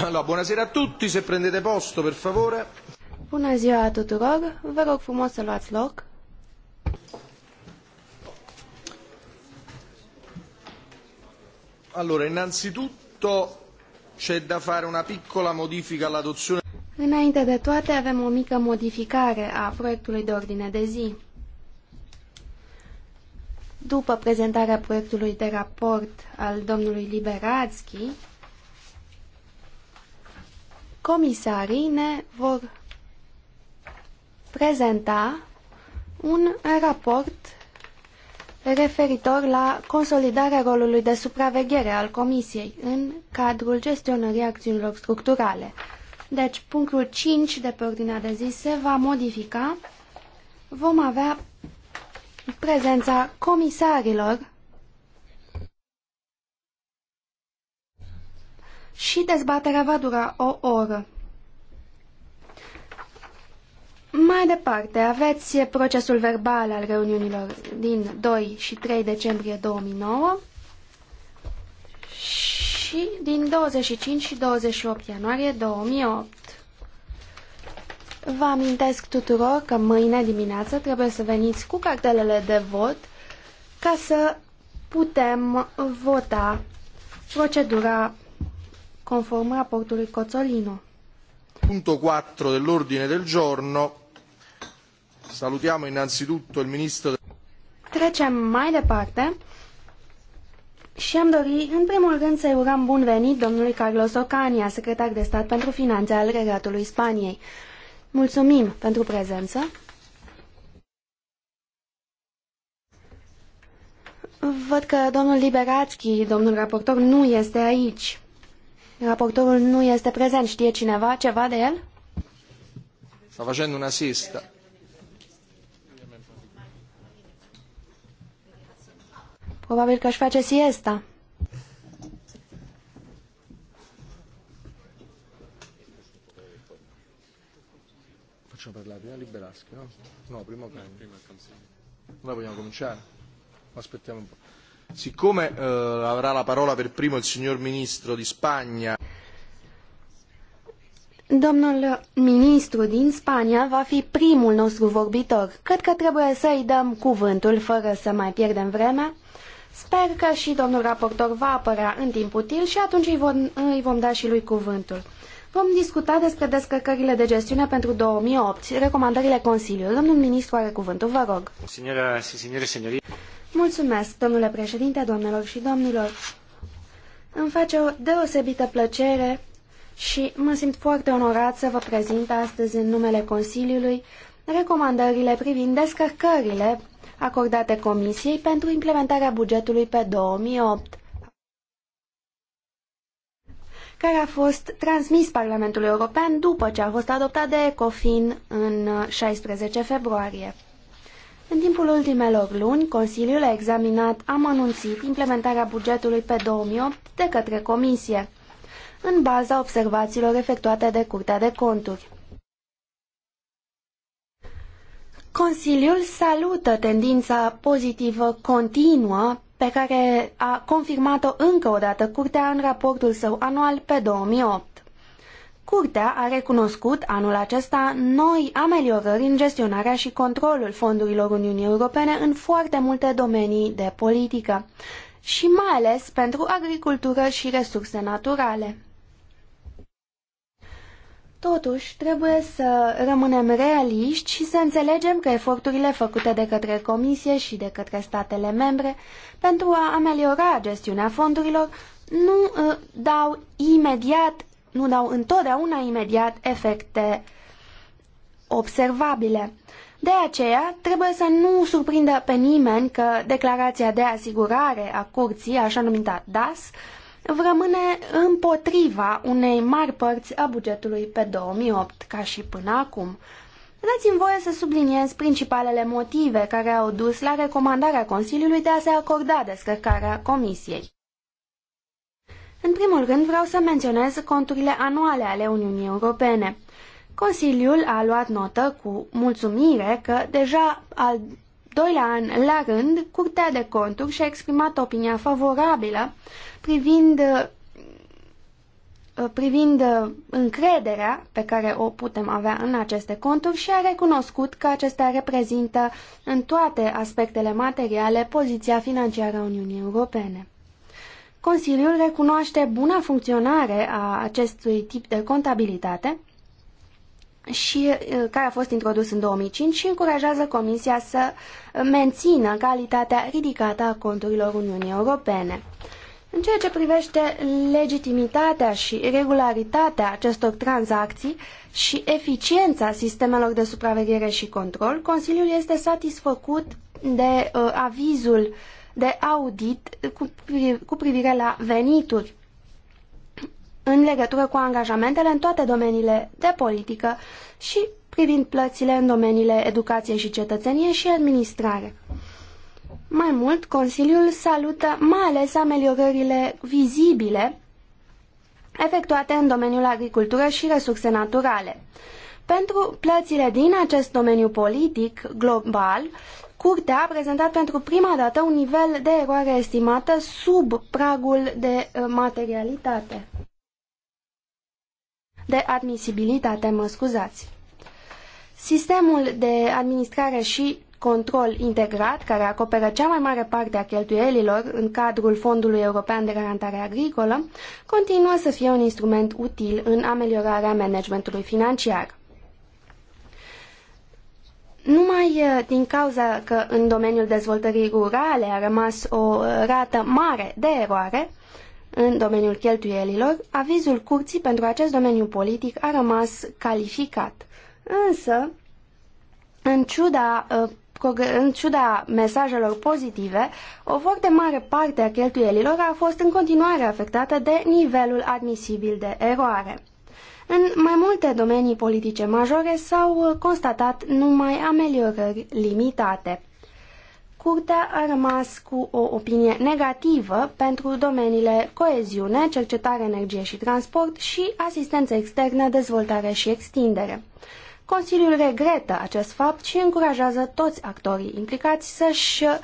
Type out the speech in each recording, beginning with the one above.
Allora, buonasera a tutti, se prendete posto, per favore. Bună ziua tuturor, vă rog frumos să luați loc. Allora, innanzitutto c'è da fare una piccola modifica all'adozione. Înainte de toate, avem o mică modificare a proiectului de ordine de zi. După prezentarea proiectului de raport al domnului Liberadski, comisarii ne vor prezenta un raport referitor la consolidarea rolului de supraveghere al Comisiei în cadrul gestionării acțiunilor structurale. Deci, punctul 5 de pe ordinea de zi se va modifica. Vom avea prezența comisarilor și dezbaterea va dura o oră. Mai departe, aveți procesul verbal al reuniunilor din 2 și 3 decembrie 2009 și din 25 și 28 ianuarie 2008. Vă amintesc tuturor că mâine dimineață trebuie să veniți cu cartelele de vot ca să putem vota procedura conform raportului Cozzolino. Punto 4 dell'ordine del giorno. Salutiamo innanzitutto il ministro. Trecem mai departe și am dori, în primul rând, să-i urăm bun venit domnului Carlos Ocania, secretar de stat pentru finanțe al Regatului Spaniei. Mulțumim pentru prezență. Văd că domnul Liberațchi, domnul raportor, nu este aici. Raportorul nu este prezent. Știe cineva ceva de el? Sta facendo una sista. Probabil că își face siesta. Facciamo parlare prima Liberaschi, no? No, prima Cagni. Noi vogliamo cominciare? Aspettiamo un po'. Siccome eh, avrà la parola per primo il signor Ministro di Spagna. Domnul ministru din Spania va fi primul nostru vorbitor. Cred că trebuie să-i dăm cuvântul fără să mai pierdem vremea. Sper că și domnul raportor va apărea în timp util și atunci îi vom, îi vom da și lui cuvântul. Vom discuta despre descărcările de gestiune pentru 2008, recomandările Consiliului. Domnul ministru are cuvântul, vă rog. Signora, signore, signorie. Mulțumesc, domnule președinte, doamnelor și domnilor. Îmi face o deosebită plăcere și mă simt foarte onorat să vă prezint astăzi în numele Consiliului recomandările privind descărcările acordate Comisiei pentru implementarea bugetului pe 2008, care a fost transmis Parlamentului European după ce a fost adoptat de ECOFIN în 16 februarie. În timpul ultimelor luni, Consiliul a examinat anunțit implementarea bugetului pe 2008 de către Comisie, în baza observațiilor efectuate de Curtea de Conturi. Consiliul salută tendința pozitivă continuă pe care a confirmat-o încă o dată Curtea în raportul său anual pe 2008. Curtea a recunoscut anul acesta noi ameliorări în gestionarea și controlul fondurilor Uniunii Europene în foarte multe domenii de politică și mai ales pentru agricultură și resurse naturale. Totuși, trebuie să rămânem realiști și să înțelegem că eforturile făcute de către Comisie și de către statele membre pentru a ameliora gestiunea fondurilor nu uh, dau imediat nu dau întotdeauna imediat efecte observabile. De aceea, trebuie să nu surprindă pe nimeni că declarația de asigurare a curții, așa numită DAS, rămâne împotriva unei mari părți a bugetului pe 2008, ca și până acum. Dați-mi voie să subliniez principalele motive care au dus la recomandarea Consiliului de a se acorda descărcarea Comisiei. În primul rând vreau să menționez conturile anuale ale Uniunii Europene. Consiliul a luat notă cu mulțumire că deja al doilea an la rând, Curtea de Conturi și-a exprimat opinia favorabilă privind, privind încrederea pe care o putem avea în aceste conturi și a recunoscut că acestea reprezintă în toate aspectele materiale poziția financiară a Uniunii Europene. Consiliul recunoaște buna funcționare a acestui tip de contabilitate și uh, care a fost introdus în 2005 și încurajează Comisia să mențină calitatea ridicată a conturilor Uniunii Europene. În ceea ce privește legitimitatea și regularitatea acestor tranzacții și eficiența sistemelor de supraveghere și control, Consiliul este satisfăcut de uh, avizul uh, de audit cu, cu privire la venituri în legătură cu angajamentele în toate domeniile de politică și privind plățile în domeniile educație și cetățenie și administrare. Mai mult, Consiliul salută mai ales ameliorările vizibile efectuate în domeniul agricultură și resurse naturale. Pentru plățile din acest domeniu politic global, Curtea a prezentat pentru prima dată un nivel de eroare estimată sub pragul de uh, materialitate. De admisibilitate, mă scuzați. Sistemul de administrare și control integrat, care acoperă cea mai mare parte a cheltuielilor în cadrul Fondului European de Garantare Agricolă, continuă să fie un instrument util în ameliorarea managementului financiar. Numai uh, din cauza că în domeniul dezvoltării rurale a rămas o uh, rată mare de eroare, în domeniul cheltuielilor, avizul curții pentru acest domeniu politic a rămas calificat. Însă, în ciuda, uh, în ciuda mesajelor pozitive, o foarte mare parte a cheltuielilor a fost în continuare afectată de nivelul admisibil de eroare. În mai multe domenii politice majore s-au uh, constatat numai ameliorări limitate. Curtea a rămas cu o opinie negativă pentru domeniile coeziune, cercetare, energie și transport și asistență externă, dezvoltare și extindere. Consiliul regretă acest fapt și încurajează toți actorii implicați să-și uh,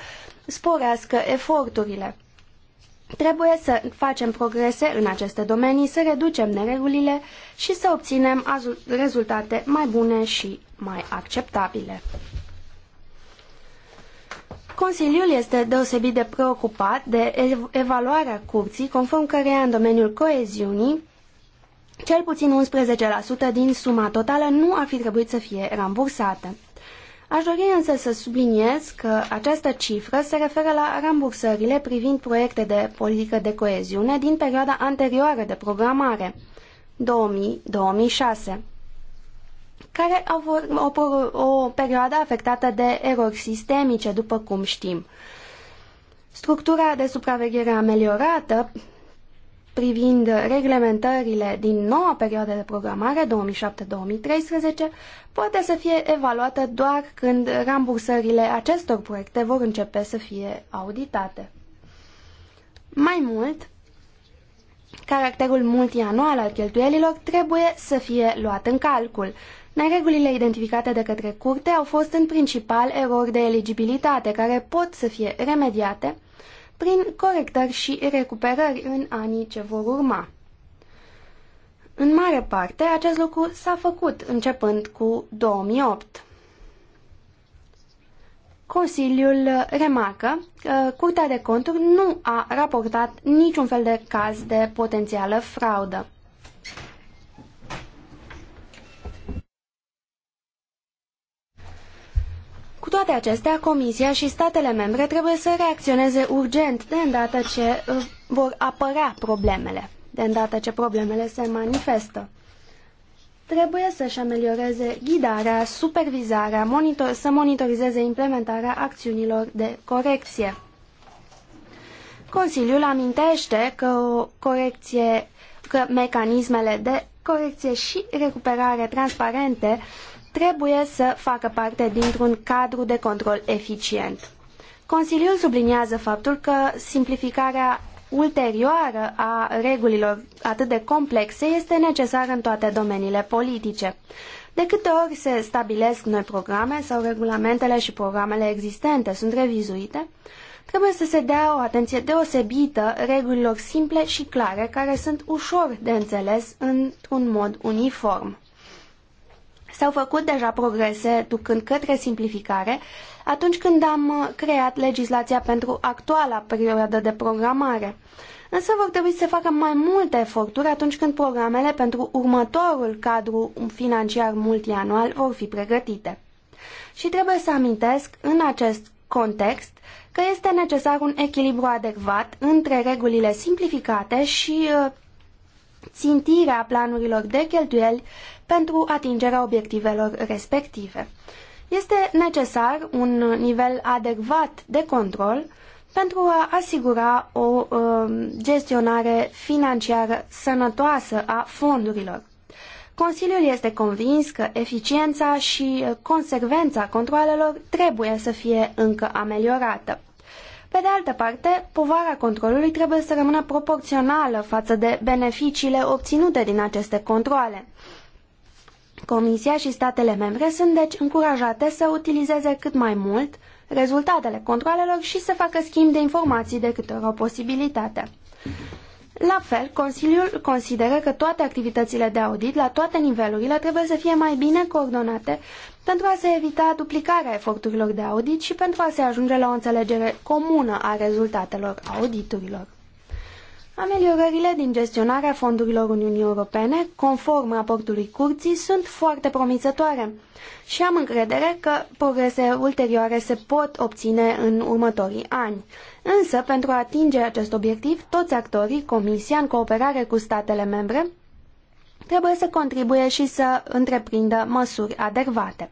sporească eforturile. Trebuie să facem progrese în aceste domenii, să reducem neregulile și să obținem rezultate mai bune și mai acceptabile. Consiliul este deosebit de preocupat de evaluarea curții, conform căreia în domeniul coeziunii, cel puțin 11% din suma totală nu ar fi trebuit să fie rambursată. Aș dori însă să subliniez că această cifră se referă la rambursările privind proiecte de politică de coeziune din perioada anterioară de programare, 2000-2006, care au o, o perioadă afectată de erori sistemice, după cum știm. Structura de supraveghere ameliorată privind reglementările din noua perioadă de programare 2007-2013 poate să fie evaluată doar când rambursările acestor proiecte vor începe să fie auditate. Mai mult, caracterul multianual al cheltuielilor trebuie să fie luat în calcul. Neregulile identificate de către curte au fost în principal erori de eligibilitate care pot să fie remediate prin corectări și recuperări în anii ce vor urma. În mare parte, acest lucru s-a făcut începând cu 2008. Consiliul remarcă că Curtea de Conturi nu a raportat niciun fel de caz de potențială fraudă. Cu toate acestea, Comisia și statele membre trebuie să reacționeze urgent de îndată ce uh, vor apărea problemele, de îndată ce problemele se manifestă. Trebuie să-și amelioreze ghidarea, supervizarea, monitor, să monitorizeze implementarea acțiunilor de corecție. Consiliul amintește că o corecție, că mecanismele de corecție și recuperare transparente trebuie să facă parte dintr-un cadru de control eficient. Consiliul subliniază faptul că simplificarea ulterioară a regulilor atât de complexe este necesară în toate domeniile politice. De câte ori se stabilesc noi programe sau regulamentele și programele existente sunt revizuite, trebuie să se dea o atenție deosebită regulilor simple și clare care sunt ușor de înțeles într-un mod uniform. S-au făcut deja progrese ducând către simplificare atunci când am uh, creat legislația pentru actuala perioadă de programare. Însă vor trebui să facă mai multe eforturi atunci când programele pentru următorul cadru financiar multianual vor fi pregătite. Și trebuie să amintesc în acest context că este necesar un echilibru adecvat între regulile simplificate și uh, țintirea planurilor de cheltuieli pentru atingerea obiectivelor respective. Este necesar un nivel adecvat de control pentru a asigura o uh, gestionare financiară sănătoasă a fondurilor. Consiliul este convins că eficiența și consecvența controalelor trebuie să fie încă ameliorată. Pe de altă parte, povara controlului trebuie să rămână proporțională față de beneficiile obținute din aceste controle. Comisia și statele membre sunt deci încurajate să utilizeze cât mai mult rezultatele controalelor și să facă schimb de informații de câte ori o posibilitate. La fel, Consiliul consideră că toate activitățile de audit la toate nivelurile trebuie să fie mai bine coordonate pentru a se evita duplicarea eforturilor de audit și pentru a se ajunge la o înțelegere comună a rezultatelor auditurilor. Ameliorările din gestionarea fondurilor Uniunii Europene, conform raportului curții, sunt foarte promițătoare și am încredere că progrese ulterioare se pot obține în următorii ani. Însă, pentru a atinge acest obiectiv, toți actorii, Comisia, în cooperare cu statele membre, trebuie să contribuie și să întreprindă măsuri adecvate.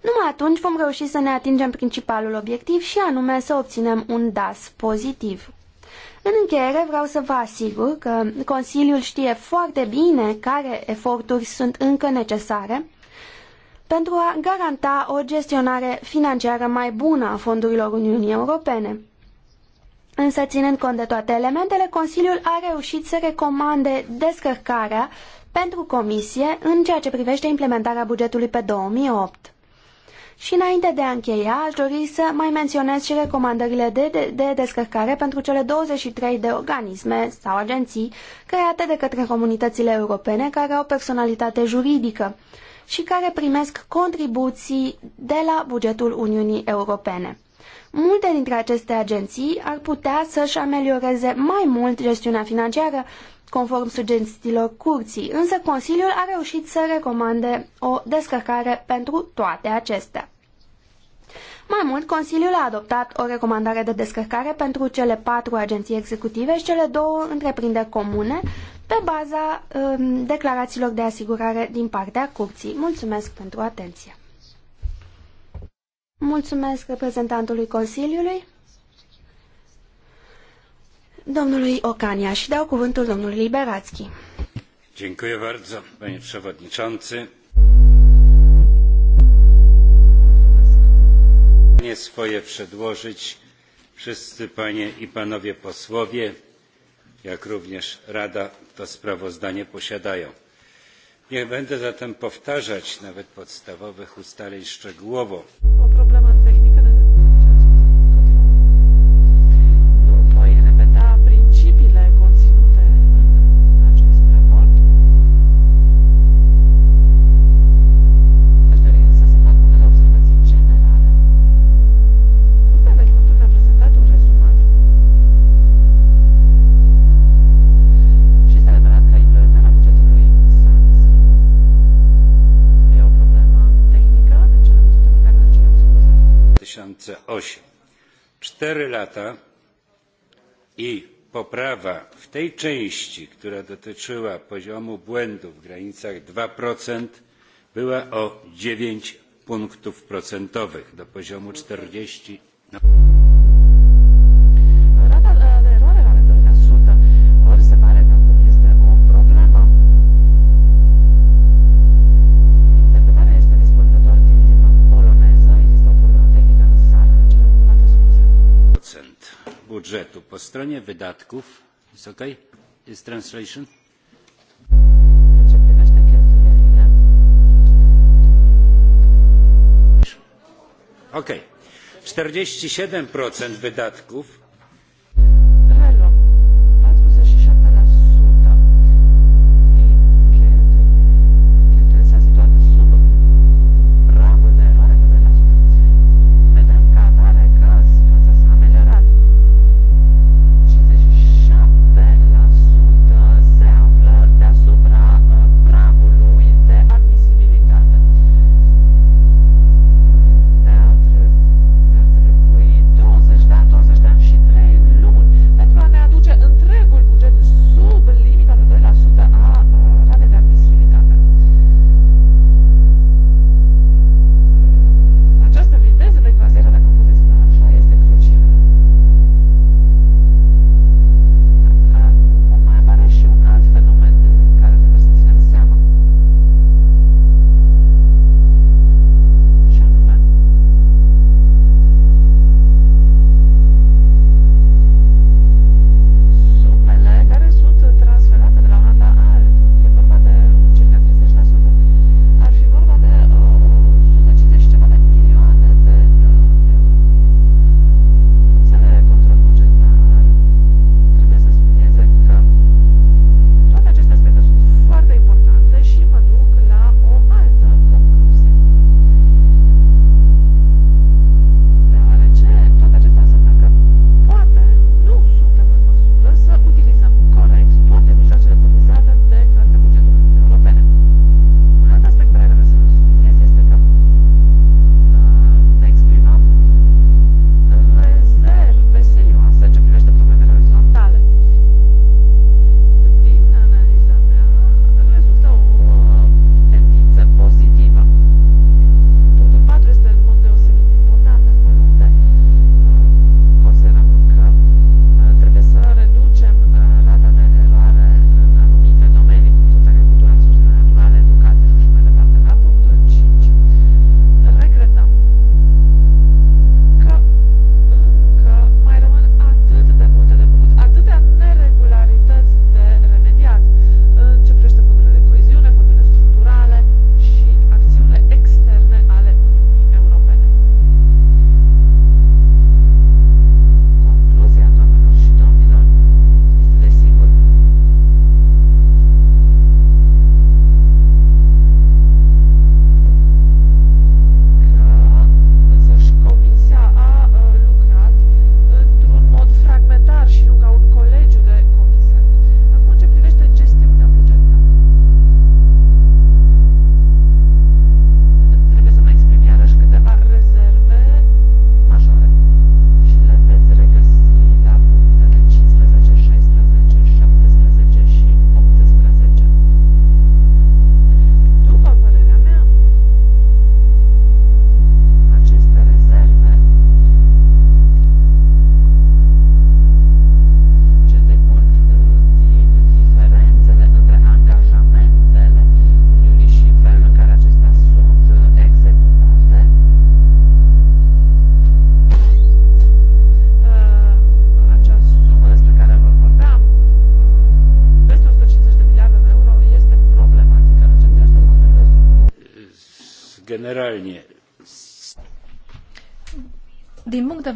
Numai atunci vom reuși să ne atingem principalul obiectiv și anume să obținem un DAS pozitiv. În încheiere vreau să vă asigur că Consiliul știe foarte bine care eforturi sunt încă necesare pentru a garanta o gestionare financiară mai bună a fondurilor Uniunii Europene. Însă, ținând cont de toate elementele, Consiliul a reușit să recomande descărcarea pentru Comisie în ceea ce privește implementarea bugetului pe 2008. Și înainte de a încheia, aș dori să mai menționez și recomandările de, de, de descărcare pentru cele 23 de organisme sau agenții create de către comunitățile europene care au personalitate juridică și care primesc contribuții de la bugetul Uniunii Europene. Multe dintre aceste agenții ar putea să-și amelioreze mai mult gestiunea financiară conform sugestiilor curții, însă Consiliul a reușit să recomande o descărcare pentru toate acestea. Mai mult, Consiliul a adoptat o recomandare de descărcare pentru cele patru agenții executive și cele două întreprinderi comune pe baza um, declarațiilor de asigurare din partea curții. Mulțumesc pentru atenție! Mulțumesc reprezentantului Consiliului domnului Ocania și dau cuvântul domnului Liberațchi. Dziękuję bardzo, panie przewodniczący. Nie swoje przedłożyć wszyscy panie i panowie posłowie, jak również Rada to sprawozdanie posiadają. Nie będę zatem powtarzać nawet podstawowych ustaleń szczegółowo. cztery lata i poprawa w tej części która dotyczyła poziomu błędu w granicach dwa była o dziewięć punktów procentowych do poziomu czterdzieści budżetu po stronie wydatków czterdzieści ok? Is translation? Ok. 47% wydatków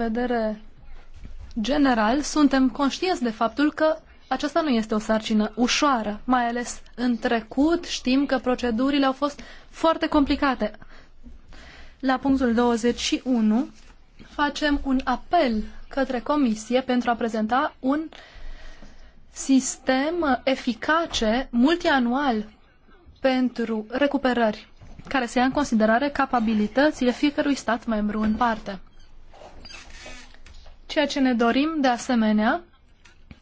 vedere general, suntem conștienți de faptul că aceasta nu este o sarcină ușoară, mai ales în trecut știm că procedurile au fost foarte complicate. La punctul 21 facem un apel către Comisie pentru a prezenta un sistem eficace multianual pentru recuperări, care să ia în considerare capabilitățile fiecărui stat membru în parte. Ceea ce ne dorim de asemenea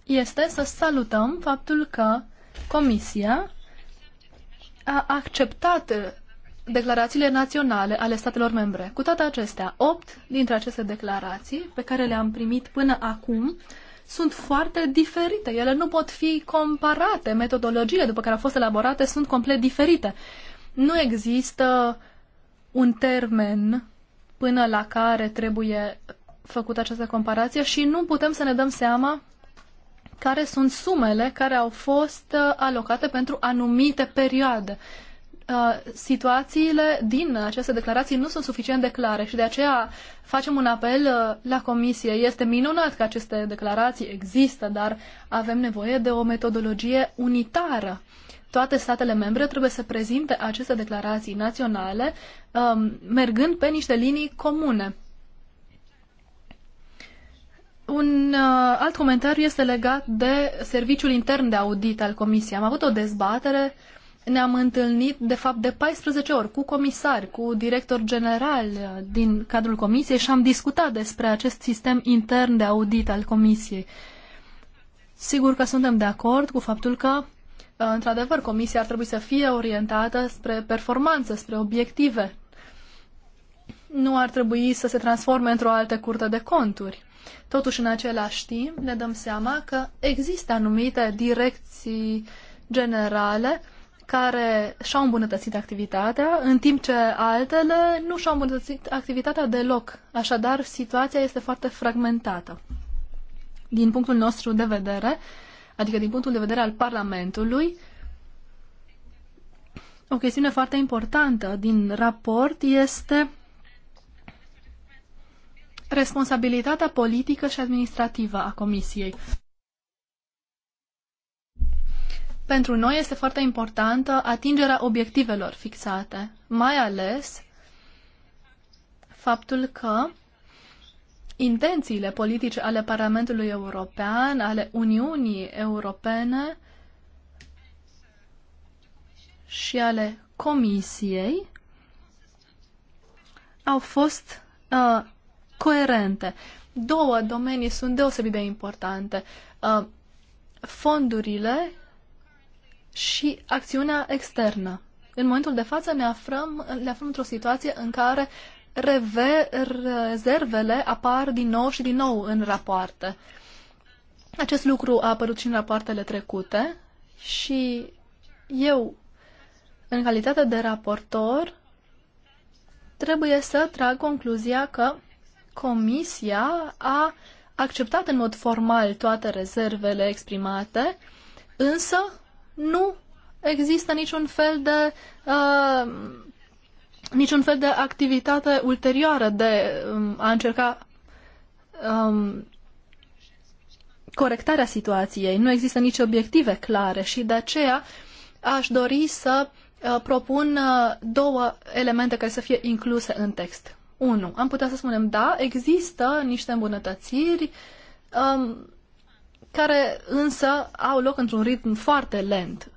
este să salutăm faptul că Comisia a acceptat declarațiile naționale ale statelor membre. Cu toate acestea, opt dintre aceste declarații pe care le-am primit până acum sunt foarte diferite. Ele nu pot fi comparate. Metodologiile după care au fost elaborate sunt complet diferite. Nu există un termen până la care trebuie făcut această comparație și nu putem să ne dăm seama care sunt sumele care au fost uh, alocate pentru anumite perioade. Uh, situațiile din aceste declarații nu sunt suficient de clare și de aceea facem un apel uh, la Comisie. Este minunat că aceste declarații există, dar avem nevoie de o metodologie unitară toate statele membre trebuie să prezinte aceste declarații naționale um, mergând pe niște linii comune. Un uh, alt comentariu este legat de serviciul intern de audit al Comisiei. Am avut o dezbatere, ne-am întâlnit de fapt de 14 ori cu comisari, cu director general uh, din cadrul Comisiei și am discutat despre acest sistem intern de audit al Comisiei. Sigur că suntem de acord cu faptul că, uh, într-adevăr, Comisia ar trebui să fie orientată spre performanță, spre obiective. Nu ar trebui să se transforme într-o altă curte de conturi. Totuși, în același timp, ne dăm seama că există anumite direcții generale care și-au îmbunătățit activitatea, în timp ce altele nu și-au îmbunătățit activitatea deloc. Așadar, situația este foarte fragmentată. Din punctul nostru de vedere, adică din punctul de vedere al Parlamentului, o chestiune foarte importantă din raport este responsabilitatea politică și administrativă a Comisiei. Pentru noi este foarte importantă atingerea obiectivelor fixate, mai ales faptul că intențiile politice ale Parlamentului European, ale Uniunii Europene și ale Comisiei au fost uh, coerente. Două domenii sunt deosebit de importante. Uh, fondurile și acțiunea externă. În momentul de față ne aflăm, ne aflăm într-o situație în care rezervele apar din nou și din nou în rapoarte. Acest lucru a apărut și în rapoartele trecute și eu, în calitate de raportor, trebuie să trag concluzia că Comisia a acceptat în mod formal toate rezervele exprimate, însă nu există niciun fel de uh, niciun fel de activitate ulterioară de um, a încerca um, corectarea situației. Nu există nici obiective clare și de aceea aș dori să uh, propun uh, două elemente care să fie incluse în text. 1. Am putea să spunem, da, există niște îmbunătățiri um, care însă au loc într-un ritm foarte lent.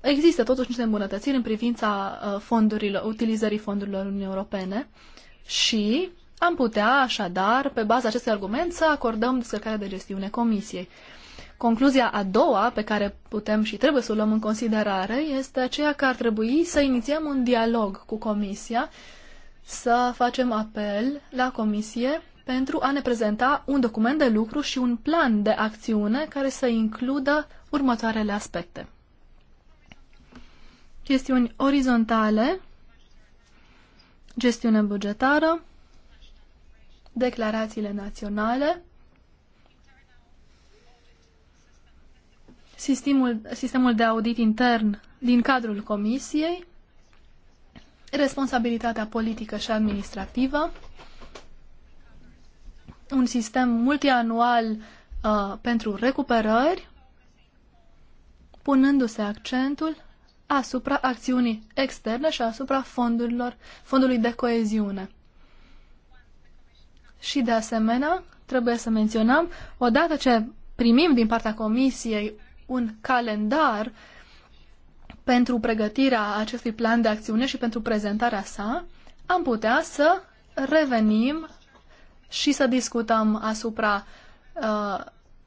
Există totuși niște îmbunătățiri în privința uh, fondurilor, utilizării fondurilor Uniunii Europene și am putea, așadar, pe baza acestui argument, să acordăm descărcarea de gestiune Comisiei. Concluzia a doua, pe care putem și trebuie să o luăm în considerare, este aceea că ar trebui să inițiem un dialog cu Comisia să facem apel la Comisie pentru a ne prezenta un document de lucru și un plan de acțiune care să includă următoarele aspecte. Chestiuni orizontale, gestiune bugetară, declarațiile naționale, sistemul, sistemul de audit intern din cadrul Comisiei, responsabilitatea politică și administrativă, un sistem multianual uh, pentru recuperări, punându-se accentul asupra acțiunii externe și asupra fondurilor, fondului de coeziune. Și de asemenea, trebuie să menționăm, odată ce primim din partea Comisiei un calendar uh, pentru pregătirea acestui plan de acțiune și pentru prezentarea sa, am putea să revenim și să discutăm asupra uh,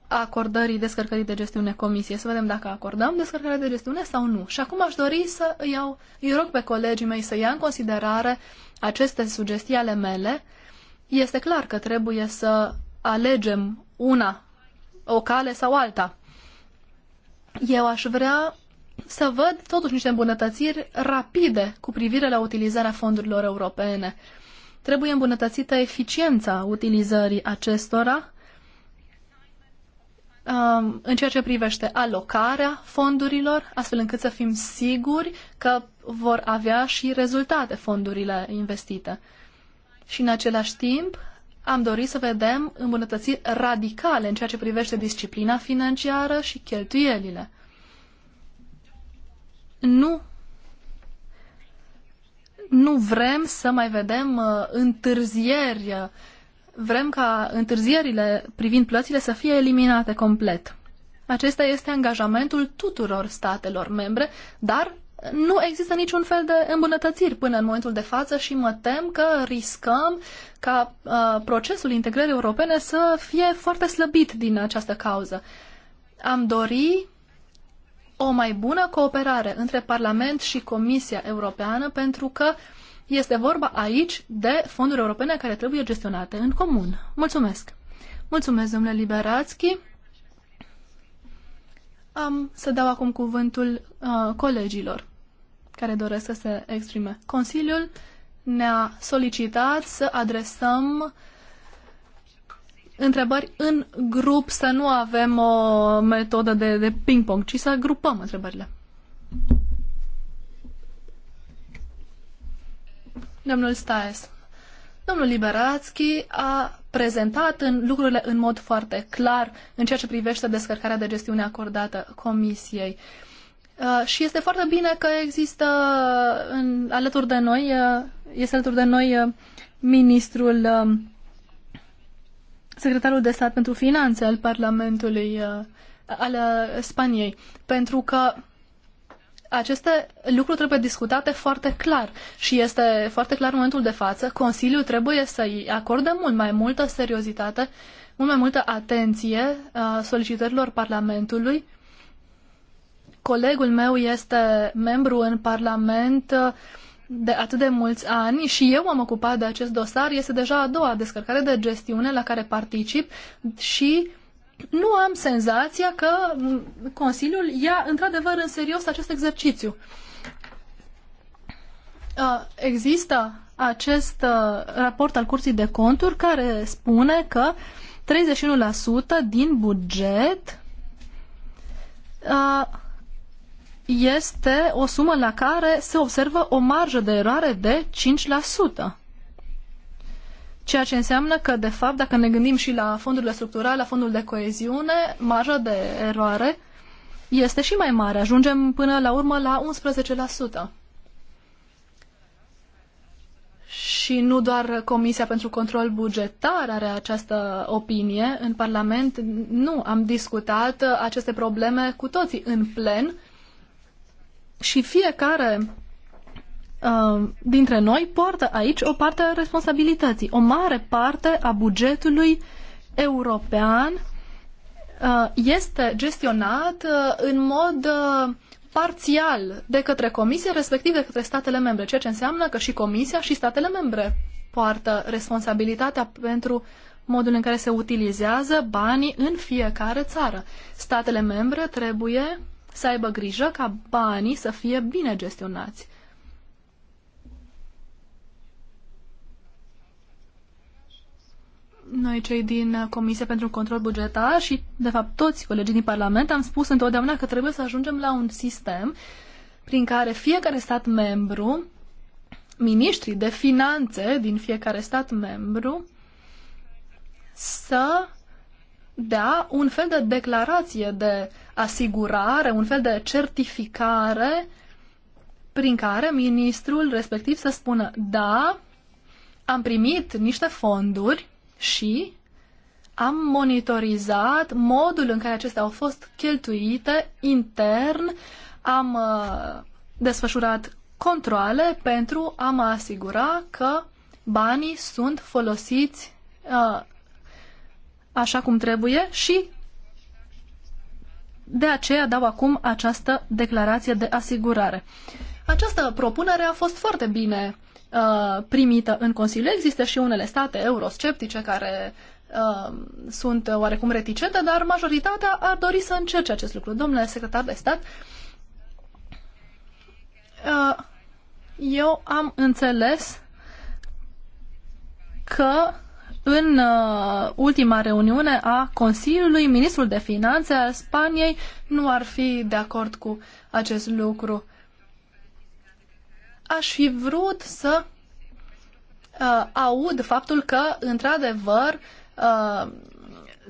acordării descărcării de gestiune comisie, să vedem dacă acordăm descărcarea de gestiune sau nu. Și acum aș dori să iau, îi rog pe colegii mei să ia în considerare aceste sugestii ale mele. Este clar că trebuie să alegem una, o cale sau alta. Eu aș vrea să văd totuși niște îmbunătățiri rapide cu privire la utilizarea fondurilor europene. Trebuie îmbunătățită eficiența utilizării acestora um, în ceea ce privește alocarea fondurilor, astfel încât să fim siguri că vor avea și rezultate fondurile investite. Și în același timp, am dorit să vedem îmbunătățiri radicale în ceea ce privește disciplina financiară și cheltuielile nu nu vrem să mai vedem uh, întârzieri. Vrem ca întârzierile privind plățile să fie eliminate complet. Acesta este angajamentul tuturor statelor membre, dar nu există niciun fel de îmbunătățiri până în momentul de față și mă tem că riscăm ca uh, procesul integrării europene să fie foarte slăbit din această cauză. Am dori o mai bună cooperare între Parlament și Comisia Europeană, pentru că este vorba aici de fonduri europene care trebuie gestionate în comun. Mulțumesc! Mulțumesc, domnule Liberațchi! Am să dau acum cuvântul uh, colegilor care doresc să se exprime. Consiliul ne-a solicitat să adresăm întrebări în grup, să nu avem o metodă de, de ping-pong, ci să grupăm întrebările. Domnul Staes. Domnul Liberațchi a prezentat în lucrurile în mod foarte clar în ceea ce privește descărcarea de gestiune acordată Comisiei. Uh, și este foarte bine că există uh, în, alături de noi, uh, este alături de noi uh, ministrul um, secretarul de stat pentru finanțe al Parlamentului uh, al uh, Spaniei, pentru că aceste lucruri trebuie discutate foarte clar și este foarte clar momentul de față. Consiliul trebuie să-i acorde mult mai multă seriozitate, mult mai multă atenție uh, solicitărilor Parlamentului. Colegul meu este membru în Parlament uh, de atât de mulți ani și eu m-am ocupat de acest dosar. Este deja a doua descărcare de gestiune la care particip și nu am senzația că Consiliul ia într-adevăr în serios acest exercițiu. Există acest raport al Curții de Conturi care spune că 31% din buget este o sumă la care se observă o marjă de eroare de 5%. Ceea ce înseamnă că, de fapt, dacă ne gândim și la fondurile structurale, la fondul de coeziune, marja de eroare este și mai mare. Ajungem până la urmă la 11%. Și nu doar Comisia pentru Control Bugetar are această opinie în Parlament. Nu, am discutat aceste probleme cu toții în plen și fiecare uh, dintre noi poartă aici o parte a responsabilității. O mare parte a bugetului european uh, este gestionat uh, în mod parțial de către Comisie, respectiv de către statele membre, ceea ce înseamnă că și Comisia și statele membre poartă responsabilitatea pentru modul în care se utilizează banii în fiecare țară. Statele membre trebuie să aibă grijă ca banii să fie bine gestionați. Noi, cei din Comisia pentru Control Bugetar și, de fapt, toți colegii din Parlament, am spus întotdeauna că trebuie să ajungem la un sistem prin care fiecare stat membru, miniștrii de finanțe din fiecare stat membru, să da un fel de declarație de asigurare, un fel de certificare prin care ministrul respectiv să spună da, am primit niște fonduri și am monitorizat modul în care acestea au fost cheltuite intern, am uh, desfășurat controle pentru a mă asigura că banii sunt folosiți uh, așa cum trebuie și de aceea dau acum această declarație de asigurare. Această propunere a fost foarte bine uh, primită în Consiliu. Există și unele state eurosceptice care uh, sunt oarecum reticente, dar majoritatea ar dori să încerce acest lucru. Domnule secretar de stat, uh, eu am înțeles că în uh, ultima reuniune a Consiliului, ministrul de finanțe al Spaniei nu ar fi de acord cu acest lucru. Aș fi vrut să uh, aud faptul că, într-adevăr, uh,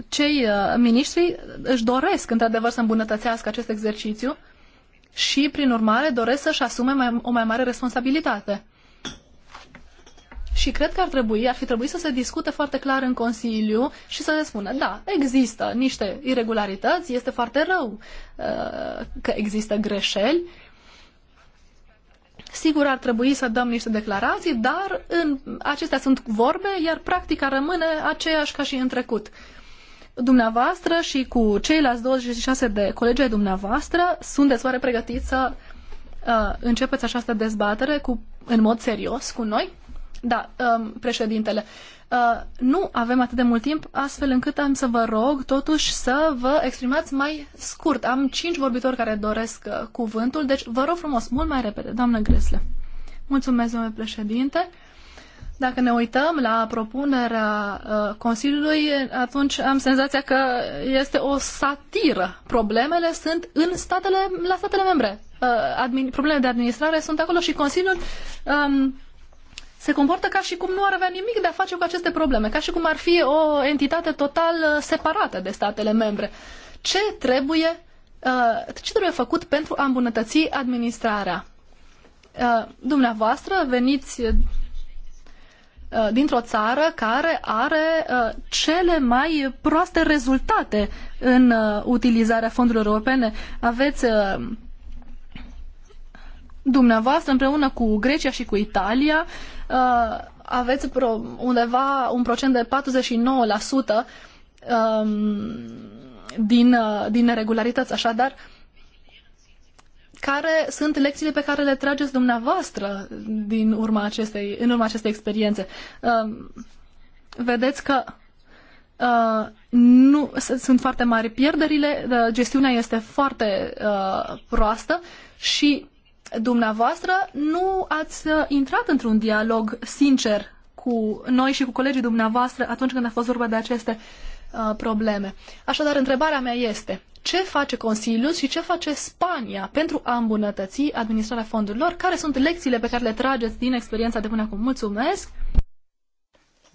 cei uh, miniștri își doresc, într-adevăr, să îmbunătățească acest exercițiu și, prin urmare, doresc să-și asume mai, o mai mare responsabilitate. Și cred că ar trebui, ar fi trebuit să se discute foarte clar în Consiliu și să se spună, da, există niște irregularități, este foarte rău uh, că există greșeli. Sigur, ar trebui să dăm niște declarații, dar în, acestea sunt vorbe, iar practica rămâne aceeași ca și în trecut. Dumneavoastră și cu ceilalți 26 de colegi ai dumneavoastră, sunteți oare pregătiți să uh, începeți această dezbatere cu, în mod serios cu noi? Da, um, președintele, uh, nu avem atât de mult timp, astfel încât am să vă rog totuși să vă exprimați mai scurt. Am cinci vorbitori care doresc uh, cuvântul, deci vă rog frumos, mult mai repede, doamnă Gresle. Mulțumesc, domnule președinte. Dacă ne uităm la propunerea uh, Consiliului, atunci am senzația că este o satiră. Problemele sunt în statele, la statele membre. problemele de administrare sunt acolo și Consiliul um, se comportă ca și cum nu ar avea nimic de a face cu aceste probleme, ca și cum ar fi o entitate total uh, separată de statele membre. Ce trebuie, uh, ce trebuie făcut pentru a îmbunătăți administrarea? Uh, dumneavoastră veniți dintr-o țară care are cele mai proaste rezultate în utilizarea fondurilor europene. Aveți dumneavoastră împreună cu Grecia și cu Italia uh, aveți pro, undeva un procent de 49% um, din, uh, din neregularități, așadar care sunt lecțiile pe care le trageți dumneavoastră din urma acestei, în urma acestei experiențe. Um, vedeți că uh, nu, sunt foarte mari pierderile, gestiunea este foarte proastă și dumneavoastră nu ați uh, intrat într-un dialog sincer cu noi și cu colegii dumneavoastră atunci când a fost vorba de aceste uh, probleme. Așadar, întrebarea mea este, ce face Consiliul și ce face Spania pentru a îmbunătăți administrarea fondurilor? Care sunt lecțiile pe care le trageți din experiența de până acum? Mulțumesc!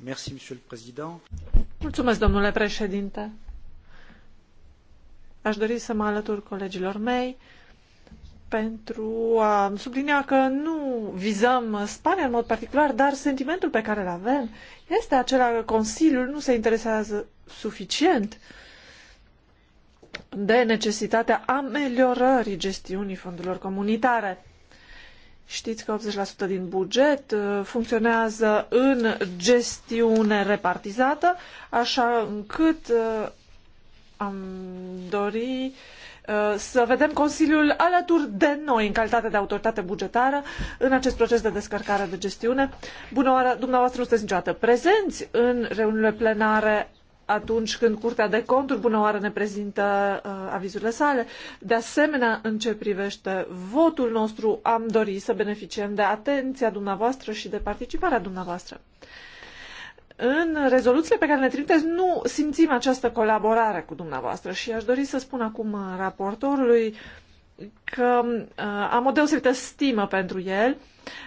Merci, monsieur le président. Mulțumesc, domnule președinte! Aș dori să mă alătur colegilor mei pentru a sublinia că nu vizăm Spania în mod particular, dar sentimentul pe care îl avem este acela că Consiliul nu se interesează suficient de necesitatea ameliorării gestiunii fondurilor comunitare. Știți că 80% din buget uh, funcționează în gestiune repartizată, așa încât uh, am dori uh, Uh, să vedem Consiliul alături de noi în calitate de autoritate bugetară în acest proces de descărcare de gestiune. Bună oară, dumneavoastră nu sunteți niciodată prezenți în reuniunile plenare atunci când Curtea de Conturi, bună oară, ne prezintă uh, avizurile sale. De asemenea, în ce privește votul nostru, am dorit să beneficiem de atenția dumneavoastră și de participarea dumneavoastră. Uh, în rezoluțiile pe care le trimiteți nu simțim această colaborare cu dumneavoastră și aș dori să spun acum raportorului că uh, am o deosebită stimă pentru el,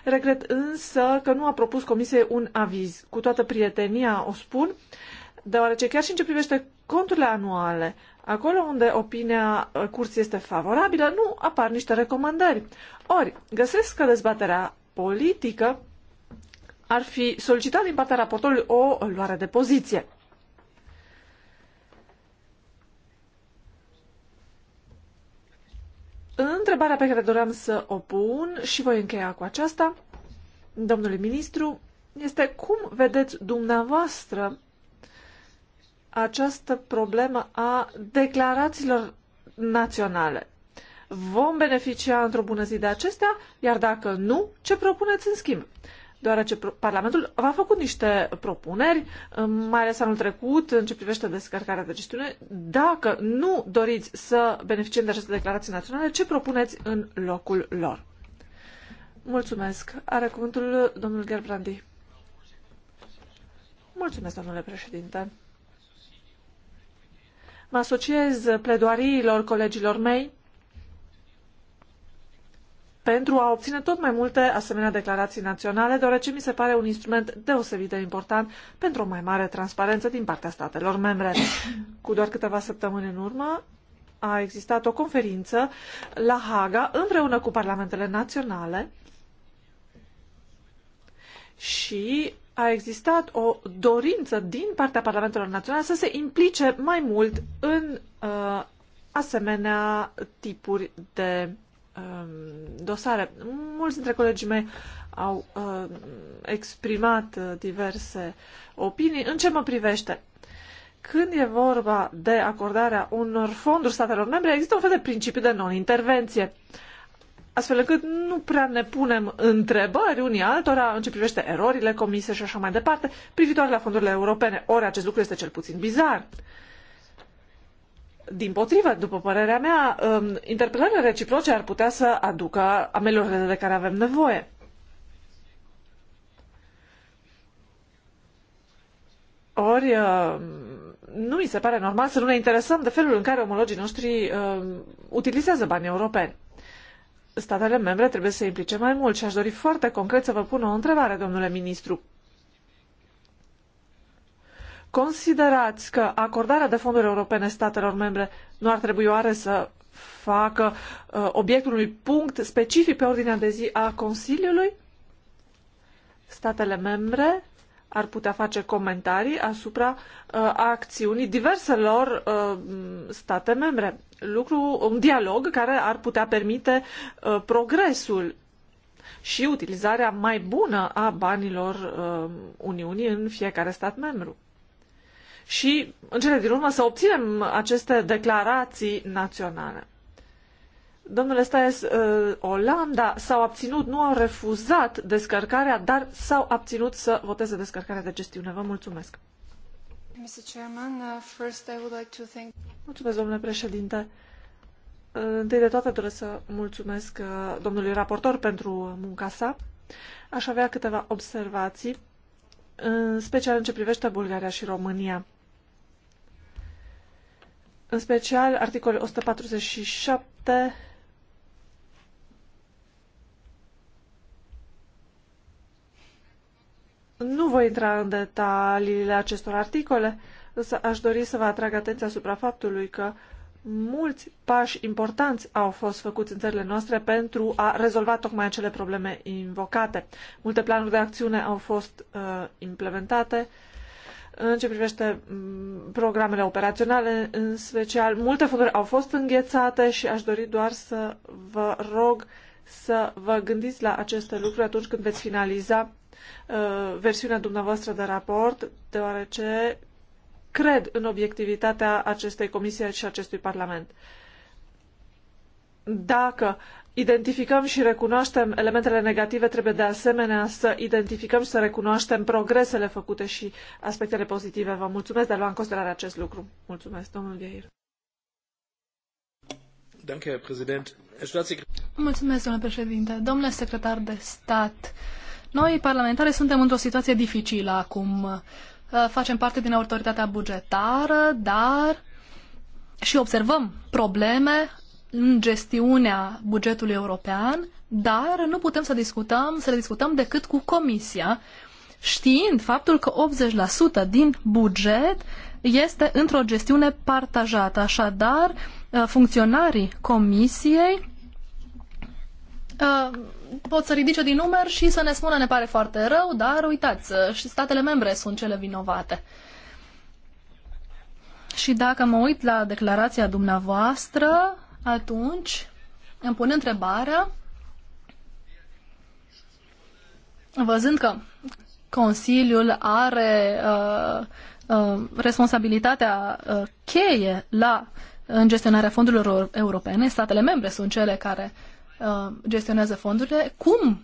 regret însă că nu a propus comisiei un aviz. Cu toată prietenia o spun, deoarece chiar și în ce privește conturile anuale, acolo unde opinia uh, curții este favorabilă, nu apar niște recomandări. Ori, găsesc că dezbaterea politică ar fi solicitat din partea raportorului o luare de poziție. Întrebarea pe care doream să o pun și voi încheia cu aceasta, domnule ministru, este cum vedeți dumneavoastră această problemă a declarațiilor naționale? Vom beneficia într-o bună zi de acestea, iar dacă nu, ce propuneți în schimb? deoarece Parlamentul a făcut niște propuneri, uh, mai ales anul trecut, în ce privește descărcarea de gestiune. Dacă nu doriți să beneficiem de aceste declarații naționale, ce propuneți în locul lor? Mulțumesc. Are cuvântul domnul Gerbrandi. Mulțumesc, domnule președinte. Mă asociez pledoariilor colegilor mei pentru a obține tot mai multe asemenea declarații naționale, deoarece mi se pare un instrument deosebit de important pentru o mai mare transparență din partea statelor membre. Cu doar câteva săptămâni în urmă, a existat o conferință la Haga împreună cu parlamentele naționale și a existat o dorință din partea parlamentelor naționale să se implice mai mult în uh, asemenea tipuri de Um, dosare. Mulți dintre colegii mei au uh, exprimat uh, diverse opinii. În ce mă privește? Când e vorba de acordarea unor fonduri statelor membre, există un fel de principiu de non-intervenție, astfel încât nu prea ne punem întrebări unii altora în ce privește erorile comise și așa mai departe, privitoare la fondurile europene. Ori acest lucru este cel puțin bizar. Uh, din potrivă, după părerea mea, um, interpelările reciproce ar putea să aducă ameliorările de care avem nevoie. Ori, um, nu mi se pare normal să nu ne interesăm de felul în care omologii noștri um, utilizează banii europeni. Statele membre trebuie să implice mai mult și aș dori foarte concret să vă pun o întrebare, domnule ministru. Considerați că acordarea de fonduri europene statelor membre nu ar trebui oare să facă uh, obiectul unui punct specific pe ordinea de zi a Consiliului? Statele membre ar putea face comentarii asupra uh, acțiunii diverselor uh, state membre. Lucru, un dialog care ar putea permite uh, progresul și utilizarea mai bună a banilor uh, Uniunii în fiecare stat membru și, în cele din urmă, să obținem aceste declarații naționale. Domnule Staes, uh, Olanda s-au abținut, nu au refuzat descărcarea, dar s-au abținut să voteze descărcarea de gestiune. Vă mulțumesc. Uh, mulțumesc, domnule președinte. Uh, întâi de toate doresc să mulțumesc domnului raportor pentru munca sa. Aș avea câteva observații, în special în ce privește Bulgaria și România în special articolul 147 Nu voi intra în detaliile acestor articole, însă aș dori să vă atrag atenția asupra faptului că mulți pași importanți au fost făcuți în țările noastre pentru a rezolva tocmai acele probleme invocate. Multe planuri de acțiune au fost uh, implementate, în ce privește mm, programele operaționale, în special, multe fonduri au fost înghețate și aș dori doar să vă rog să vă gândiți la aceste lucruri atunci când veți finaliza uh, versiunea dumneavoastră de raport, deoarece cred în obiectivitatea acestei comisii și acestui Parlament. Dacă identificăm și recunoaștem elementele negative, trebuie de asemenea să identificăm și să recunoaștem progresele făcute și aspectele pozitive. Vă mulțumesc de a lua în considerare acest lucru. Mulțumesc, domnul Gheir. Mulțumesc, domnule președinte. Domnule secretar de stat, noi, parlamentare, suntem într-o situație dificilă acum. Uh, facem parte din autoritatea bugetară, dar și observăm probleme în gestiunea bugetului european, dar nu putem să discutăm, să le discutăm decât cu Comisia, știind faptul că 80% din buget este într-o gestiune partajată. Așadar, uh, funcționarii Comisiei uh, pot să ridice din număr și să ne spună ne pare foarte rău, dar uitați, uh, și statele membre sunt cele vinovate. Și dacă mă uit la declarația dumneavoastră, atunci îmi pun întrebarea, văzând că Consiliul are uh, uh, responsabilitatea uh, cheie la în gestionarea fondurilor europene, statele membre sunt cele care uh, gestionează fondurile, cum,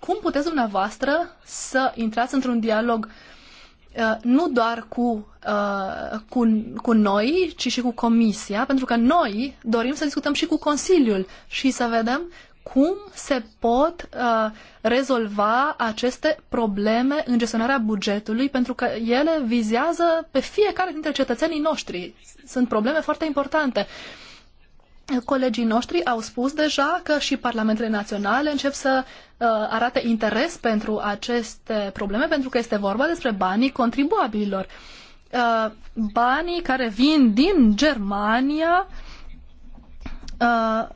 cum puteți dumneavoastră să intrați într-un dialog uh, Uh, nu doar cu, uh, cu, cu noi, ci și cu Comisia, pentru că noi dorim să discutăm și cu Consiliul și să vedem cum se pot uh, rezolva aceste probleme în gestionarea bugetului, pentru că ele vizează pe fiecare dintre cetățenii noștri. Sunt probleme foarte importante. Uh, Colegii noștri au spus deja că și parlamentele naționale încep să uh, arate interes pentru aceste probleme, pentru că este vorba despre banii contribuabililor. Uh, banii care vin din Germania uh,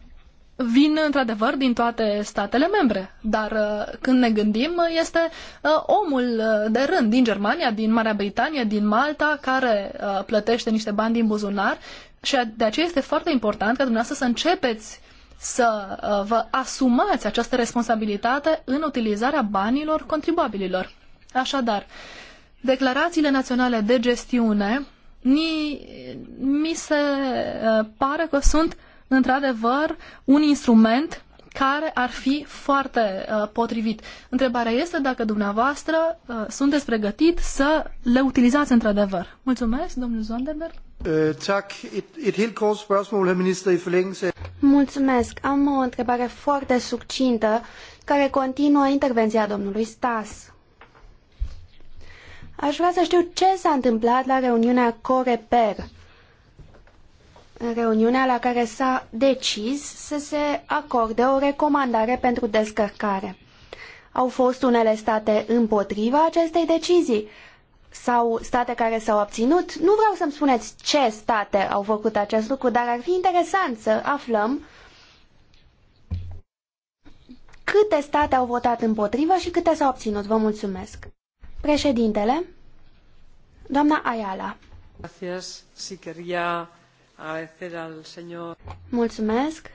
vin într-adevăr din toate statele membre, dar uh, când ne gândim este uh, omul uh, de rând din Germania, din Marea Britanie, din Malta care plătește niște bani din buzunar și de aceea este foarte important ca dumneavoastră să începeți să uh, vă asumați această responsabilitate în utilizarea banilor contribuabililor. Așadar, declarațiile naționale de gestiune ni, mi se uh, pare că sunt într-adevăr un instrument care ar fi foarte uh, potrivit. Întrebarea este dacă dumneavoastră uh, sunteți pregătit să le utilizați într-adevăr. Mulțumesc, domnul Zonderberg. Øh, Am o întrebare foarte succintă care continuă intervenția domnului Stas. Aș vrea să știu ce s-a întâmplat la reuniunea Coreper, reuniunea la care s-a decis să se acorde o recomandare pentru descărcare. Au fost unele state împotriva acestei decizii, sau state care s-au abținut. Nu vreau să-mi spuneți ce state au făcut acest lucru, dar ar fi interesant să aflăm câte state au votat împotrivă și câte s-au abținut. Vă mulțumesc. Președintele, doamna Ayala. Mulțumesc.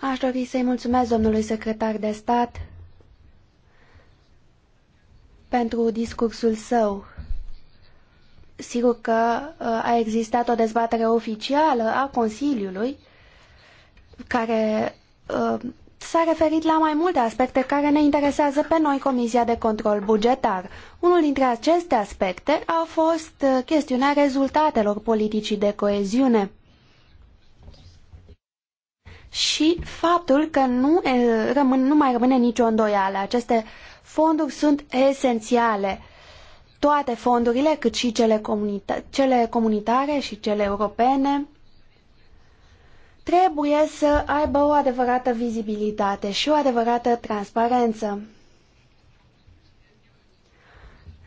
Aș dori să-i mulțumesc domnului secretar de stat pentru discursul său. Sigur că uh, a existat o dezbatere oficială a Consiliului care uh, s-a referit la mai multe aspecte care ne interesează pe noi Comisia de Control Bugetar. Unul dintre aceste aspecte a fost uh, chestiunea rezultatelor politicii de coeziune și faptul că nu, rămân, nu mai rămâne nicio îndoială. Aceste fonduri sunt esențiale. Toate fondurile, cât și cele, comunita cele comunitare și cele europene, trebuie să aibă o adevărată vizibilitate și o adevărată transparență.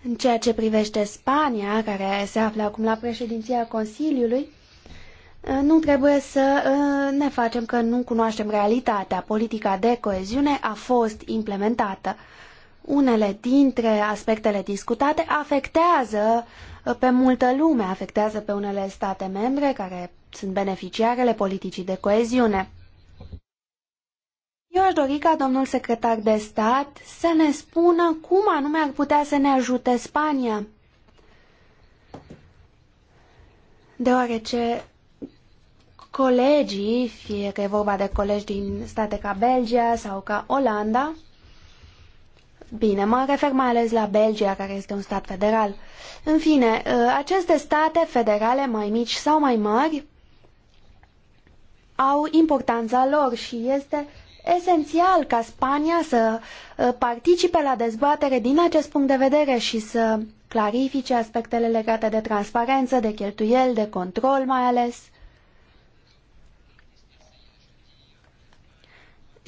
În ceea ce privește Spania, care se află acum la președinția Consiliului, nu trebuie să ă, ne facem că nu cunoaștem realitatea. Politica de coeziune a fost implementată unele dintre aspectele discutate afectează uh, pe multă lume, afectează pe unele state membre care sunt beneficiarele politicii de coeziune. Eu aș dori ca domnul secretar de stat să ne spună cum anume ar putea să ne ajute Spania. Deoarece colegii, fie că e vorba de colegi din state ca Belgia sau ca Olanda, Bine, mă refer mai ales la Belgia, care este un stat federal. În fine, ă, aceste state federale mai mici sau mai mari au importanța lor și este esențial ca Spania să ă, participe la dezbatere din acest punct de vedere și să clarifice aspectele legate de transparență, de cheltuieli, de control mai ales.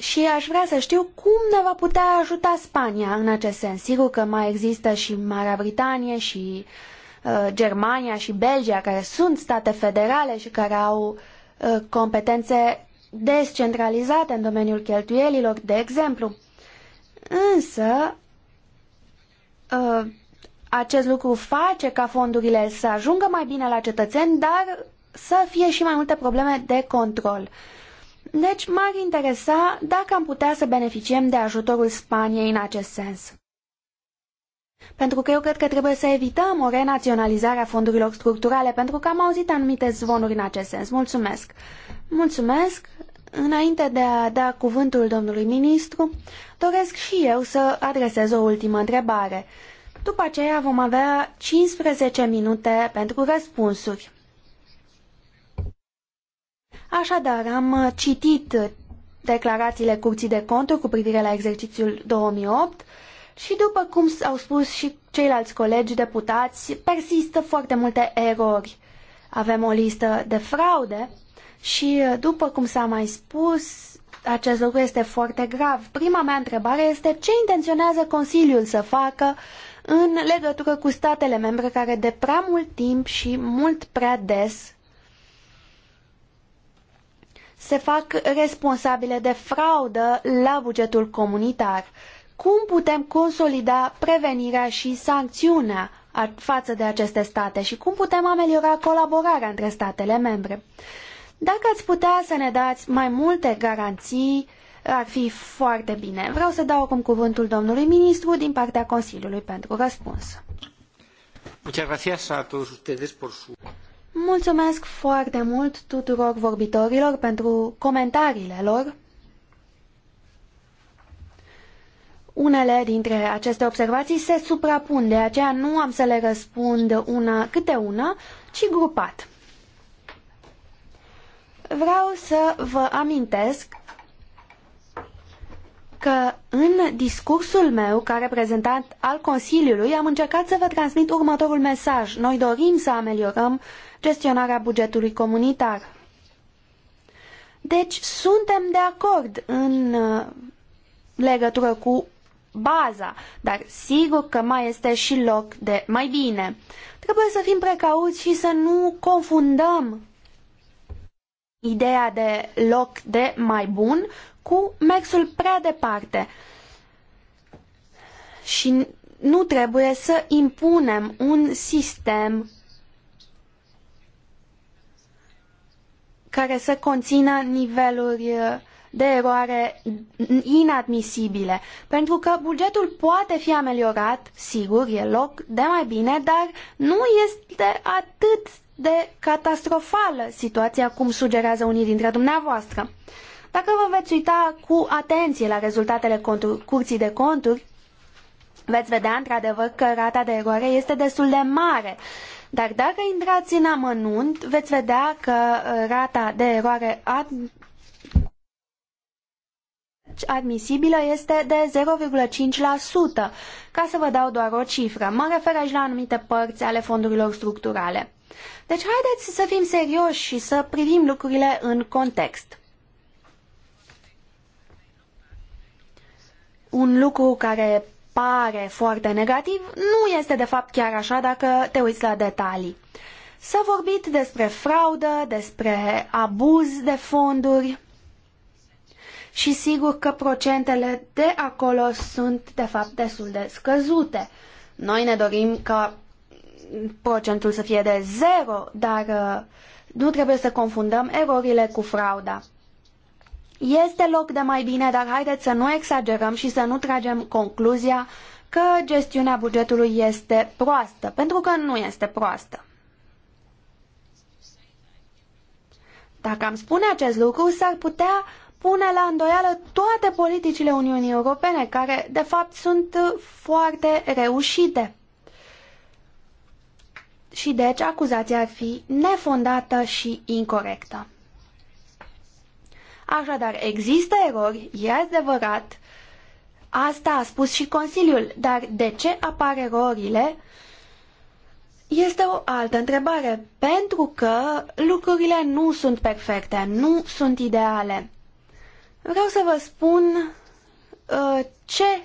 și aș vrea să știu cum ne va putea ajuta Spania în acest sens. Sigur că mai există și Marea Britanie și uh, Germania și Belgia, care sunt state federale și care au uh, competențe descentralizate în domeniul cheltuielilor, de exemplu. Însă, uh, acest lucru face ca fondurile să ajungă mai bine la cetățeni, dar să fie și mai multe probleme de control. Uh, deci m-ar interesa dacă am putea să beneficiem de ajutorul Spaniei în acest sens. Pentru că eu cred că trebuie să evităm o renaționalizare a fondurilor structurale, pentru că am auzit anumite zvonuri în acest sens. Mulțumesc! Mulțumesc! Înainte de a da cuvântul domnului ministru, doresc și eu să adresez o ultimă întrebare. După aceea vom avea 15 minute pentru răspunsuri. Așadar, am uh, citit declarațiile Curții de Conturi cu privire la exercițiul 2008 și după cum au spus și ceilalți colegi deputați, persistă foarte multe erori. Avem o listă de fraude și, uh, după cum s-a mai spus, acest lucru este foarte grav. Prima mea întrebare este ce intenționează Consiliul să facă în legătură cu statele membre care de prea mult timp și mult prea des se fac responsabile de fraudă la bugetul comunitar. Cum putem consolida prevenirea și sancțiunea față de aceste state și cum putem ameliora colaborarea între statele membre? Dacă ați putea să ne dați mai multe garanții, ar fi foarte bine. Vreau să dau acum cuvântul domnului ministru din partea Consiliului pentru răspuns. Muchas gracias a todos ustedes por su Mulțumesc foarte mult tuturor vorbitorilor pentru comentariile lor. Unele dintre aceste observații se suprapun, de aceea nu am să le răspund una câte una, ci grupat. Vreau să vă amintesc că în discursul meu ca reprezentant al Consiliului am încercat să vă transmit următorul mesaj. Noi dorim să ameliorăm gestionarea bugetului comunitar. Deci suntem de acord în uh, legătură cu baza, dar sigur că mai este și loc de mai bine. Trebuie să fim precauți și să nu confundăm ideea de loc de mai bun cu mersul prea departe. Și nu trebuie să impunem un sistem care să conțină niveluri de eroare inadmisibile. Pentru că bugetul poate fi ameliorat, sigur, e loc de mai bine, dar nu este atât de catastrofală situația, cum sugerează unii dintre dumneavoastră. Dacă vă veți uita cu atenție la rezultatele curții de conturi, veți vedea într-adevăr că rata de eroare este destul de mare. Dar dacă intrați în amănunt, veți vedea că uh, rata de eroare ad admisibilă este de 0,5%, ca să vă dau doar o cifră. Mă refer aici la anumite părți ale fondurilor structurale. Deci haideți să fim serioși și să privim lucrurile în context. Un lucru care pare foarte negativ nu este de fapt chiar așa dacă te uiți la detalii. S-a vorbit despre fraudă, despre abuz de fonduri și sigur că procentele de acolo sunt de fapt destul de scăzute. Noi ne dorim ca procentul să fie de zero, dar uh, nu trebuie să confundăm erorile cu frauda. Este loc de mai bine, dar haideți să nu exagerăm și să nu tragem concluzia că gestiunea bugetului este proastă, pentru că nu este proastă. Dacă am spune acest lucru, s-ar putea pune la îndoială toate politicile Uniunii Europene, care, de fapt, sunt foarte reușite și deci acuzația ar fi nefondată și incorrectă. Așadar, există erori, e adevărat, asta a spus și Consiliul, dar de ce apar erorile? Este o altă întrebare, pentru că lucrurile nu sunt perfecte, nu sunt ideale. Vreau să vă spun uh, ce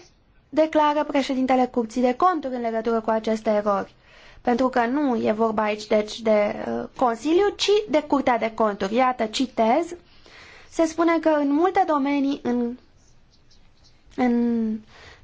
declară președintele Curții de Conturi în legătură cu aceste erori pentru că nu e vorba aici deci de uh, Consiliu, ci de Curtea de Conturi. Iată, citez, se spune că în multe domenii în, în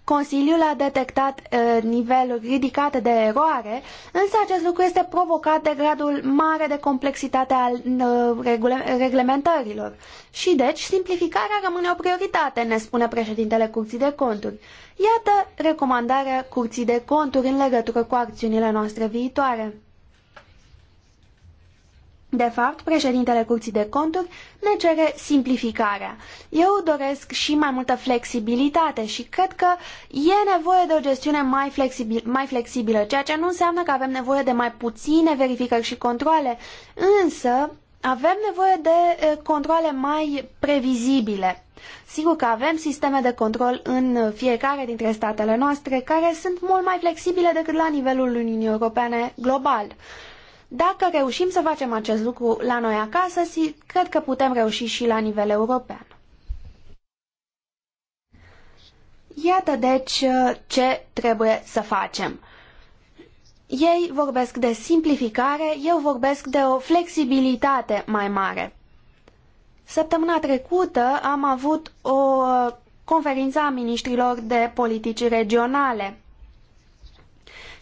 Consiliul a detectat uh, niveluri ridicate de eroare, însă acest lucru este provocat de gradul mare de complexitate al uh, reglementărilor. Și deci, simplificarea rămâne o prioritate, ne spune președintele Curții de Conturi. Iată recomandarea Curții de Conturi în legătură cu acțiunile noastre viitoare. De fapt, președintele Curții de Conturi ne cere simplificarea. Eu doresc și mai multă flexibilitate și cred că e nevoie de o gestiune mai, flexibil, mai flexibilă, ceea ce nu înseamnă că avem nevoie de mai puține verificări și controle, însă avem nevoie de controle mai previzibile. Sigur că avem sisteme de control în fiecare dintre statele noastre care sunt mult mai flexibile decât la nivelul Uniunii Europene global. Dacă reușim să facem acest lucru la noi acasă, cred că putem reuși și la nivel european. Iată deci ce trebuie să facem. Ei vorbesc de simplificare, eu vorbesc de o flexibilitate mai mare. Săptămâna trecută am avut o conferință a ministrilor de politici regionale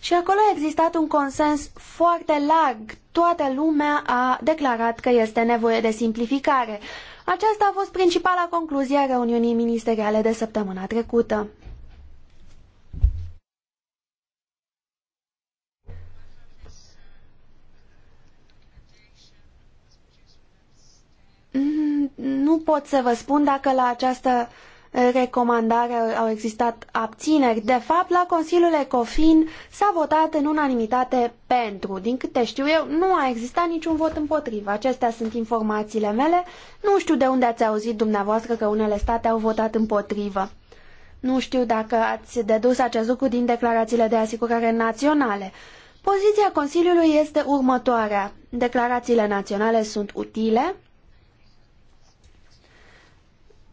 și acolo a existat un consens foarte larg. Toată lumea a declarat că este nevoie de simplificare. Aceasta a fost principala concluzie a reuniunii ministeriale de săptămâna trecută. Mm, nu pot să vă spun dacă la această recomandare au existat abțineri. De fapt, la Consiliul Ecofin s-a votat în unanimitate pentru. Din câte știu eu, nu a existat niciun vot împotrivă. Acestea sunt informațiile mele. Nu știu de unde ați auzit dumneavoastră că unele state au votat împotrivă. Nu știu dacă ați dedus acest lucru din declarațiile de asigurare naționale. Poziția Consiliului este următoarea. Declarațiile naționale sunt utile,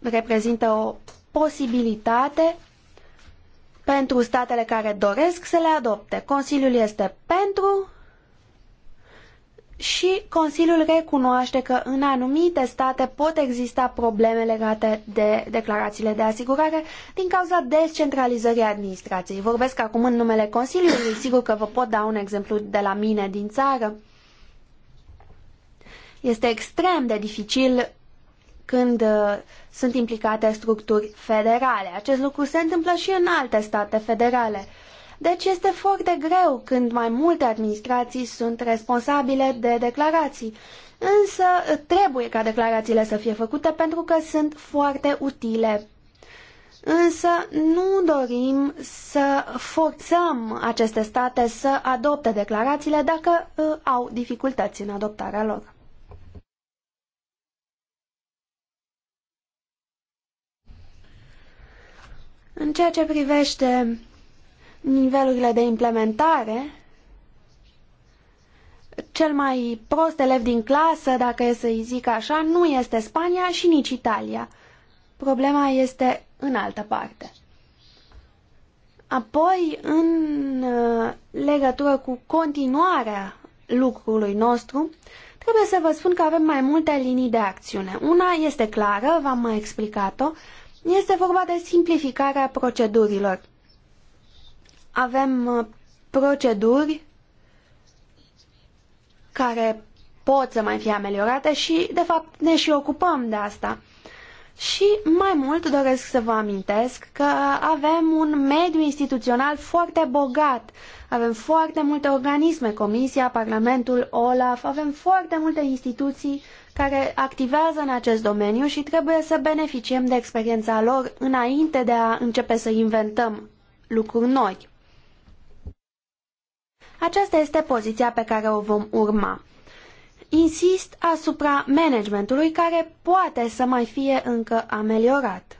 reprezintă o posibilitate pentru statele care doresc să le adopte. Consiliul este pentru și Consiliul recunoaște că în anumite state pot exista probleme legate de declarațiile de asigurare din cauza descentralizării administrației. Vorbesc acum în numele Consiliului, sigur că vă pot da un exemplu de la mine din țară. Este extrem de dificil când uh, sunt implicate structuri federale. Acest lucru se întâmplă și în alte state federale. Deci este foarte greu când mai multe administrații sunt responsabile de declarații. Însă uh, trebuie ca declarațiile să fie făcute pentru că sunt foarte utile. Însă nu dorim să forțăm aceste state să adopte declarațiile dacă uh, au dificultăți în adoptarea lor. În ceea ce privește nivelurile de implementare, cel mai prost elev din clasă, dacă e să-i zic așa, nu este Spania și nici Italia. Problema este în altă parte. Apoi, în uh, legătură cu continuarea lucrului nostru, trebuie să vă spun că avem mai multe linii de acțiune. Una este clară, v-am mai explicat-o, este vorba de simplificarea procedurilor. Avem uh, proceduri care pot să mai fie ameliorate și, de fapt, ne și ocupăm de asta. Și mai mult doresc să vă amintesc că avem un mediu instituțional foarte bogat. Avem foarte multe organisme, Comisia, Parlamentul, OLAF, avem foarte multe instituții care activează în acest domeniu și trebuie să beneficiem de experiența lor înainte de a începe să inventăm lucruri noi. Aceasta este poziția pe care o vom urma. Insist asupra managementului care poate să mai fie încă ameliorat.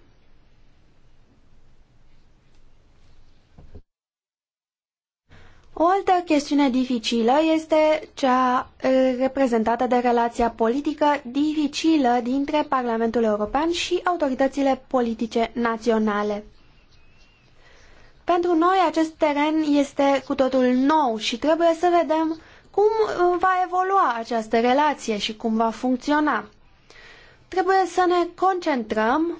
O altă chestiune dificilă este cea reprezentată de relația politică dificilă dintre Parlamentul European și autoritățile politice naționale. Pentru noi acest teren este cu totul nou și trebuie să vedem cum va evolua această relație și cum va funcționa. Trebuie să ne concentrăm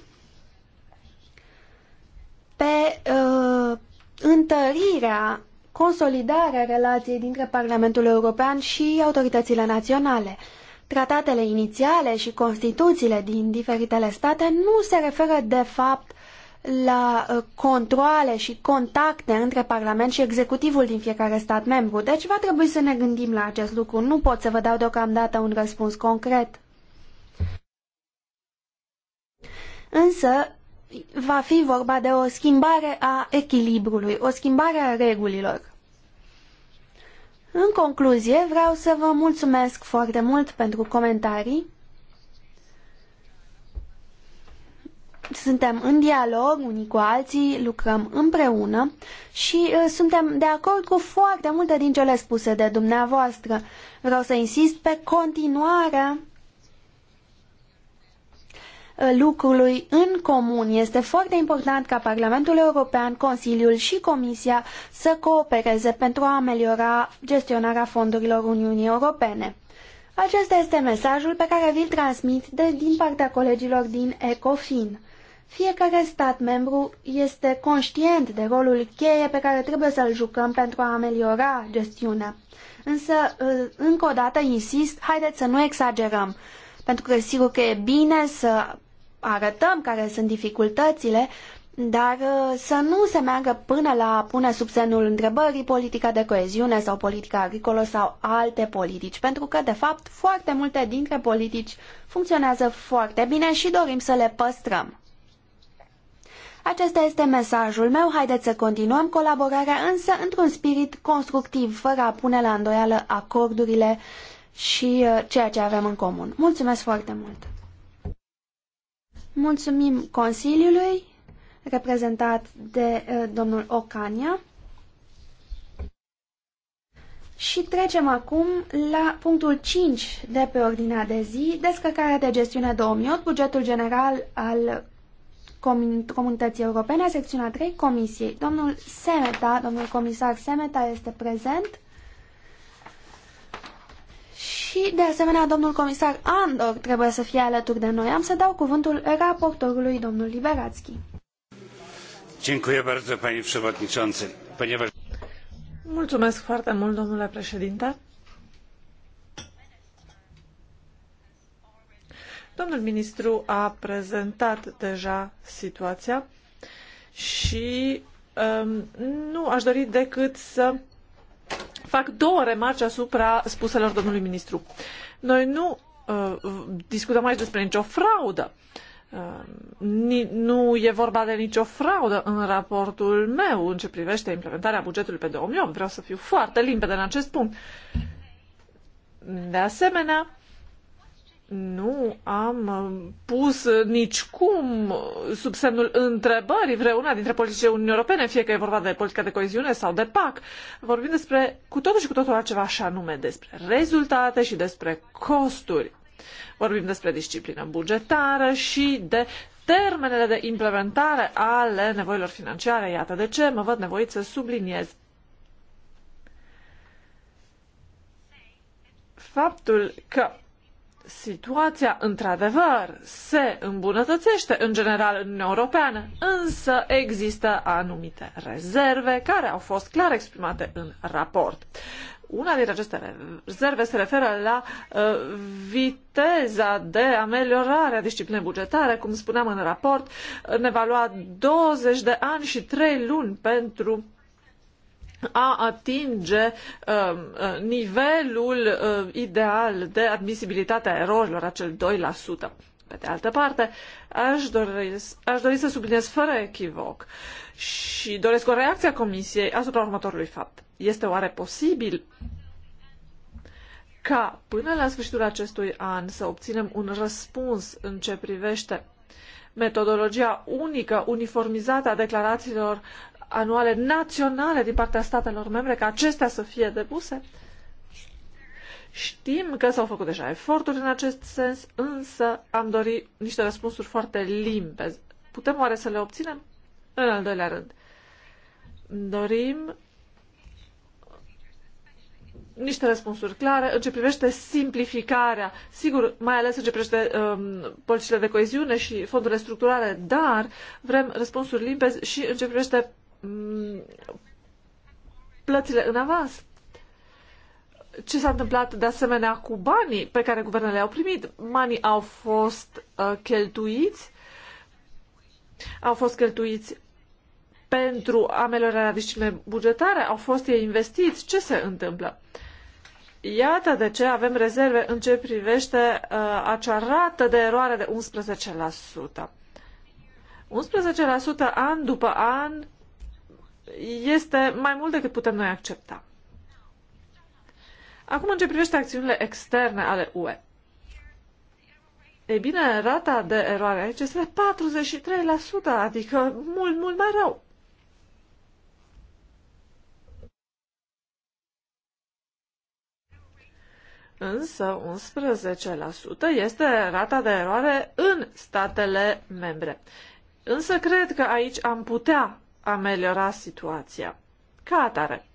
pe uh, întărirea consolidarea relației dintre Parlamentul European și autoritățile naționale. Tratatele inițiale și constituțiile din diferitele state nu se referă de fapt la uh, controle și contacte între Parlament și executivul din fiecare stat membru. Deci va trebui să ne gândim la acest lucru. Nu pot să vă dau deocamdată un răspuns concret. Însă, va fi vorba de o schimbare a echilibrului, o schimbare a regulilor. În concluzie, vreau să vă mulțumesc foarte mult pentru comentarii. Suntem în dialog unii cu alții, lucrăm împreună și uh, suntem de acord cu foarte multe din cele spuse de dumneavoastră. Vreau să insist pe continuarea lucrului în comun. Este foarte important ca Parlamentul European, Consiliul și Comisia să coopereze pentru a ameliora gestionarea fondurilor Uniunii Europene. Acesta este mesajul pe care vi-l transmit de, din partea colegilor din ECOFIN. Fiecare stat membru este conștient de rolul cheie pe care trebuie să-l jucăm pentru a ameliora gestiunea. Însă, încă o dată, insist, haideți să nu exagerăm, pentru că sigur că e bine să arătăm care sunt dificultățile, dar uh, să nu se meargă până la a pune sub semnul întrebării politica de coeziune sau politica agricolă sau alte politici, pentru că, de fapt, foarte multe dintre politici funcționează foarte bine și dorim să le păstrăm. Acesta este mesajul meu, haideți să continuăm colaborarea, însă într-un spirit constructiv, fără a pune la îndoială acordurile și uh, ceea ce avem în comun. Mulțumesc foarte mult! Mulțumim Consiliului, reprezentat de uh, domnul Ocania. Și trecem acum la punctul 5 de pe ordinea de zi, descărcarea de gestiune 2008, bugetul general al Comun Comunității Europene, secțiunea 3, Comisiei. Domnul Semeta, domnul comisar Semeta este prezent. Și, de asemenea, domnul comisar Andor trebuie să fie alături de noi. Am să dau cuvântul raportorului, domnul Liberatski. Mulțumesc foarte mult, domnule președinte. Domnul ministru a prezentat deja situația și um, nu aș dori decât să fac două remarci asupra spuselor domnului ministru. Noi nu uh, discutăm aici despre nicio fraudă. Uh, ni, nu e vorba de nicio fraudă în raportul meu în ce privește implementarea bugetului pe 2008. Vreau să fiu foarte limpede în acest punct. De asemenea, nu am uh, pus uh, nicicum uh, sub semnul întrebării vreuna dintre politicile Uniunii Europene, fie că e vorba de politica de coeziune sau de PAC. Vorbim despre cu totul și cu totul altceva așa nume, despre rezultate și despre costuri. Vorbim despre disciplină bugetară și de termenele de implementare ale nevoilor financiare. Iată de ce mă văd nevoit să subliniez faptul că situația, într-adevăr, se îmbunătățește în general în Uniunea Europeană, însă există anumite rezerve care au fost clar exprimate în raport. Una dintre aceste rezerve se referă la uh, viteza de ameliorare a disciplinei bugetare. Cum spuneam în raport, uh, ne va lua 20 de ani și 3 luni pentru a atinge um, uh, nivelul uh, ideal de admisibilitate a erorilor, acel 2%. Pe de altă parte, aș dori, aș dori să subliniez fără echivoc și doresc o reacție a Comisiei asupra următorului fapt. Este oare posibil ca până la sfârșitul acestui an să obținem un răspuns în ce privește metodologia unică, uniformizată a declarațiilor anuale naționale din partea statelor membre, ca acestea să fie depuse. Știm că s-au făcut deja eforturi în acest sens, însă am dori niște răspunsuri foarte limpezi. Putem oare să le obținem? În al doilea rând, dorim niște răspunsuri clare în ce privește simplificarea, sigur, mai ales în ce privește um, politicile de coeziune și fondurile structurale, dar vrem răspunsuri limpezi și în ce privește Mm, plățile în avans. Ce s-a întâmplat de asemenea cu banii pe care guvernele au primit? Banii au fost uh, cheltuiți, au fost cheltuiți pentru ameliorarea disciplinei bugetare, au fost ei investiți. Ce se întâmplă? Iată de ce avem rezerve în ce privește uh, acea rată de eroare de 11%. 11% an după an este mai mult decât putem noi accepta. Acum, în ce privește acțiunile externe ale UE. Ei bine, rata de eroare aici este de 43%, adică mult, mult mai rău. Însă 11% este rata de eroare în statele membre. Însă cred că aici am putea ameliora situația. Ca atare,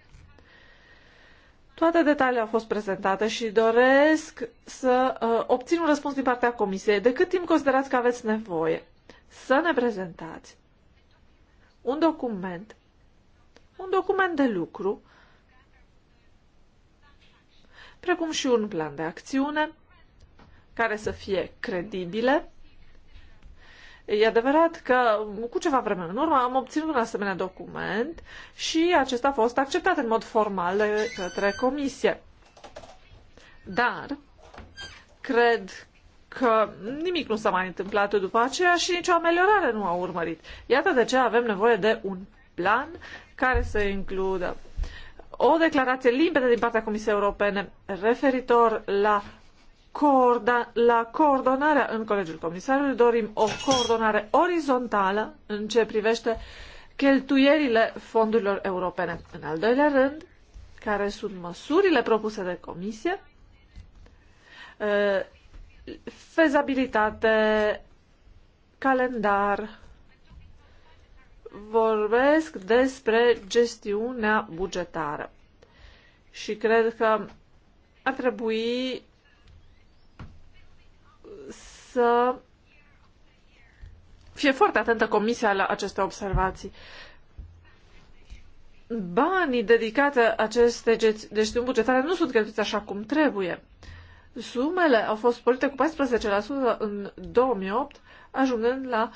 toate detaliile au fost prezentate și doresc să uh, obțin un răspuns din partea Comisiei. De cât timp considerați că aveți nevoie să ne prezentați un document, un document de lucru, precum și un plan de acțiune care să fie credibile E adevărat că cu ceva vreme în urmă am obținut un asemenea document și acesta a fost acceptat în mod formal de către comisie. Dar cred că nimic nu s-a mai întâmplat după aceea și nicio ameliorare nu a urmărit. Iată de ce avem nevoie de un plan care să includă o declarație limpede din partea Comisiei Europene referitor la la coordonarea în Colegiul Comisarului. Dorim o coordonare orizontală în ce privește cheltuierile fondurilor europene. În al doilea rând, care sunt măsurile propuse de Comisie, eh, fezabilitate, calendar, vorbesc despre gestiunea bugetară. Și cred că ar trebui să fie foarte atentă comisia la aceste observații. Banii dedicate aceste gestiuni bugetare nu sunt cheltuiți așa cum trebuie. Sumele au fost sporite cu 14% în 2008, ajungând la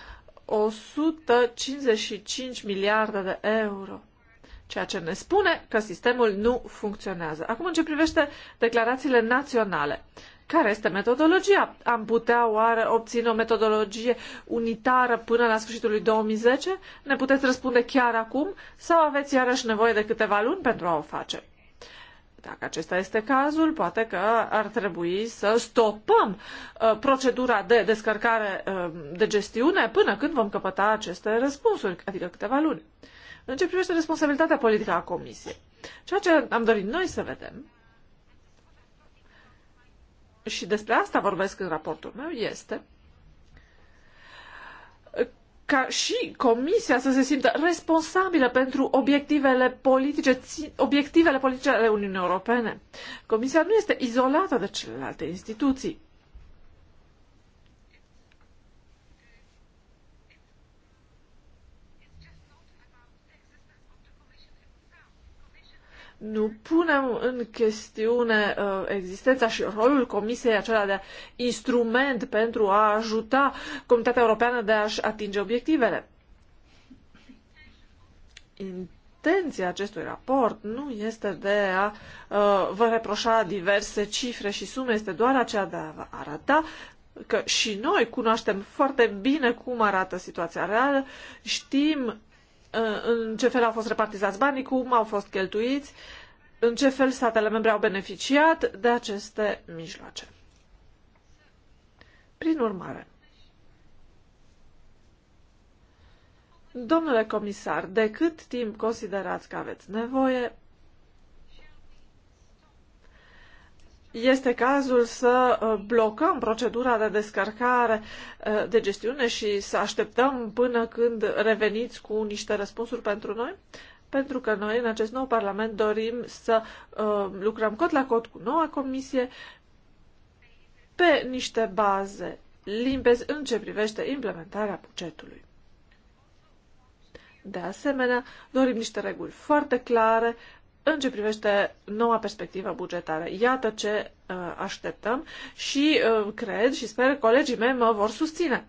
155 miliarde de euro, ceea ce ne spune că sistemul nu funcționează. Acum, în ce privește declarațiile naționale, care este metodologia? Am putea oare obține o metodologie unitară până la sfârșitul lui 2010? Ne puteți răspunde chiar acum sau aveți iarăși nevoie de câteva luni pentru a o face? Dacă acesta este cazul, poate că ar trebui să stopăm uh, procedura de descărcare uh, de gestiune până când vom căpăta aceste răspunsuri, adică câteva luni. În ce privește responsabilitatea politică a Comisiei? Ceea ce am dorit noi să vedem și despre asta vorbesc în raportul meu, este ca și Comisia să se simtă responsabilă pentru obiectivele politice, obiectivele politice ale Uniunii Europene. Comisia nu este izolată de celelalte instituții. nu punem în chestiune uh, existența și rolul Comisiei acela de instrument pentru a ajuta Comunitatea Europeană de a-și atinge obiectivele. Intenția acestui raport nu este de a uh, vă reproșa diverse cifre și sume, este doar aceea de a vă arăta că și noi cunoaștem foarte bine cum arată situația reală, știm în ce fel au fost repartizați banii, cum au fost cheltuiți, în ce fel statele membre au beneficiat de aceste mijloace. Prin urmare, domnule comisar, de cât timp considerați că aveți nevoie este cazul să uh, blocăm procedura de descărcare uh, de gestiune și să așteptăm până când reveniți cu niște răspunsuri pentru noi? Pentru că noi, în acest nou Parlament, dorim să uh, lucrăm cot la cot cu noua Comisie pe niște baze limpezi în ce privește implementarea bugetului. De asemenea, dorim niște reguli foarte clare în ce privește noua perspectivă bugetară. Iată ce uh, așteptăm și uh, cred și sper colegii mei mă vor susține.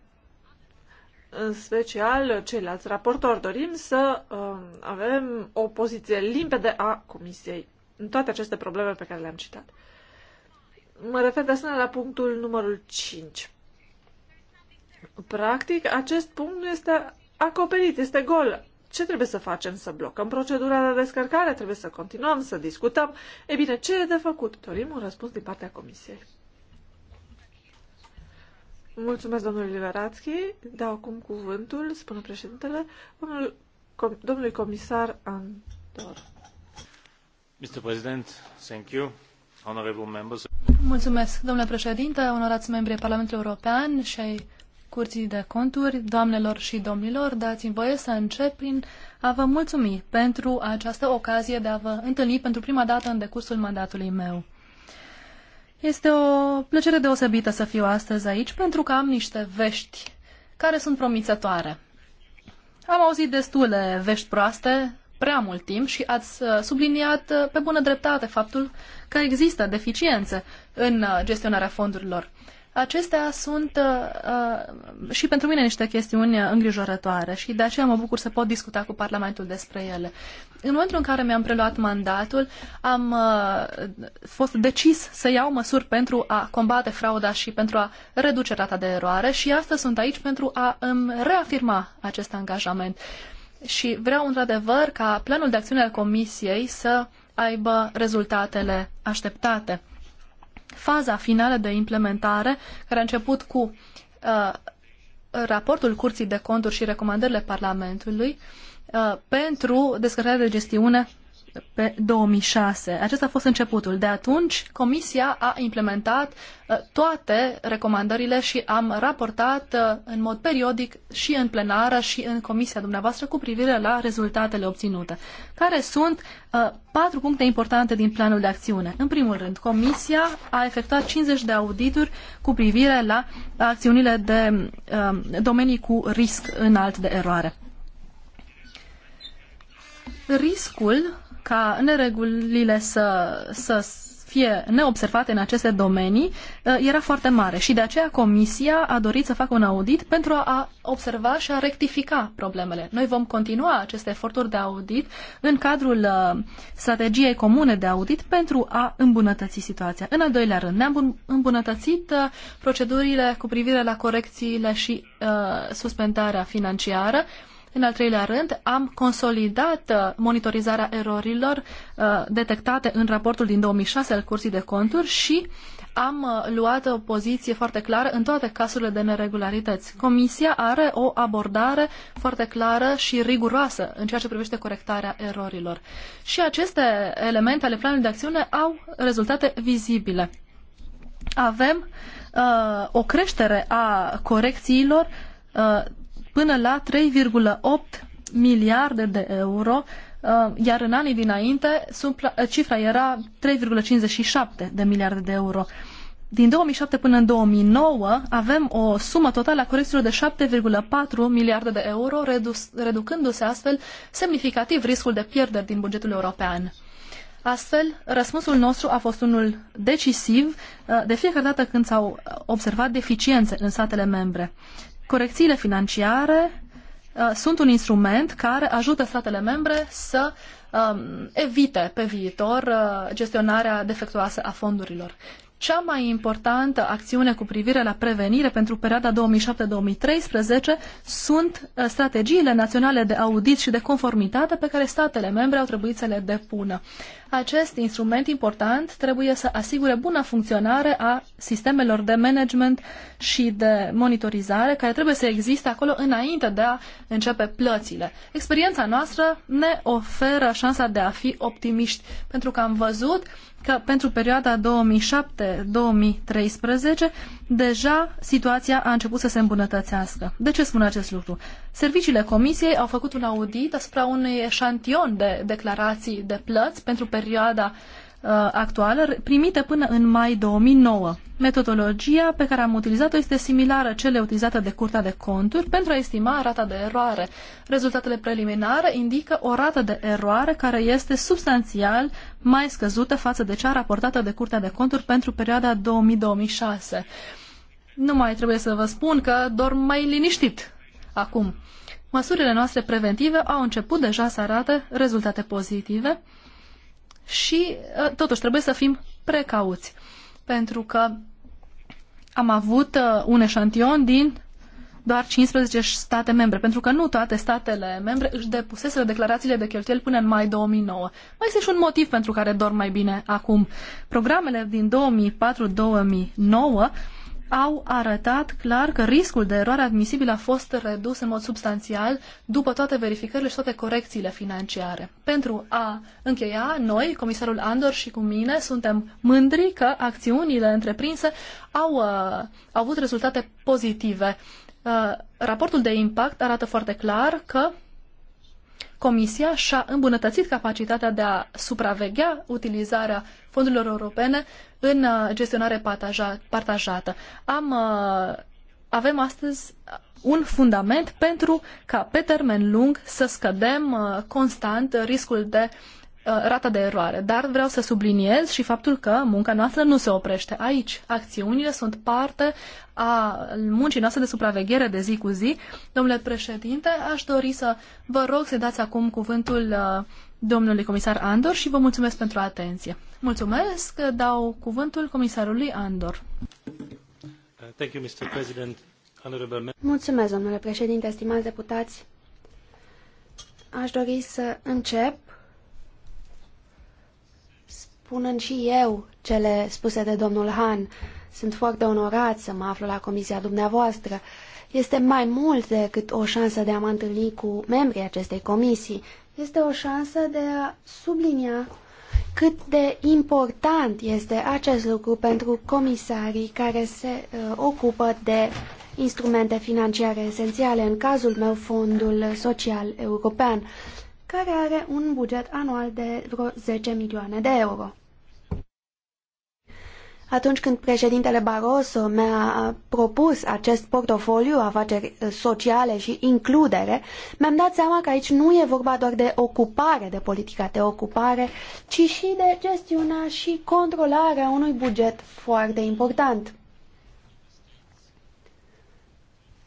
În special ceilalți raportori dorim să uh, avem o poziție limpede a Comisiei în toate aceste probleme pe care le-am citat. Mă refer de asemenea la punctul numărul 5. Practic, acest punct nu este acoperit, este gol. Ce trebuie să facem? Să blocăm procedura de descărcare? Trebuie să continuăm, să discutăm? E bine, ce e de făcut? Dorim un răspuns din partea Comisiei. Mulțumesc, domnului Liberațchi. Dau acum cuvântul, spune președintele, domnul, com, domnului comisar Andor. Mr. President, thank you. Honorable members. Mulțumesc, domnule președinte, onorați membri Parlamentului European și ai Curții de Conturi, doamnelor și domnilor, dați-mi voie să încep prin a vă mulțumi pentru această ocazie de a vă întâlni pentru prima dată în decursul mandatului meu. Este o plăcere deosebită să fiu astăzi aici pentru că am niște vești care sunt promițătoare. Am auzit destule vești proaste prea mult timp și ați uh, subliniat uh, pe bună dreptate faptul că există deficiențe în uh, gestionarea fondurilor. Acestea sunt uh, uh, și pentru mine niște chestiuni îngrijorătoare și de aceea mă bucur să pot discuta cu Parlamentul despre ele. În momentul în care mi-am preluat mandatul, am uh, fost decis să iau măsuri pentru a combate frauda și pentru a reduce rata de eroare și astăzi sunt aici pentru a îmi reafirma acest angajament. Și vreau într-adevăr ca planul de acțiune al Comisiei să aibă rezultatele așteptate faza finală de implementare, care a început cu uh, raportul Curții de Conturi și recomandările Parlamentului uh, pentru descărcarea de gestiune pe 2006. Acesta a fost începutul. De atunci, Comisia a implementat uh, toate recomandările și am raportat uh, în mod periodic și în plenară și în Comisia dumneavoastră cu privire la rezultatele obținute, care sunt uh, patru puncte importante din planul de acțiune. În primul rând, Comisia a efectuat 50 de audituri cu privire la acțiunile de domenii cu risc înalt de eroare. Riscul ca neregulile să, să fie neobservate în aceste domenii uh, era foarte mare și de aceea Comisia a dorit să facă un audit pentru a observa și a rectifica problemele. Noi vom continua aceste eforturi de audit în cadrul uh, strategiei comune de audit pentru a îmbunătăți situația. În al doilea rând, ne-am îmbunătățit uh, procedurile cu privire la corecțiile și uh, suspendarea financiară. Uh, în al treilea rând, am consolidat uh, monitorizarea erorilor uh, detectate în raportul din 2006 al Curții de Conturi și am uh, luat o poziție foarte clară în toate cazurile de neregularități. Comisia are o abordare foarte clară și riguroasă în ceea ce privește corectarea erorilor. Și aceste elemente ale planului de acțiune au rezultate vizibile. Avem uh, o creștere a corecțiilor uh, până la 3,8 miliarde de euro, uh, iar în anii dinainte uh, cifra era 3,57 de miliarde de euro. Din 2007 până în 2009 avem o sumă totală a corecțiilor de 7,4 miliarde de euro, reducându-se astfel semnificativ riscul de pierderi din bugetul european. Astfel, răspunsul nostru a fost unul decisiv uh, de fiecare dată când s-au observat deficiențe în statele membre. Corecțiile financiare uh, sunt un instrument care ajută statele membre să um, evite pe viitor uh, gestionarea defectuoasă a fondurilor cea mai importantă acțiune cu privire la prevenire pentru perioada 2007-2013 sunt uh, strategiile naționale de audit și de conformitate pe care statele membre au trebuit să le depună. Acest instrument important trebuie să asigure buna funcționare a sistemelor de management și de monitorizare care trebuie să existe acolo înainte de a începe plățile. Experiența noastră ne oferă șansa de a fi optimiști pentru că am văzut că pentru perioada 2007-2013 deja situația a început să se îmbunătățească. De ce spun acest lucru? Serviciile Comisiei au făcut un audit asupra unui eșantion de declarații de plăți pentru perioada Uh, actuală, primite până în mai 2009. Metodologia pe care am utilizat-o este similară cele utilizate de Curtea de Conturi pentru a estima rata de eroare. Rezultatele preliminare indică o rată de eroare care este substanțial mai scăzută față de cea raportată de Curtea de Conturi pentru perioada 2000-2006. Nu mai trebuie să vă spun că dorm mai liniștit acum. Măsurile noastre preventive au început deja să arate rezultate pozitive și ă, totuși trebuie să fim precauți, pentru că am avut ă, un eșantion din doar 15 state membre, pentru că nu toate statele membre își depuseseră declarațiile de cheltuieli până în mai 2009. Mai este și un motiv pentru care dorm mai bine acum. Programele din 2004-2009 au arătat clar că riscul de eroare admisibil a fost redus în mod substanțial după toate verificările și toate corecțiile financiare. Pentru a încheia, noi, comisarul Andor și cu mine, suntem mândri că acțiunile întreprinse au, uh, au avut rezultate pozitive. Uh, raportul de impact arată foarte clar că Comisia și-a îmbunătățit capacitatea de a supraveghea utilizarea fondurilor europene în uh, gestionare partajată. Am, uh, avem astăzi un fundament pentru ca pe termen lung să scădem uh, constant riscul de uh, Uh, rata de eroare, dar vreau să subliniez și faptul că munca noastră nu se oprește aici. Acțiunile sunt parte a muncii noastre de supraveghere de zi cu zi. Domnule președinte, aș dori să vă rog să dați acum cuvântul uh, domnului comisar Andor și vă mulțumesc pentru atenție. Mulțumesc, dau cuvântul comisarului Andor. Thank you, Mr. President. Mulțumesc, domnule președinte, stimați deputați. Aș dori să încep spunând și eu cele spuse de domnul Han. Sunt foarte onorat să mă aflu la comisia dumneavoastră. Este mai mult decât o șansă de a mă întâlni cu membrii acestei comisii. Este o șansă de a sublinia cât de important este acest lucru pentru comisarii care se uh, ocupă de instrumente financiare esențiale, în cazul meu Fondul Social European, care are un buget anual de vreo 10 milioane de euro. Atunci când președintele Barroso mi-a propus acest portofoliu afaceri eh, sociale și includere, mi-am dat seama că aici nu e vorba doar de ocupare, de politica de ocupare, ci și de gestiunea și controlarea unui buget foarte important.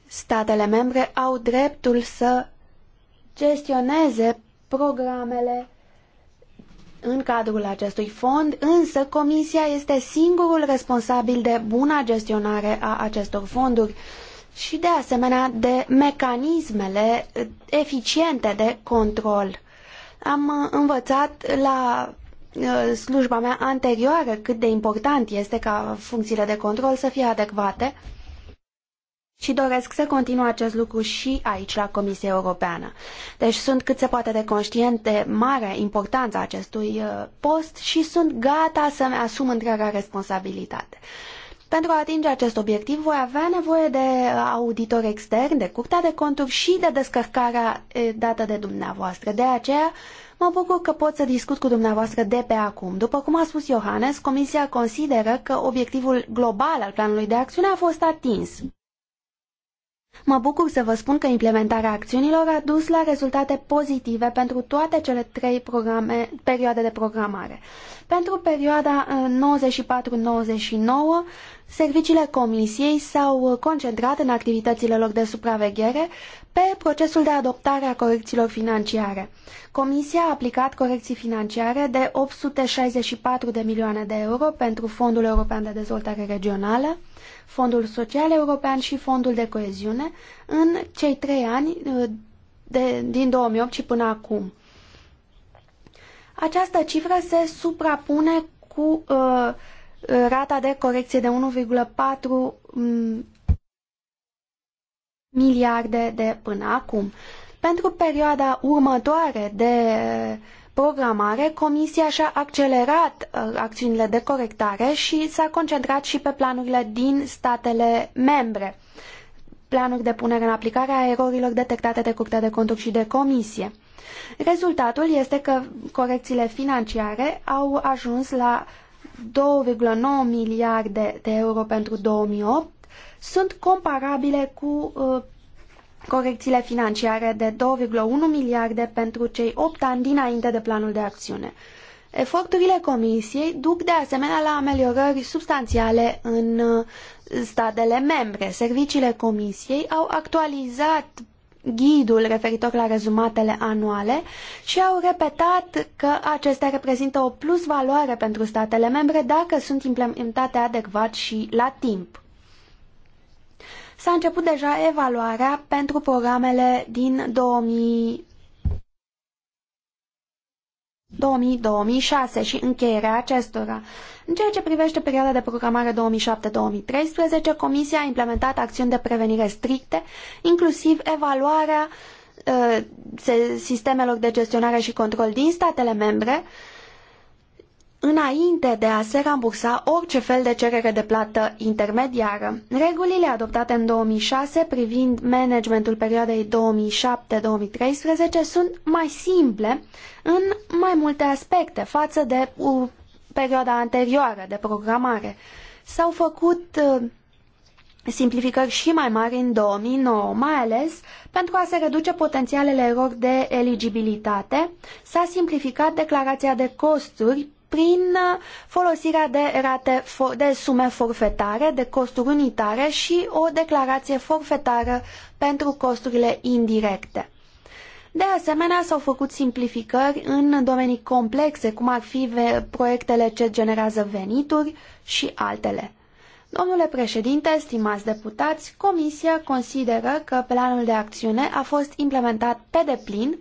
Statele membre au dreptul să gestioneze programele în cadrul acestui fond, însă Comisia este singurul responsabil de buna gestionare a acestor fonduri și de asemenea de mecanismele eficiente de control. Am uh, învățat la uh, slujba mea anterioară cât de important este ca funcțiile de control să fie adecvate și doresc să continue acest lucru și aici, la Comisia Europeană. Deci sunt cât se poate de conștient de marea importanță a acestui uh, post și sunt gata să-mi asum întreaga responsabilitate. Pentru a atinge acest obiectiv voi avea nevoie de uh, auditori externi, de curtea de conturi și de descărcarea uh, dată de dumneavoastră. De aceea mă bucur că pot să discut cu dumneavoastră de pe acum. După cum a spus Iohannes, Comisia consideră că obiectivul global al planului de acțiune a fost atins Mă bucur să vă spun că implementarea acțiunilor a dus la rezultate pozitive pentru toate cele trei programe, perioade de programare. Pentru perioada 94-99, uh, serviciile Comisiei s-au uh, concentrat în activitățile lor de supraveghere pe procesul de adoptare a corecțiilor financiare. Comisia a aplicat corecții financiare de 864 de milioane de euro pentru Fondul European de Dezvoltare Regională, Fondul Social European și Fondul de Coeziune în cei trei ani uh, de, din 2008 și până acum. Această cifră se suprapune cu uh, rata de corecție de 1,4 miliarde de până acum. Pentru perioada următoare de programare, Comisia și-a accelerat uh, acțiunile de corectare și s-a concentrat și pe planurile din statele membre, planuri de punere în aplicare a erorilor detectate de Curtea de Conduct și de Comisie. Rezultatul este că corecțiile financiare au ajuns la 2,9 miliarde de euro pentru 2008, sunt comparabile cu uh, corecțiile financiare de 2,1 miliarde pentru cei opt ani dinainte de planul de acțiune. Eforturile Comisiei duc de asemenea la ameliorări substanțiale în uh, statele membre. Serviciile Comisiei au actualizat ghidul referitor la rezumatele anuale și au repetat că acestea reprezintă o plusvaloare pentru statele membre dacă sunt implementate adecvat și la timp. S-a început deja evaluarea pentru programele din 2000 2006 și încheierea acestora. În ceea ce privește perioada de programare 2007-2013, Comisia a implementat acțiuni de prevenire stricte, inclusiv evaluarea uh, sistemelor de gestionare și control din statele membre, înainte de a se rambursa orice fel de cerere de plată intermediară. Regulile adoptate în 2006 privind managementul perioadei 2007-2013 sunt mai simple în mai multe aspecte față de perioada anterioară de programare. S-au făcut uh, simplificări și mai mari în 2009, mai ales pentru a se reduce potențialele erori de eligibilitate, s-a simplificat declarația de costuri prin folosirea de, rate, de sume forfetare, de costuri unitare și o declarație forfetară pentru costurile indirecte. De asemenea, s-au făcut simplificări în domenii complexe, cum ar fi proiectele ce generează venituri și altele. Domnule președinte, stimați deputați, Comisia consideră că planul de acțiune a fost implementat pe deplin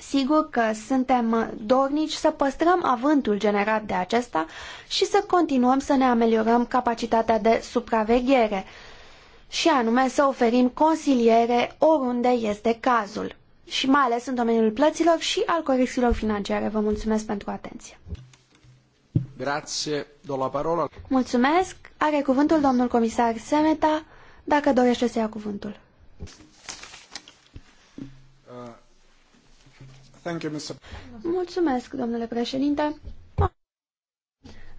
Sigur că suntem dornici să păstrăm avântul generat de acesta și să continuăm să ne ameliorăm capacitatea de supraveghere și anume să oferim consiliere oriunde este cazul și mai ales în domeniul plăților și al corecțiilor financiare. Vă mulțumesc pentru atenție. Grazie, do la parola. Mulțumesc. Are cuvântul domnul comisar Semeta, dacă dorește să ia cuvântul. Uh. Thank Mulțumesc, domnule președinte.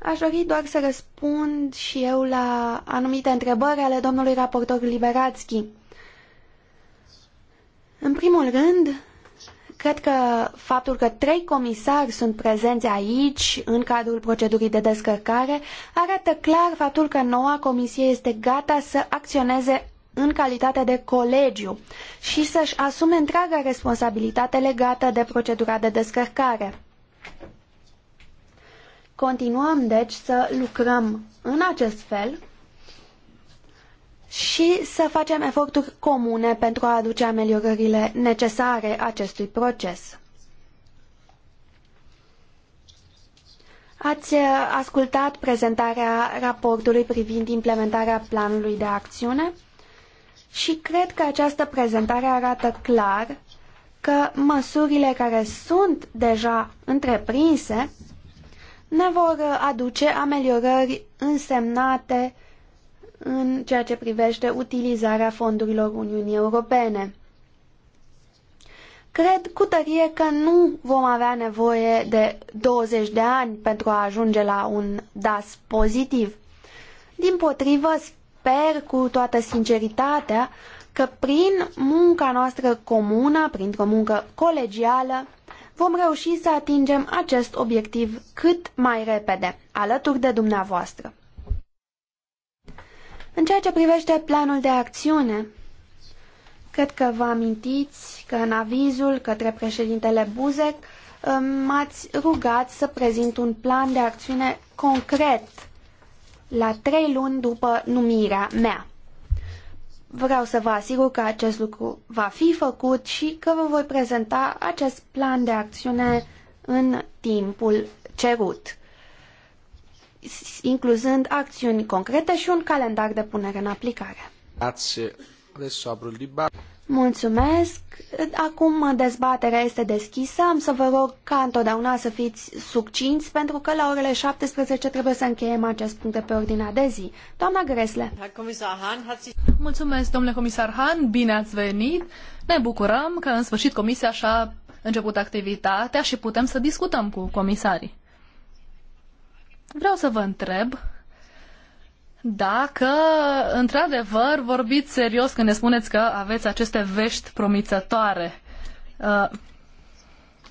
Aș dori doar să răspund și eu la anumite întrebări ale domnului raportor Liberațchi. În primul rând, cred că faptul că trei comisari sunt prezenți aici, în cadrul procedurii de descărcare, arată clar faptul că noua comisie este gata să acționeze în calitate de colegiu și să-și asume întreaga responsabilitate legată de procedura de descărcare. Continuăm, deci, să lucrăm în acest fel și să facem eforturi comune pentru a aduce ameliorările necesare acestui proces. Ați uh, ascultat prezentarea raportului privind implementarea planului de acțiune? Și cred că această prezentare arată clar că măsurile care sunt deja întreprinse ne vor aduce ameliorări însemnate în ceea ce privește utilizarea fondurilor Uniunii Europene. Cred cu tărie că nu vom avea nevoie de 20 de ani pentru a ajunge la un DAS pozitiv. Din potrivă, sper cu toată sinceritatea că prin munca noastră comună, printr-o muncă colegială, vom reuși să atingem acest obiectiv cât mai repede, alături de dumneavoastră. În ceea ce privește planul de acțiune, cred că vă amintiți că în avizul către președintele Buzek m-ați rugat să prezint un plan de acțiune concret la trei luni după numirea mea. Vreau să vă asigur că acest lucru va fi făcut și că vă voi prezenta acest plan de acțiune în timpul cerut, incluzând acțiuni concrete și un calendar de punere în aplicare. Mulțumesc. Acum dezbaterea este deschisă. Am să vă rog ca întotdeauna să fiți succinți, pentru că la orele 17 trebuie să încheiem acest punct de pe ordinea de zi. Doamna Gresle. Mulțumesc, domnule comisar Han, bine ați venit. Ne bucurăm că în sfârșit comisia și-a început activitatea și putem să discutăm cu comisarii. Vreau să vă întreb dacă într-adevăr vorbiți serios când ne spuneți că aveți aceste vești promițătoare. Uh,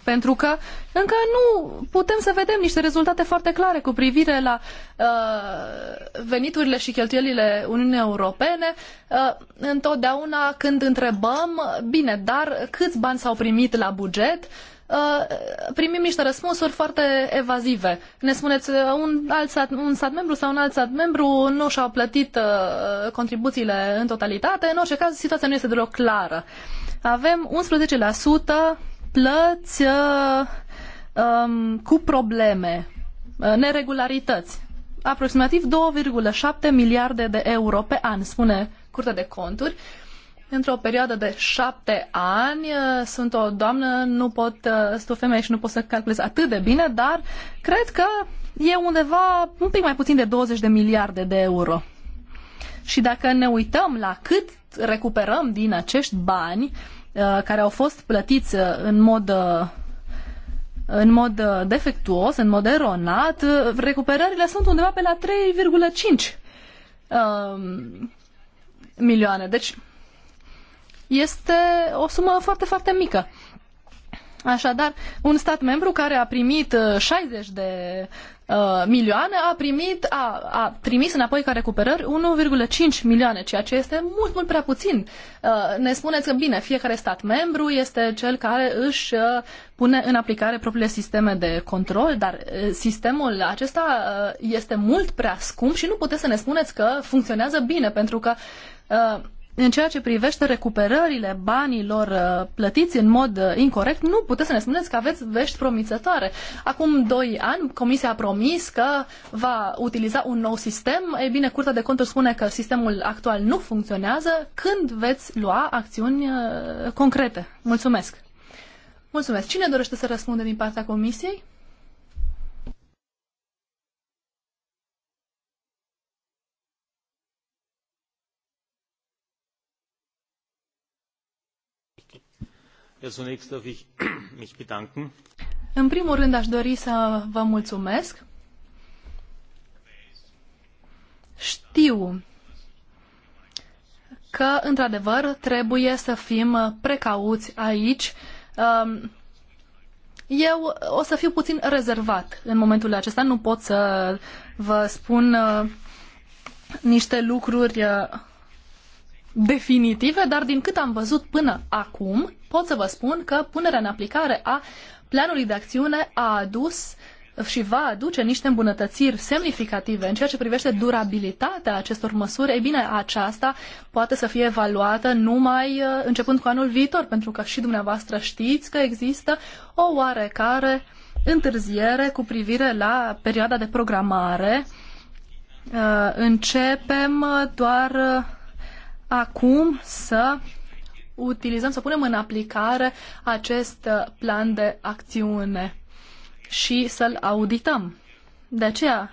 pentru că încă nu putem să vedem niște rezultate foarte clare cu privire la uh, veniturile și cheltuielile Uniunii Europene. Uh, întotdeauna când întrebăm, bine, dar câți bani s-au primit la buget? Uh, Uh, primim niște răspunsuri foarte evazive. Ne spuneți uh, un, alt stat, un stat membru sau un alt stat membru nu și-au plătit uh, contribuțiile în totalitate. În orice caz, situația nu este deloc clară. Avem 11% plăți um, cu probleme, neregularități. Aproximativ 2,7 miliarde de euro pe an, spune Curtea de Conturi. Uh, într-o perioadă de șapte ani, uh, sunt o doamnă, nu pot, uh, sunt o femeie și nu pot să calculez atât de bine, dar cred că e undeva un pic mai puțin de 20 de miliarde de euro. Și dacă ne uităm la cât recuperăm din acești bani uh, care au fost plătiți în mod în mod defectuos, în mod eronat, recuperările sunt undeva pe la 3,5 milioane. Deci este o sumă foarte, foarte mică. Așadar, un stat membru care a primit 60 uh, de uh, milioane a primit, a, a trimis înapoi ca recuperări 1,5 milioane, ceea ce este mult, mult prea puțin. Uh, ne spuneți că, bine, fiecare stat membru este cel care își uh, pune în aplicare propriile sisteme de control, dar uh, sistemul acesta uh, este mult prea scump și nu puteți să ne spuneți că funcționează bine, pentru că în ceea ce privește recuperările banilor uh, plătiți în mod uh, incorrect, nu puteți să ne spuneți că aveți vești promițătoare. Acum doi ani, Comisia a promis că va utiliza un nou sistem. Ei bine, Curtea de Conturi spune că sistemul actual nu funcționează. Când veți lua acțiuni uh, concrete? Mulțumesc! Mulțumesc! Cine dorește să răspundă din partea Comisiei? zunächst darf ich mich bedanken. În primul rând aș dori să vă mulțumesc. Știu că, într-adevăr, trebuie să fim precauți aici. Um, eu o să fiu puțin rezervat în momentul acesta. Nu pot să vă spun uh, niște lucruri uh, definitive, dar din cât am văzut până acum, pot să vă spun că punerea în aplicare a planului de acțiune a adus și va aduce niște îmbunătățiri semnificative în ceea ce privește durabilitatea acestor măsuri, E bine, aceasta poate să fie evaluată numai uh, începând cu anul viitor, pentru că și dumneavoastră știți că există o oarecare întârziere cu privire la perioada de programare. Uh, începem uh, doar acum să utilizăm, să punem în aplicare acest uh, plan de acțiune și să-l audităm. De aceea,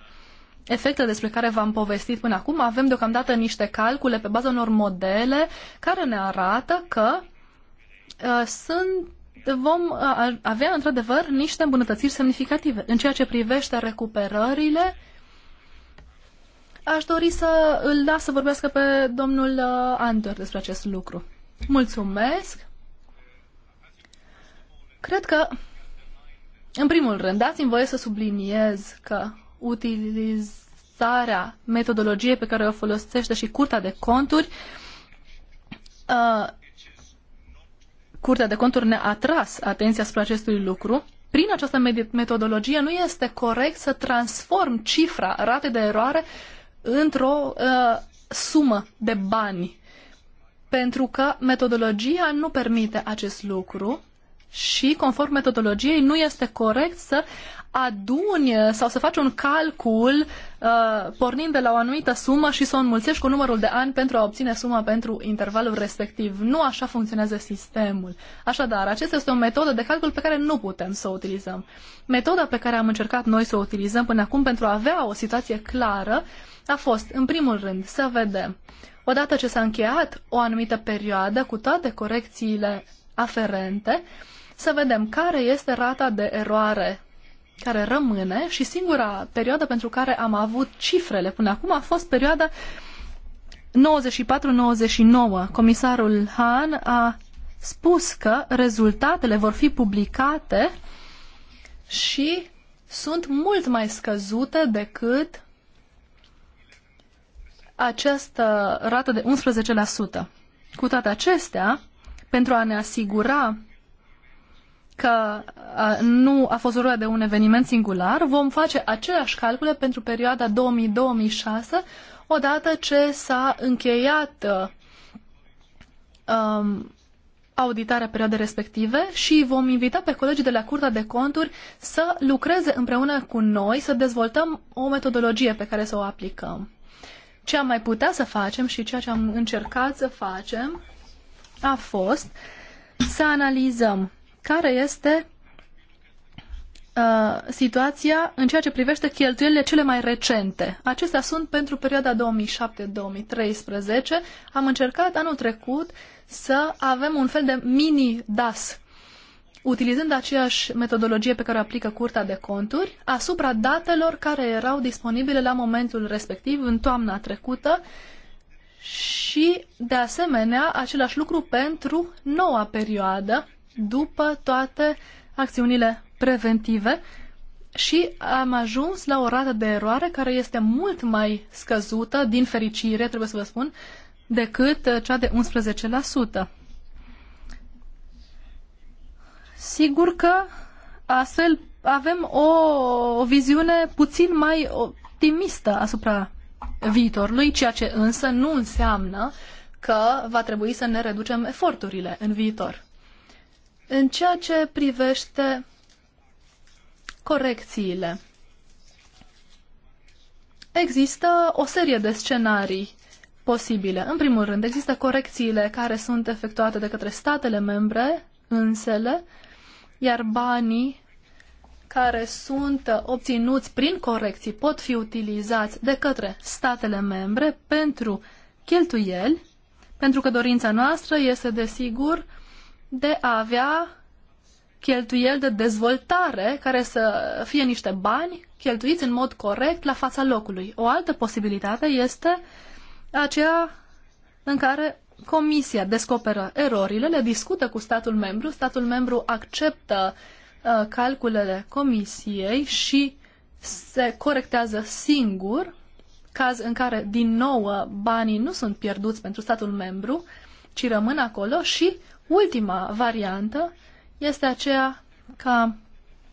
efectele despre care v-am povestit până acum, avem deocamdată niște calcule pe baza unor modele care ne arată că uh, sunt vom uh, avea într-adevăr niște îmbunătățiri semnificative. În ceea ce privește recuperările, aș dori să îl las să vorbească pe domnul uh, Andor despre acest lucru. Mulțumesc! Cred că, în primul rând, dați-mi voie să subliniez că utilizarea metodologiei pe care o folosește și Curtea de Conturi uh, Curtea de Conturi ne-a atras atenția spre acestui lucru. Prin această metodologie nu este corect să transform cifra rate de eroare într-o uh, sumă de bani pentru că metodologia nu permite acest lucru și, conform metodologiei, nu este corect să aduni sau să faci un calcul uh, pornind de la o anumită sumă și să o înmulțești cu numărul de ani pentru a obține suma pentru intervalul respectiv. Nu așa funcționează sistemul. Așadar, acesta este o metodă de calcul pe care nu putem să o utilizăm. Metoda pe care am încercat noi să o utilizăm până acum pentru a avea o situație clară a fost, în primul rând, să vedem Odată ce s-a încheiat o anumită perioadă cu toate corecțiile aferente, să vedem care este rata de eroare care rămâne și singura perioadă pentru care am avut cifrele până acum a fost perioada 94-99. Comisarul Han a spus că rezultatele vor fi publicate și sunt mult mai scăzute decât această rată de 11%. Cu toate acestea, pentru a ne asigura că nu a fost vorba de un eveniment singular, vom face aceleași calcule pentru perioada 2000-2006, odată ce s-a încheiat um, auditarea perioadei respective și vom invita pe colegii de la Curtea de Conturi să lucreze împreună cu noi, să dezvoltăm o metodologie pe care să o aplicăm ce am mai putea să facem și ceea ce am încercat să facem a fost să analizăm care este uh, situația în ceea ce privește cheltuielile cele mai recente. Acestea sunt pentru perioada 2007-2013. Am încercat anul trecut să avem un fel de mini DAS utilizând aceeași metodologie pe care o aplică Curtea de Conturi, asupra datelor care erau disponibile la momentul respectiv, în toamna trecută, și, de asemenea, același lucru pentru noua perioadă, după toate acțiunile preventive, și am ajuns la o rată de eroare care este mult mai scăzută, din fericire, trebuie să vă spun, decât cea de 11% sigur că astfel avem o, o viziune puțin mai optimistă asupra viitorului, ceea ce însă nu înseamnă că va trebui să ne reducem eforturile în viitor. În ceea ce privește corecțiile, există o serie de scenarii posibile. În primul rând, există corecțiile care sunt efectuate de către statele membre însele iar banii care sunt uh, obținuți prin corecții pot fi utilizați de către statele membre pentru cheltuieli, pentru că dorința noastră este, desigur, de a avea cheltuieli de dezvoltare care să fie niște bani cheltuiți în mod corect la fața locului. O altă posibilitate este aceea în care Comisia descoperă erorile, le discută cu statul membru, statul membru acceptă uh, calculele Comisiei și se corectează singur, caz în care, din nou, banii nu sunt pierduți pentru statul membru, ci rămân acolo și ultima variantă este aceea ca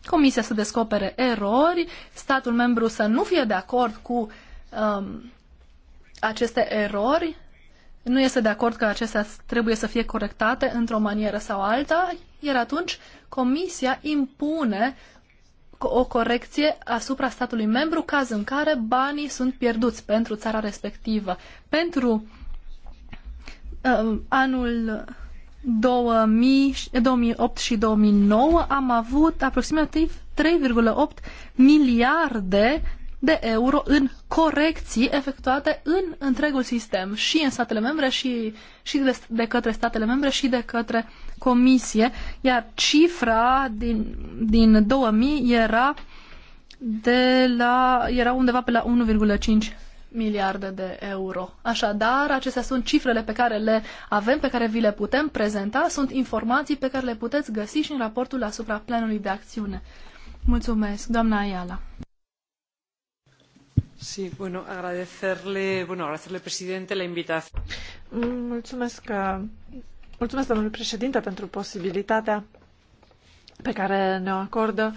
Comisia să descopere erori, statul membru să nu fie de acord cu um, aceste erori nu este de acord că acestea trebuie să fie corectate într-o manieră sau alta, iar atunci Comisia impune o corecție asupra statului membru, caz în care banii sunt pierduți pentru țara respectivă. Pentru uh, anul 2000, 2008 și 2009 am avut aproximativ 3,8 miliarde de euro în corecții efectuate în întregul sistem, și în statele membre, și, și de, de către statele membre, și de către comisie, iar cifra din, din 2000 era de la, era undeva pe la 1,5 miliarde de euro. Așadar, acestea sunt cifrele pe care le avem, pe care vi le putem prezenta, sunt informații pe care le puteți găsi și în raportul asupra planului de acțiune. Mulțumesc, doamna Ayala. Mulțumesc, domnule președinte, pentru posibilitatea pe care ne-o acordă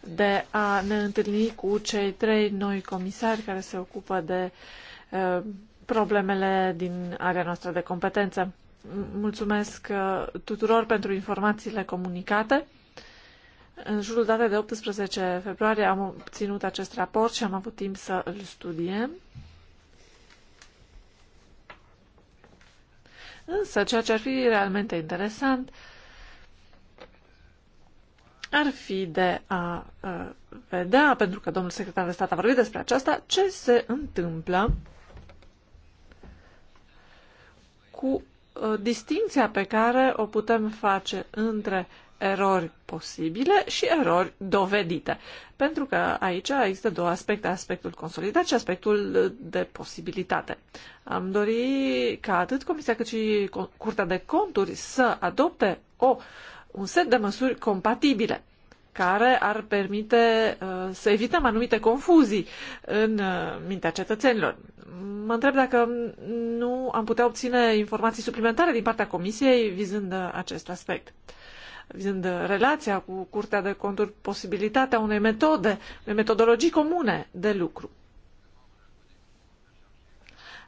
de a ne întâlni cu cei trei noi comisari care se ocupă de eh, problemele din area noastră de competență. Mulțumesc eh, tuturor pentru informațiile comunicate în jurul datei de 18 februarie am obținut acest raport și am avut timp să îl studiem. Însă, ceea ce ar fi realmente interesant ar fi de a, a vedea, pentru că domnul secretar de stat a vorbit despre aceasta, ce se întâmplă cu a, distinția pe care o putem face între erori posibile și erori dovedite. Pentru că aici există două aspecte, aspectul consolidat și aspectul de posibilitate. Am dori ca atât Comisia cât și Curtea de Conturi să adopte o, un set de măsuri compatibile care ar permite uh, să evităm anumite confuzii în uh, mintea cetățenilor. Mă întreb dacă nu am putea obține informații suplimentare din partea Comisiei vizând uh, acest aspect. Uh, vizând relația cu Curtea de Conturi, posibilitatea unei metode, unei metodologii comune de lucru.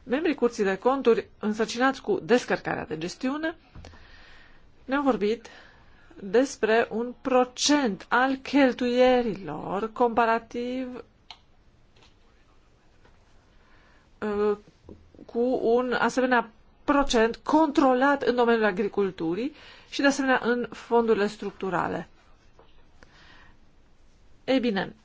Membrii Curții de Conturi, însăcinați cu descărcarea de gestiune, ne-au vorbit despre un procent al cheltuierilor comparativ uh, cu un asemenea procent controlat în domeniul agriculturii și, de asemenea, în fondurile structurale. Ei bine,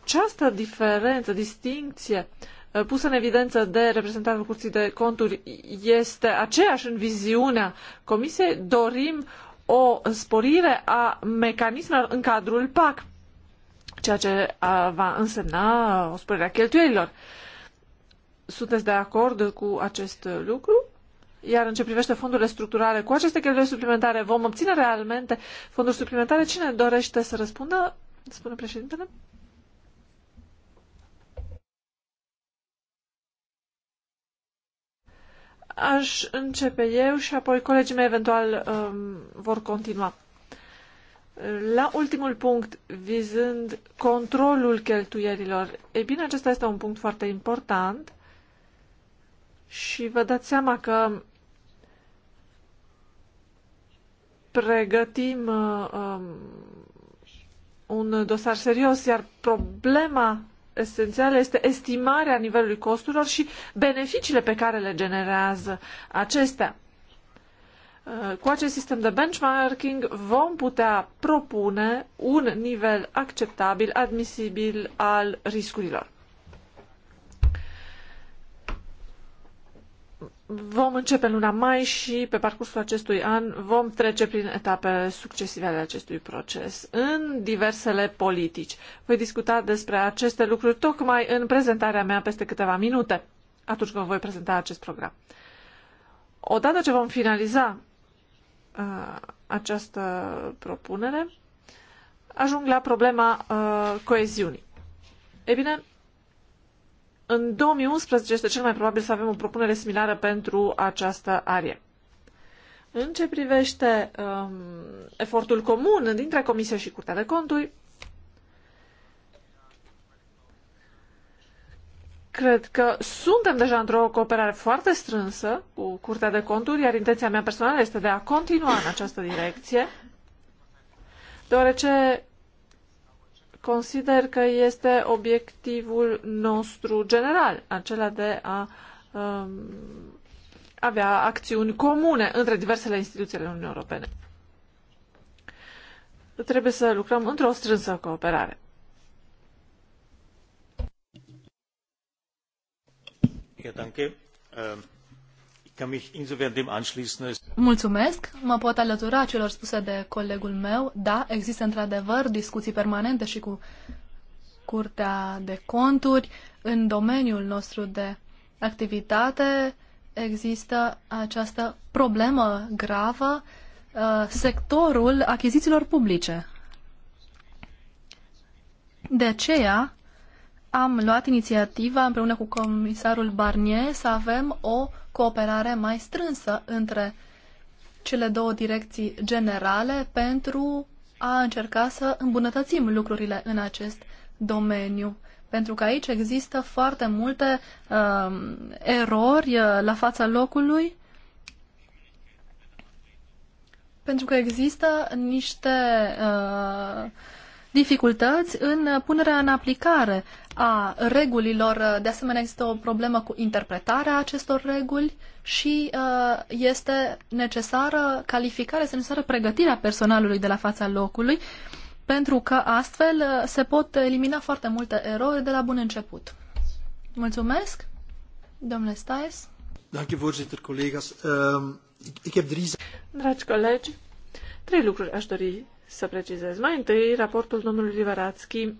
această diferență, distincție uh, pusă în evidență de reprezentantul Curții de Conturi este aceeași în viziunea Comisiei. Dorim o sporire a mecanismelor în cadrul PAC, ceea ce uh, va însemna uh, o sporire a cheltuielilor. Sunteți de acord cu acest lucru? Iar în ce privește fondurile structurale, cu aceste cheltuieli suplimentare vom obține realmente fonduri suplimentare? Cine dorește să răspundă? Spune președintele. Aș începe eu și apoi colegii mei eventual um, vor continua. La ultimul punct, vizând controlul cheltuielilor, e bine, acesta este un punct foarte important și vă dați seama că pregătim uh, um, un dosar serios, iar problema esențială este estimarea nivelului costurilor și beneficiile pe care le generează acestea. Uh, cu acest sistem de benchmarking vom putea propune un nivel acceptabil, admisibil al riscurilor. Vom începe în luna mai și pe parcursul acestui an vom trece prin etapele succesive ale acestui proces în diversele politici. Voi discuta despre aceste lucruri tocmai în prezentarea mea peste câteva minute, atunci când voi prezenta acest program. Odată ce vom finaliza uh, această propunere, ajung la problema uh, coeziunii. E bine, în 2011 este cel mai probabil să avem o propunere similară pentru această arie. În ce privește um, efortul comun dintre Comisie și Curtea de Conturi, cred că suntem deja într-o cooperare foarte strânsă cu Curtea de Conturi, iar intenția mea personală este de a continua în această direcție, deoarece consider că este obiectivul nostru general, acela de a um, avea acțiuni comune între diversele instituții ale Uniunii Europene. Trebuie să lucrăm într-o strânsă cooperare. Ja, Mulțumesc, mă pot alătura celor spuse de colegul meu. Da, există într-adevăr discuții permanente și cu Curtea de Conturi. În domeniul nostru de activitate există această problemă gravă, uh, sectorul achizițiilor publice. De aceea am luat inițiativa împreună cu comisarul Barnier să avem o cooperare mai strânsă între cele două direcții generale pentru a încerca să îmbunătățim lucrurile în acest domeniu. Pentru că aici există foarte multe uh, erori uh, la fața locului, pentru că există niște uh, dificultăți în punerea în aplicare a regulilor. De asemenea, există o problemă cu interpretarea acestor reguli și uh, este necesară calificare, este necesară pregătirea personalului de la fața locului, pentru că astfel uh, se pot elimina foarte multe erori de la bun început. Mulțumesc, domnule Staes. Ehm, Dragi colegi, trei lucruri aș dori să precizez. Mai întâi, raportul domnului Liberațchi.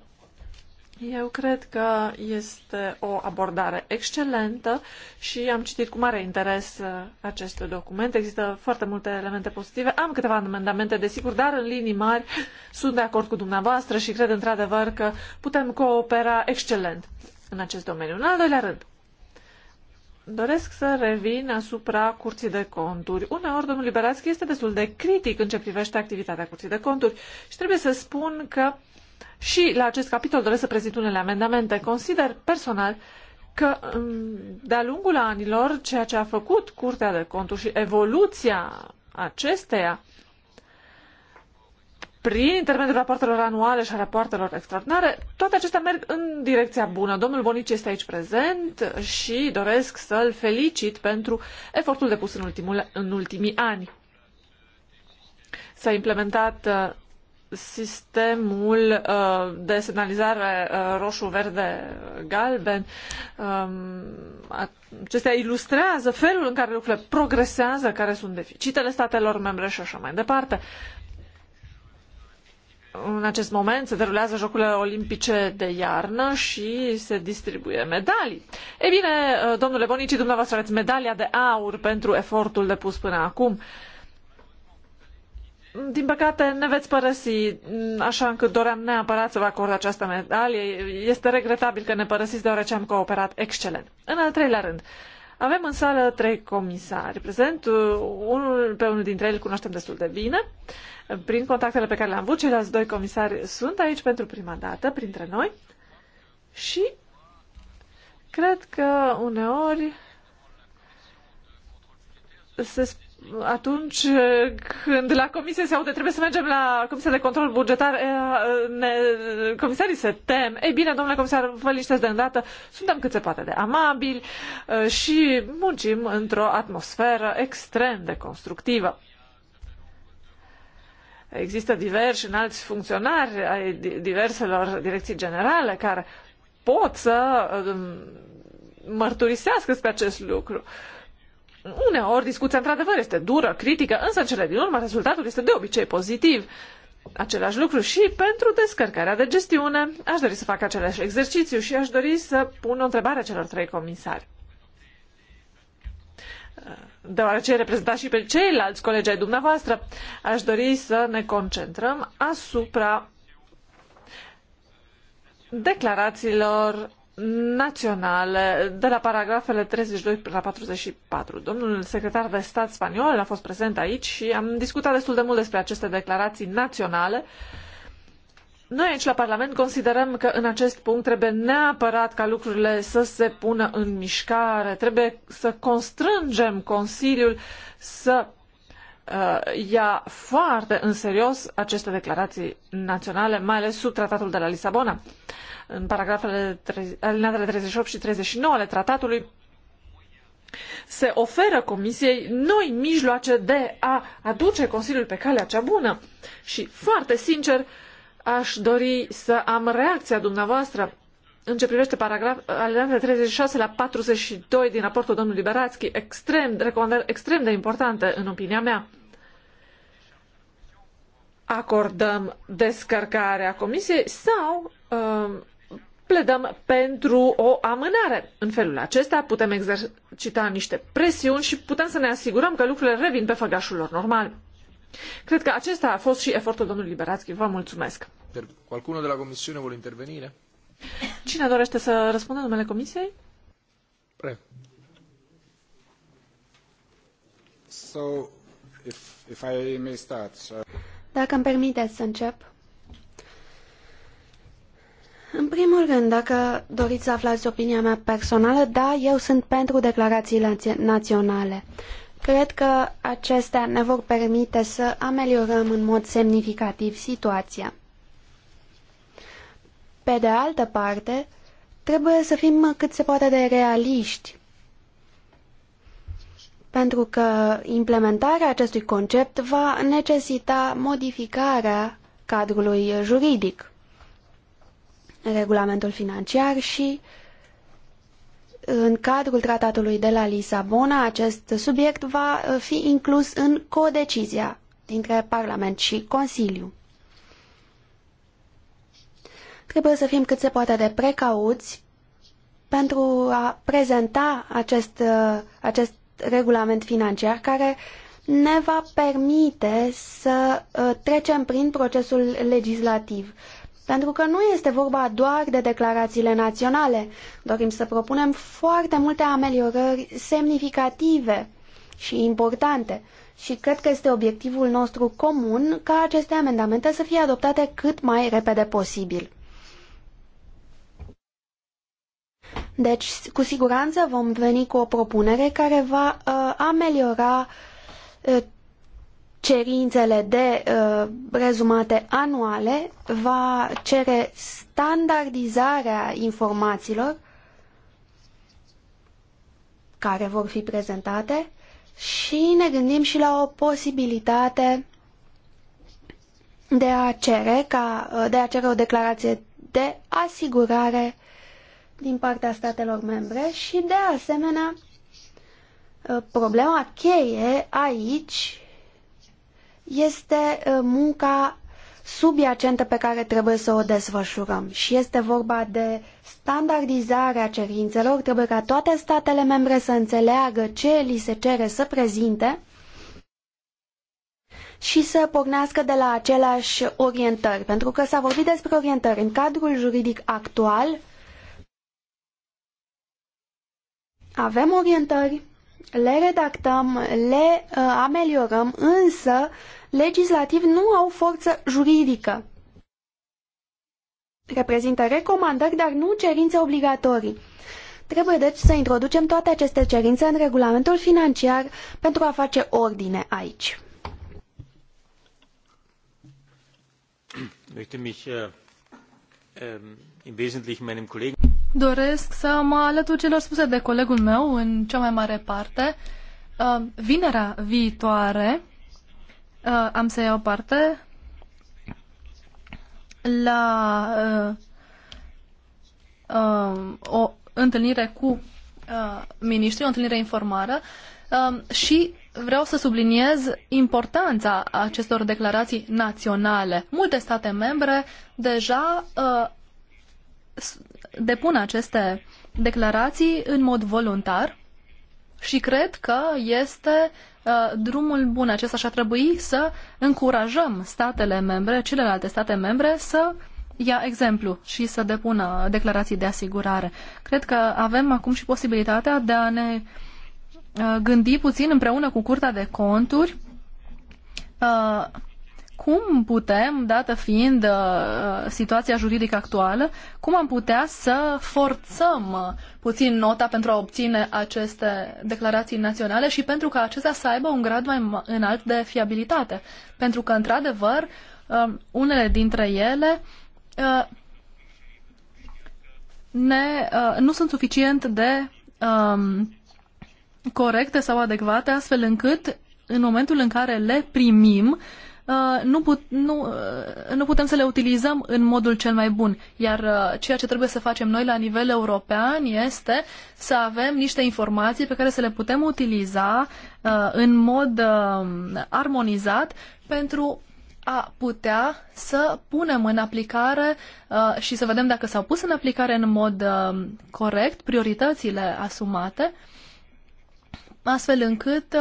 Eu cred că este o abordare excelentă și am citit cu mare interes uh, acest document. Există foarte multe elemente pozitive. Am câteva amendamente, desigur, dar în linii mari sunt de acord cu dumneavoastră și cred într-adevăr că putem coopera excelent în acest domeniu. În al doilea rând, Doresc să revin asupra Curții de Conturi. Uneori, domnul Liberațchi este destul de critic în ce privește activitatea Curții de Conturi și trebuie să spun că și la acest capitol doresc să prezint unele amendamente. Consider personal că mm, de-a lungul anilor, ceea ce a făcut Curtea de Conturi și evoluția acesteia prin intermediul rapoartelor anuale și a rapoartelor extraordinare, toate acestea merg în direcția bună. Domnul Bonici este aici prezent și doresc să-l felicit pentru efortul depus în, ultimul, în ultimii ani. S-a implementat uh, sistemul uh, de semnalizare uh, roșu-verde-galben. Um, acestea ilustrează felul în care lucrurile progresează, care sunt deficitele statelor membre și așa mai departe în acest moment se derulează Jocurile Olimpice de iarnă și se distribuie medalii. Ei bine, domnule Bonici, dumneavoastră aveți medalia de aur pentru efortul depus până acum. Din păcate, ne veți părăsi, mm, așa încât doream neapărat să vă acord această medalie. Este regretabil că ne părăsiți, deoarece am cooperat excelent. În al treilea rând, avem în sală trei comisari. Prezent, unul, pe unul dintre ei îl cunoaștem destul de bine. Prin contactele pe care le-am avut, ceilalți doi comisari sunt aici pentru prima dată printre noi și cred că uneori se atunci eh, când la comisie se aude trebuie să mergem la Comisia de Control Bugetar, eh, ne, comisarii se tem. Ei bine, domnule comisar, vă liniștesc de îndată, suntem cât se poate de amabili eh, și muncim într-o atmosferă extrem de constructivă. Există diversi înalți funcționari ai diverselor direcții generale care pot să mm, mărturisească despre acest lucru. Uh, Uneori discuția într-adevăr este dură, critică, însă în cele din urmă rezultatul este de obicei pozitiv. Același lucru și pentru descărcarea de gestiune. Aș dori să fac același exercițiu și aș dori să pun o întrebare celor trei comisari. Deoarece reprezentați și pe ceilalți colegi ai dumneavoastră, aș dori să ne concentrăm asupra declarațiilor naționale, de la paragrafele 32 la 44. Domnul secretar de stat spaniol a fost prezent aici și am discutat destul de mult despre aceste declarații naționale. Noi aici la Parlament considerăm că în acest punct trebuie neapărat ca lucrurile să se pună în mișcare, trebuie să constrângem Consiliul să uh, ia foarte în serios aceste declarații naționale, mai ales sub tratatul de la Lisabona. Uh, în paragrafele alinatele 38 și 39 ale tratatului, se oferă Comisiei noi mijloace de a aduce Consiliul pe calea cea bună. Și, foarte sincer, aș dori să am reacția dumneavoastră în ce privește paragraf, alineatele 36 la 42 din raportul domnului Berațchi, extrem, recomandări extrem de importante în opinia mea. Acordăm descărcarea comisiei sau um, pledăm pentru o amânare. În felul acesta putem exercita niște presiuni și putem să ne asigurăm că lucrurile revin pe făgașul lor normal. Cred că acesta a fost și efortul domnului Liberațchi. Vă mulțumesc. Qualcuno de la Comisiune vuole intervenire? Cine dorește să răspundă numele Comisiei? Prego. So, if, if I may start, so... Dacă îmi permiteți să încep. În primul rând, dacă doriți să aflați opinia mea personală, da, eu sunt pentru declarațiile naționale. Cred că acestea ne vor permite să ameliorăm în mod semnificativ situația. Pe de altă parte, trebuie să fim cât se poate de realiști, pentru că implementarea acestui concept va necesita modificarea cadrului juridic regulamentul financiar și în cadrul tratatului de la Lisabona acest subiect va uh, fi inclus în codecizia dintre Parlament și Consiliu. Trebuie să fim cât se poate de precauți pentru a prezenta acest, uh, acest regulament financiar care ne va permite să uh, trecem prin procesul legislativ pentru că nu este vorba doar de declarațiile naționale. Dorim să propunem foarte multe ameliorări semnificative și importante. Și cred că este obiectivul nostru comun ca aceste amendamente să fie adoptate cât mai repede posibil. Deci, cu siguranță vom veni cu o propunere care va uh, ameliora uh, cerințele de uh, rezumate anuale, va cere standardizarea informațiilor care vor fi prezentate și ne gândim și la o posibilitate de a cere, ca, uh, de a cere o declarație de asigurare din partea statelor membre și de asemenea uh, problema cheie aici este uh, munca subiacentă pe care trebuie să o desfășurăm și este vorba de standardizarea cerințelor, trebuie ca toate statele membre să înțeleagă ce li se cere să prezinte și să pornească de la aceleași orientări, pentru că s-a vorbit despre orientări în cadrul juridic actual. Avem orientări, le redactăm, le uh, ameliorăm, însă legislativ nu au forță juridică. Reprezintă recomandări, dar nu cerințe obligatorii. Trebuie deci să introducem toate aceste cerințe în regulamentul financiar pentru a face ordine aici. Äh, ähm, Doresc să mă alătur celor spuse de colegul meu în cea mai mare parte. Äh, vinerea viitoare uh, am să iau parte la uh, uh, o întâlnire cu uh, o întâlnire informară uh, um, și vreau să subliniez importanța acestor declarații naționale. Multe state membre deja uh, depun aceste declarații în mod voluntar și cred că este uh, Uh, drumul bun acesta și ar trebui să încurajăm statele membre, celelalte state membre, să ia exemplu și să depună declarații de asigurare. Cred că avem acum și posibilitatea de a ne uh, gândi puțin împreună cu Curtea de Conturi uh, cum putem, dată fiind uh, situația juridică actuală, cum am putea să forțăm uh, puțin nota pentru a obține aceste declarații naționale și pentru ca acestea să aibă un grad mai înalt de fiabilitate. Pentru că, într-adevăr, uh, unele dintre ele uh, ne, uh, nu sunt suficient de um, corecte sau adecvate, astfel încât, în momentul în care le primim, uh, Uh, nu, put, nu, uh, nu putem să le utilizăm în modul cel mai bun. Iar uh, ceea ce trebuie să facem noi la nivel european este să avem niște informații pe care să le putem utiliza în mod armonizat pentru a putea să punem în aplicare și să vedem dacă s-au pus în aplicare în mod corect prioritățile asumate, astfel încât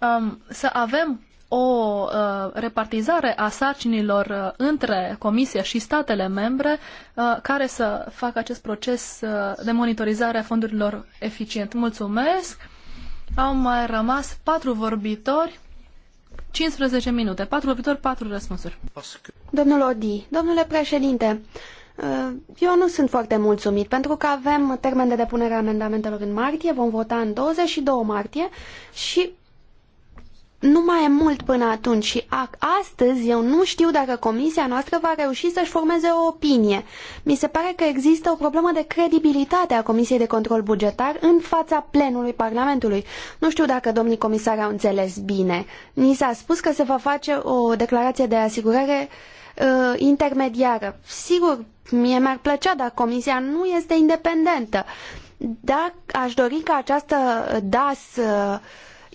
um, să avem o uh, repartizare a sarcinilor uh, între Comisie și statele membre uh, care să facă acest proces uh, de monitorizare a fondurilor eficient. Mulțumesc! Au mai rămas patru vorbitori, 15 minute, patru vorbitori, patru răspunsuri. Domnul Odi, domnule președinte, uh, eu nu sunt foarte mulțumit pentru că avem termen de depunere a amendamentelor în martie, vom vota în 22 martie și nu mai e mult până atunci și astăzi eu nu știu dacă comisia noastră va reuși să-și formeze o opinie. Mi se pare că există o problemă de credibilitate a Comisiei de Control Bugetar în fața plenului Parlamentului. Nu știu dacă domnii comisari au înțeles bine. Ni s-a spus că se va face o declarație de asigurare uh, intermediară. Sigur, mie mi-ar plăcea, dar comisia nu este independentă. Dar aș dori ca această uh, DAS uh,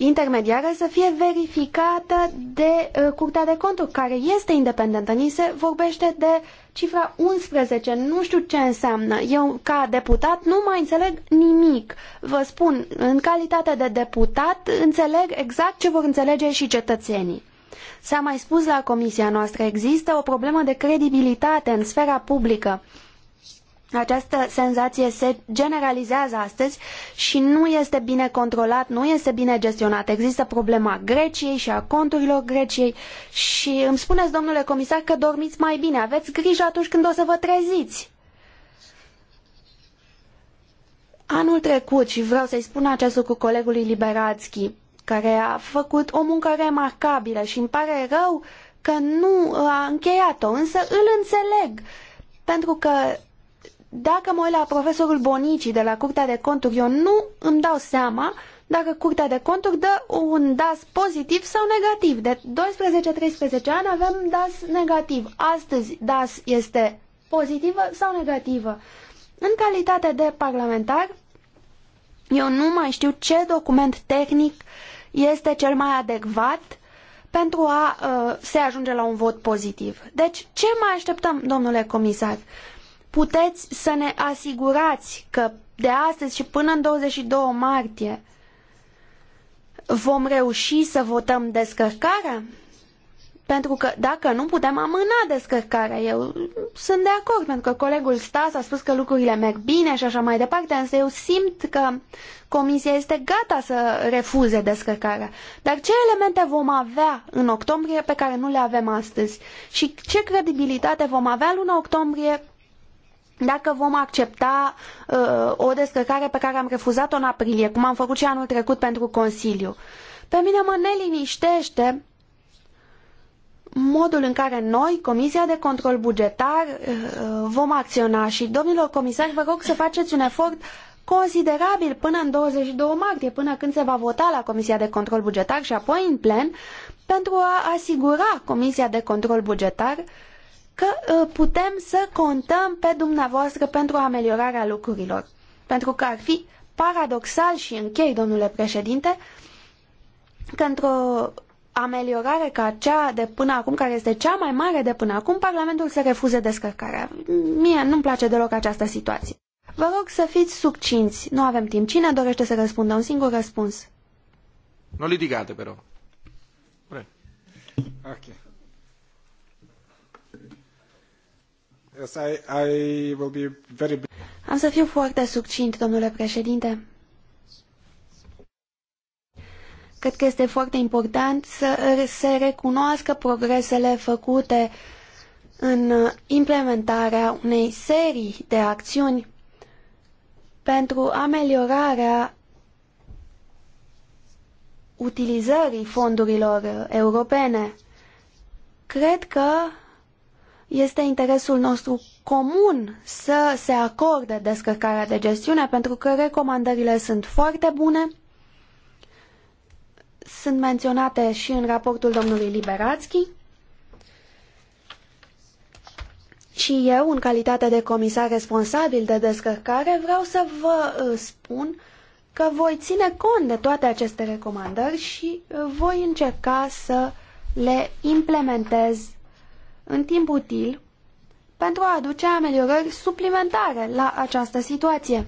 intermediară să fie verificată de uh, Curtea de Conturi, care este independentă. Ni se vorbește de cifra 11, nu știu ce înseamnă. Eu, ca deputat, nu mai înțeleg nimic. Vă spun, în calitate de deputat, înțeleg exact ce vor înțelege și cetățenii. S-a mai spus la comisia noastră, există o problemă de credibilitate în sfera publică această senzație se generalizează astăzi și nu este bine controlat, nu este bine gestionat. Există problema Greciei și a conturilor Greciei și îmi spuneți, domnule comisar, că dormiți mai bine. Aveți grijă atunci când o să vă treziți. Anul trecut, și vreau să-i spun acest lucru colegului Liberațchi, care a făcut o muncă remarcabilă și îmi pare rău că nu a încheiat-o, însă îl înțeleg, pentru că dacă mă uit la profesorul Bonici de la Curtea de Conturi, eu nu îmi dau seama dacă Curtea de Conturi dă un DAS pozitiv sau negativ. De 12-13 ani avem DAS negativ. Astăzi DAS este pozitivă sau negativă. În calitate de parlamentar, eu nu mai știu ce document tehnic este cel mai adecvat pentru a uh, se ajunge la un vot pozitiv. Deci, ce mai așteptăm, domnule comisar? puteți să ne asigurați că de astăzi și până în 22 martie vom reuși să votăm descărcarea? Pentru că dacă nu putem amâna descărcarea, eu sunt de acord, pentru că colegul Stas a spus că lucrurile merg bine și așa mai departe, însă eu simt că comisia este gata să refuze descărcarea. Dar ce elemente vom avea în octombrie pe care nu le avem astăzi? Și ce credibilitate vom avea luna octombrie dacă vom accepta uh, o descărcare pe care am refuzat-o în aprilie, cum am făcut și anul trecut pentru Consiliu. Pe mine mă neliniștește modul în care noi, Comisia de Control Bugetar, uh, vom acționa și, domnilor comisari, vă rog să faceți un efort considerabil până în 22 martie, până când se va vota la Comisia de Control Bugetar și apoi în plen, pentru a asigura Comisia de Control Bugetar uh, că ă, putem să contăm pe dumneavoastră pentru ameliorarea lucrurilor. Pentru că ar fi paradoxal și închei, domnule președinte, că într-o ameliorare ca cea de până acum, care este cea mai mare de până acum, Parlamentul să refuze descărcarea. Mie nu-mi place deloc această situație. Vă rog să fiți succinți. Nu avem timp. Cine dorește să răspundă un singur răspuns? Nu litigate, pe rog. Okay. Am să fiu foarte succint, domnule președinte. Cred că este foarte important să se recunoască progresele făcute în implementarea unei serii de acțiuni pentru ameliorarea utilizării fondurilor europene. Cred că este interesul nostru comun să se acorde descărcarea de gestiune pentru că recomandările sunt foarte bune. Sunt menționate și în raportul domnului Liberațchi. Și eu, în calitate de comisar responsabil de descărcare, vreau să vă uh, spun că voi ține cont de toate aceste recomandări și uh, voi încerca să le implementez în timp util pentru a aduce ameliorări suplimentare la această situație,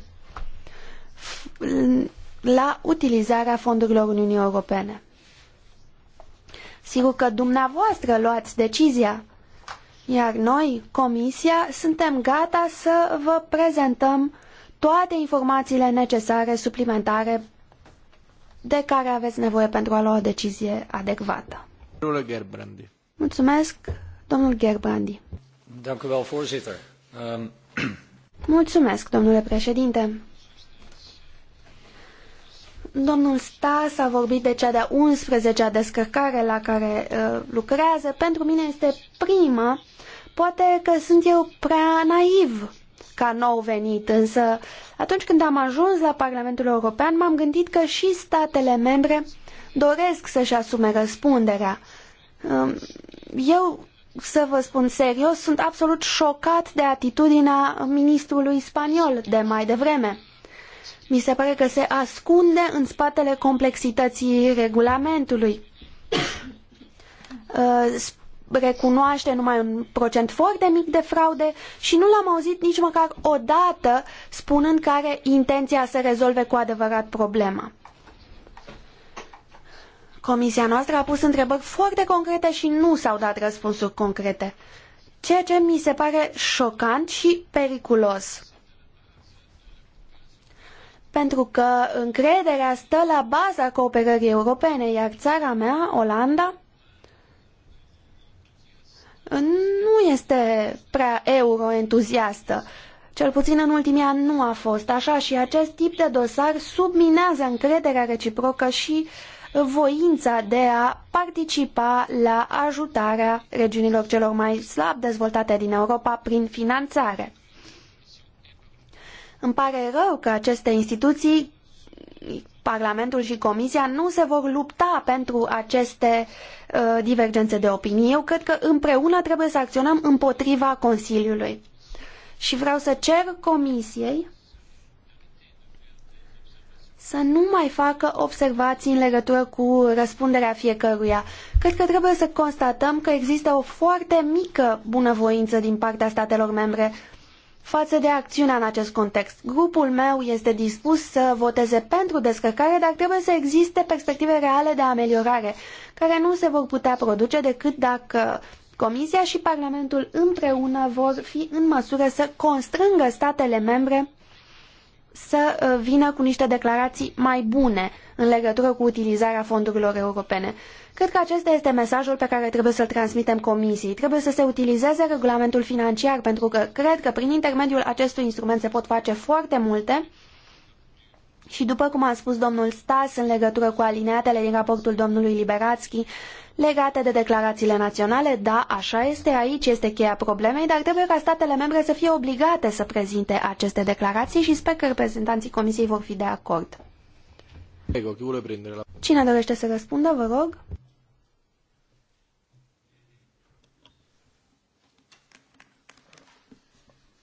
la utilizarea fondurilor Uniunii Europene. Sigur că dumneavoastră luați decizia, iar noi, Comisia, suntem gata să vă prezentăm toate informațiile necesare, suplimentare, de care aveți nevoie pentru a lua o decizie adecvată. Mulțumesc, Domnul Gerbrandi. Ehm, Mulțumesc, domnule președinte. Domnul Stas a vorbit de cea de-a 11-a descărcare la care uh, lucrează. Pentru mine este prima. Poate că sunt eu prea naiv ca nou venit, însă atunci când am ajuns la Parlamentul European m-am gândit că și statele membre doresc să-și asume răspunderea. Ehm, eu să vă spun serios, sunt absolut șocat de atitudinea ministrului spaniol de mai devreme. Mi se pare că se ascunde în spatele complexității regulamentului. Uh, recunoaște numai un procent foarte mic de fraude și nu l-am auzit nici măcar o dată spunând că are intenția să rezolve cu adevărat problema. Comisia noastră a pus întrebări foarte concrete și nu s-au dat răspunsuri concrete, ceea ce mi se pare șocant și periculos. Pentru că încrederea stă la baza cooperării europene, iar țara mea, Olanda, nu este prea euroentuziastă. Cel puțin în ultimii ani nu a fost așa și acest tip de dosar subminează încrederea reciprocă și voința de a participa la ajutarea regiunilor celor mai slab dezvoltate din Europa prin finanțare. Îmi pare rău că aceste instituții, Parlamentul și Comisia, nu se vor lupta pentru aceste uh, divergențe de opinii. Eu cred că împreună trebuie să acționăm împotriva Consiliului. Și vreau să cer Comisiei să nu mai facă observații în legătură cu răspunderea fiecăruia. Cred că trebuie să constatăm că există o foarte mică bunăvoință din partea statelor membre față de acțiunea în acest context. Grupul meu este dispus să voteze pentru descărcare, dar trebuie să existe perspective reale de ameliorare, care nu se vor putea produce decât dacă Comisia și Parlamentul împreună vor fi în măsură să constrângă statele membre să uh, vină cu niște declarații mai bune în legătură cu utilizarea fondurilor europene. Cred că acesta este mesajul pe care trebuie să-l transmitem comisiei. Trebuie să se utilizeze regulamentul financiar, pentru că cred că prin intermediul acestui instrument se pot face foarte multe și după cum a spus domnul Stas în legătură cu alineatele din raportul domnului Liberatski. Legate de declarațiile naționale, da, așa este, aici este cheia problemei, dar trebuie ca statele membre să fie obligate să prezinte aceste declarații și sper că reprezentanții Comisiei vor fi de acord. Cine dorește să răspundă, vă rog?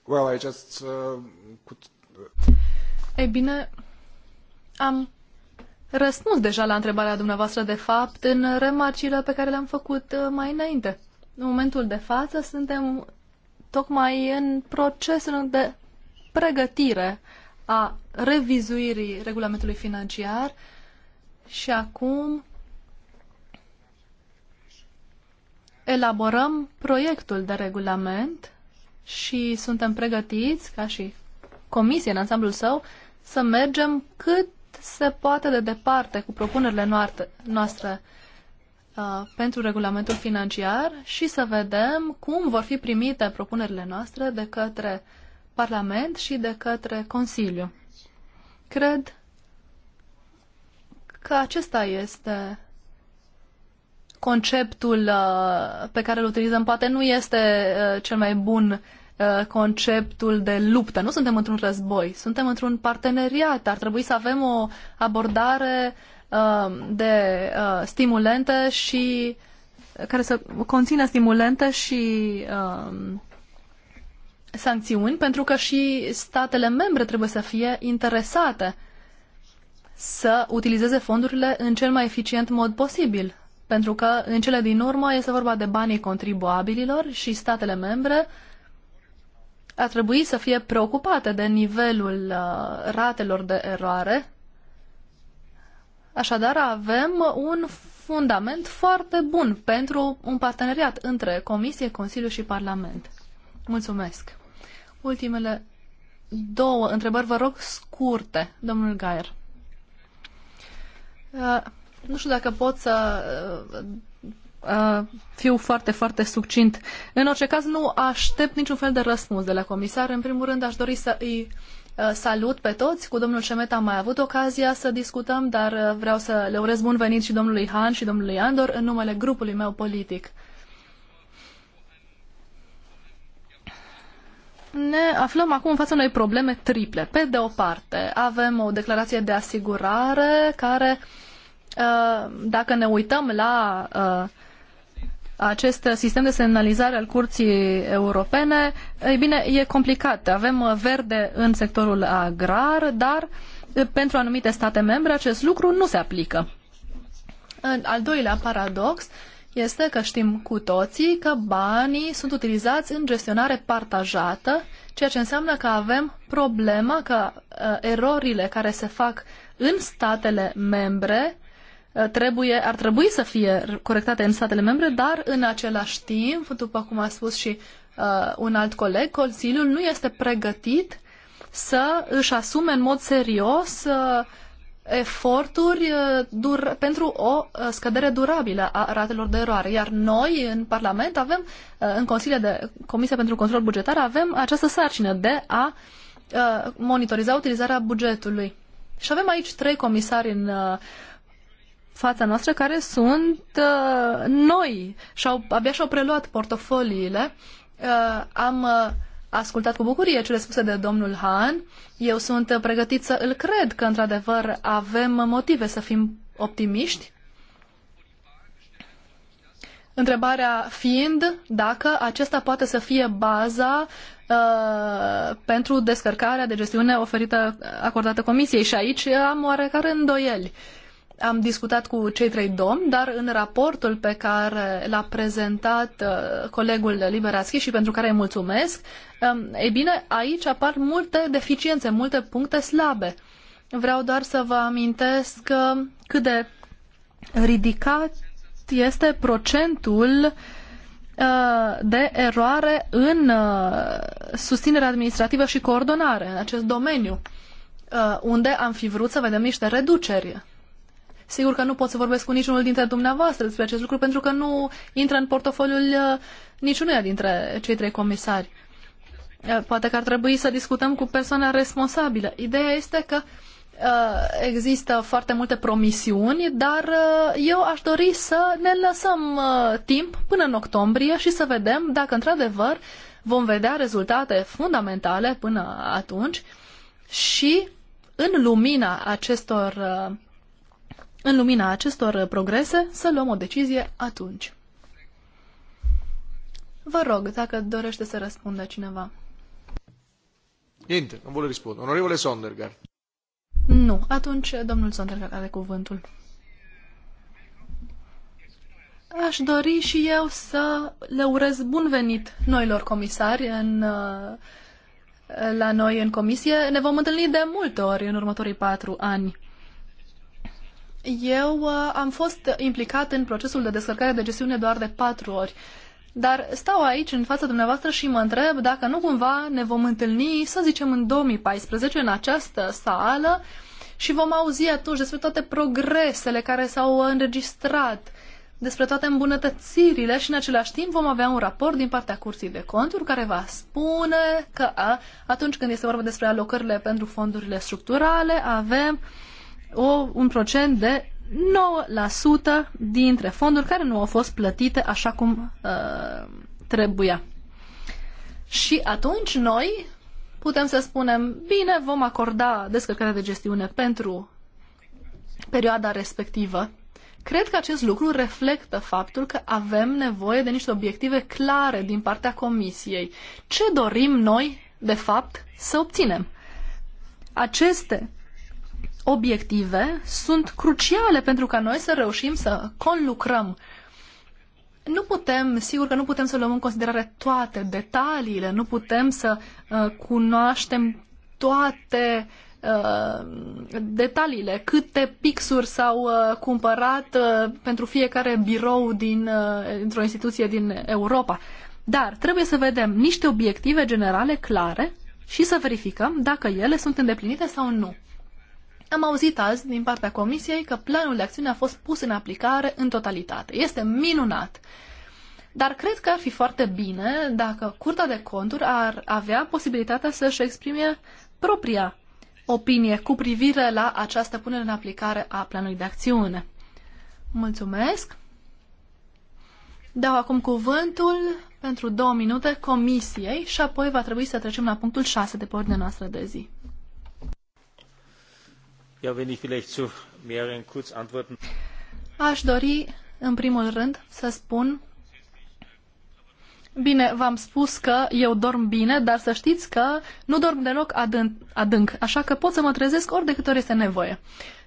Well, I just, uh, could... Ei bine, am răspuns deja la întrebarea dumneavoastră, de fapt, în remarcile pe care le-am făcut uh, mai înainte. În momentul de față suntem tocmai în procesul de pregătire a revizuirii regulamentului financiar și acum elaborăm proiectul de regulament și suntem pregătiți, ca și comisie în ansamblul său, să mergem cât se poate de departe cu propunerile noastre uh, pentru regulamentul financiar și să vedem cum vor fi primite propunerile noastre de către Parlament și de către Consiliu. Cred că acesta este conceptul uh, pe care îl utilizăm. Poate nu este uh, cel mai bun Uh, conceptul de luptă. Nu suntem într-un război, suntem într-un parteneriat. Ar trebui să avem o abordare uh, de uh, stimulente și care să conțină stimulente și sancțiuni, pentru că și statele membre trebuie să fie interesate să utilizeze fondurile în cel mai eficient mod posibil. Pentru că, în cele din urmă, este vorba de banii contribuabililor și statele membre uh, ar trebui să fie preocupate de nivelul uh, ratelor de eroare. Așadar, avem un fundament foarte bun pentru un parteneriat între Comisie, Consiliu și Parlament. Mulțumesc. Ultimele două întrebări, vă rog, scurte, domnul Gaier. Uh, nu știu dacă pot să uh, Uh, fiu foarte, foarte succint. În orice caz, nu aștept niciun fel de răspuns de la comisar. În primul rând, aș dori să îi uh, salut pe toți. Cu domnul Șemet am mai avut ocazia să discutăm, dar uh, vreau să le urez bun venit și domnului Han și domnului Andor în numele grupului meu politic. Ne aflăm acum în fața unei probleme triple. Pe de o parte, avem o declarație de asigurare care, dacă ne uităm la acest sistem de semnalizare al Curții Europene, ei bine, e complicat. Avem verde în sectorul agrar, dar pentru anumite state membre acest lucru nu se aplică. Al doilea paradox este că știm cu toții că banii sunt utilizați în gestionare partajată, ceea ce înseamnă că avem problema că uh, erorile care se fac în statele membre Uh, trebuie, ar trebui să fie corectate în statele membre, dar în același timp, după cum a spus și uh, un alt coleg, Consiliul nu este pregătit să își asume în mod serios uh, eforturi uh, dur- pentru o uh, scădere durabilă a ratelor de eroare. Iar noi, în Parlament, avem, în consiliul de, Comisia pentru Control Bugetar, avem această sarcină de a monitoriza utilizarea bugetului. Și avem aici trei comisari în uh, fața noastră care sunt uh, noi și au, abia și-au preluat portofoliile. Uh, am uh, ascultat cu bucurie cele spuse de domnul Han. Eu sunt pregătit să îl cred că, într-adevăr, avem motive să fim optimiști. Întrebarea fiind dacă acesta poate să fie baza uh, pentru descărcarea de gestiune oferită, acordată Comisiei. Și aici am oarecare îndoieli. Uh, am discutat cu cei trei domni, dar în raportul pe care l-a prezentat uh, colegul Liberaschi și pentru care îi mulțumesc, um, e bine, aici apar multe deficiențe, multe puncte slabe. Vreau doar să vă amintesc cât de ridicat este procentul uh, de eroare în uh, susținere administrativă și coordonare în acest domeniu, unde am fi vrut să vedem niște reduceri Sigur că nu pot să vorbesc cu niciunul dintre dumneavoastră despre acest lucru, pentru că nu intră în portofoliul uh, niciunuia dintre cei trei comisari. Uh, poate că ar trebui să discutăm cu persoana responsabilă. Ideea este că uh, există foarte multe promisiuni, dar eu aș dori să ne lăsăm timp până în octombrie și să vedem dacă într-adevăr vom vedea rezultate fundamentale până atunci și în lumina acestor în lumina acestor progrese, să luăm o decizie atunci. Vă rog, dacă dorește să răspundă cineva. Niente, nu vă răspund. Onorevole Sondergaard. Nu, atunci domnul Sondergaard are cuvântul. Aș dori și eu să le urez bun venit noilor comisari în, la noi în comisie. Ne vom întâlni de multe ori în următorii patru ani. Eu uh, am fost implicat în procesul de descărcare de gestiune doar de patru ori. Dar stau aici în fața dumneavoastră și mă întreb dacă nu cumva ne vom întâlni, să zicem, în 2014, în această sală și vom auzi atunci despre toate progresele care s-au înregistrat, despre toate îmbunătățirile și în același timp vom avea un raport din partea Curții de Conturi care va spune că a, atunci când este vorba despre alocările pentru fondurile structurale avem o, un procent de 9% dintre fonduri care nu au fost plătite așa cum uh, trebuia. Și atunci noi putem să spunem, bine, vom acorda descărcarea de gestiune pentru perioada respectivă. Cred că acest lucru reflectă faptul că avem nevoie de niște obiective clare din partea Comisiei. Ce dorim noi, de fapt, să obținem? Aceste obiective sunt cruciale pentru ca noi să reușim să conlucrăm. Nu putem, sigur că nu putem să luăm în considerare toate detaliile, nu putem să uh, cunoaștem toate uh, detaliile, câte pixuri s-au uh, cumpărat uh, pentru fiecare birou din, uh, într o instituție din Europa. Dar trebuie să vedem niște obiective generale clare și să verificăm dacă ele sunt îndeplinite sau nu. Am auzit azi din partea Comisiei că planul de acțiune a fost pus în aplicare în totalitate. Este minunat! Dar cred că ar fi foarte bine dacă Curtea de Conturi ar avea posibilitatea să-și exprime propria opinie cu privire la această punere în aplicare a planului de acțiune. Mulțumesc! Dau acum cuvântul pentru două minute Comisiei și apoi va trebui să trecem la punctul 6 de pe ordinea noastră de zi. Aș dori, în primul rând, să spun Bine, v-am spus că eu dorm bine, dar să știți că nu dorm deloc adânc, adânc așa că pot să mă trezesc ori de câte ori este nevoie.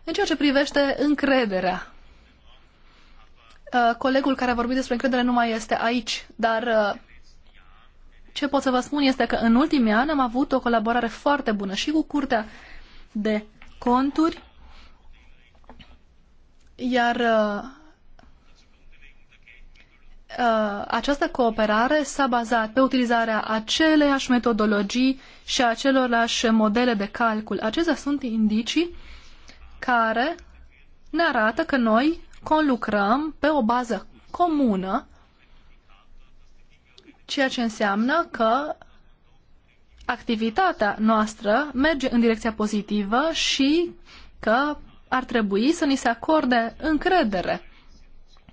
În ceea ce privește încrederea, uh, colegul care a vorbit despre încredere nu mai este aici, dar uh, ce pot să vă spun este că în ultimii ani am avut o colaborare foarte bună și cu Curtea de conturi, iar uh, uh, această cooperare s-a bazat pe utilizarea aceleiași metodologii și a acelorlași modele de calcul. Acestea sunt indicii care ne arată că noi conlucrăm pe o bază comună, ceea ce înseamnă că activitatea noastră merge în direcția pozitivă și că ar trebui să ni se acorde încredere.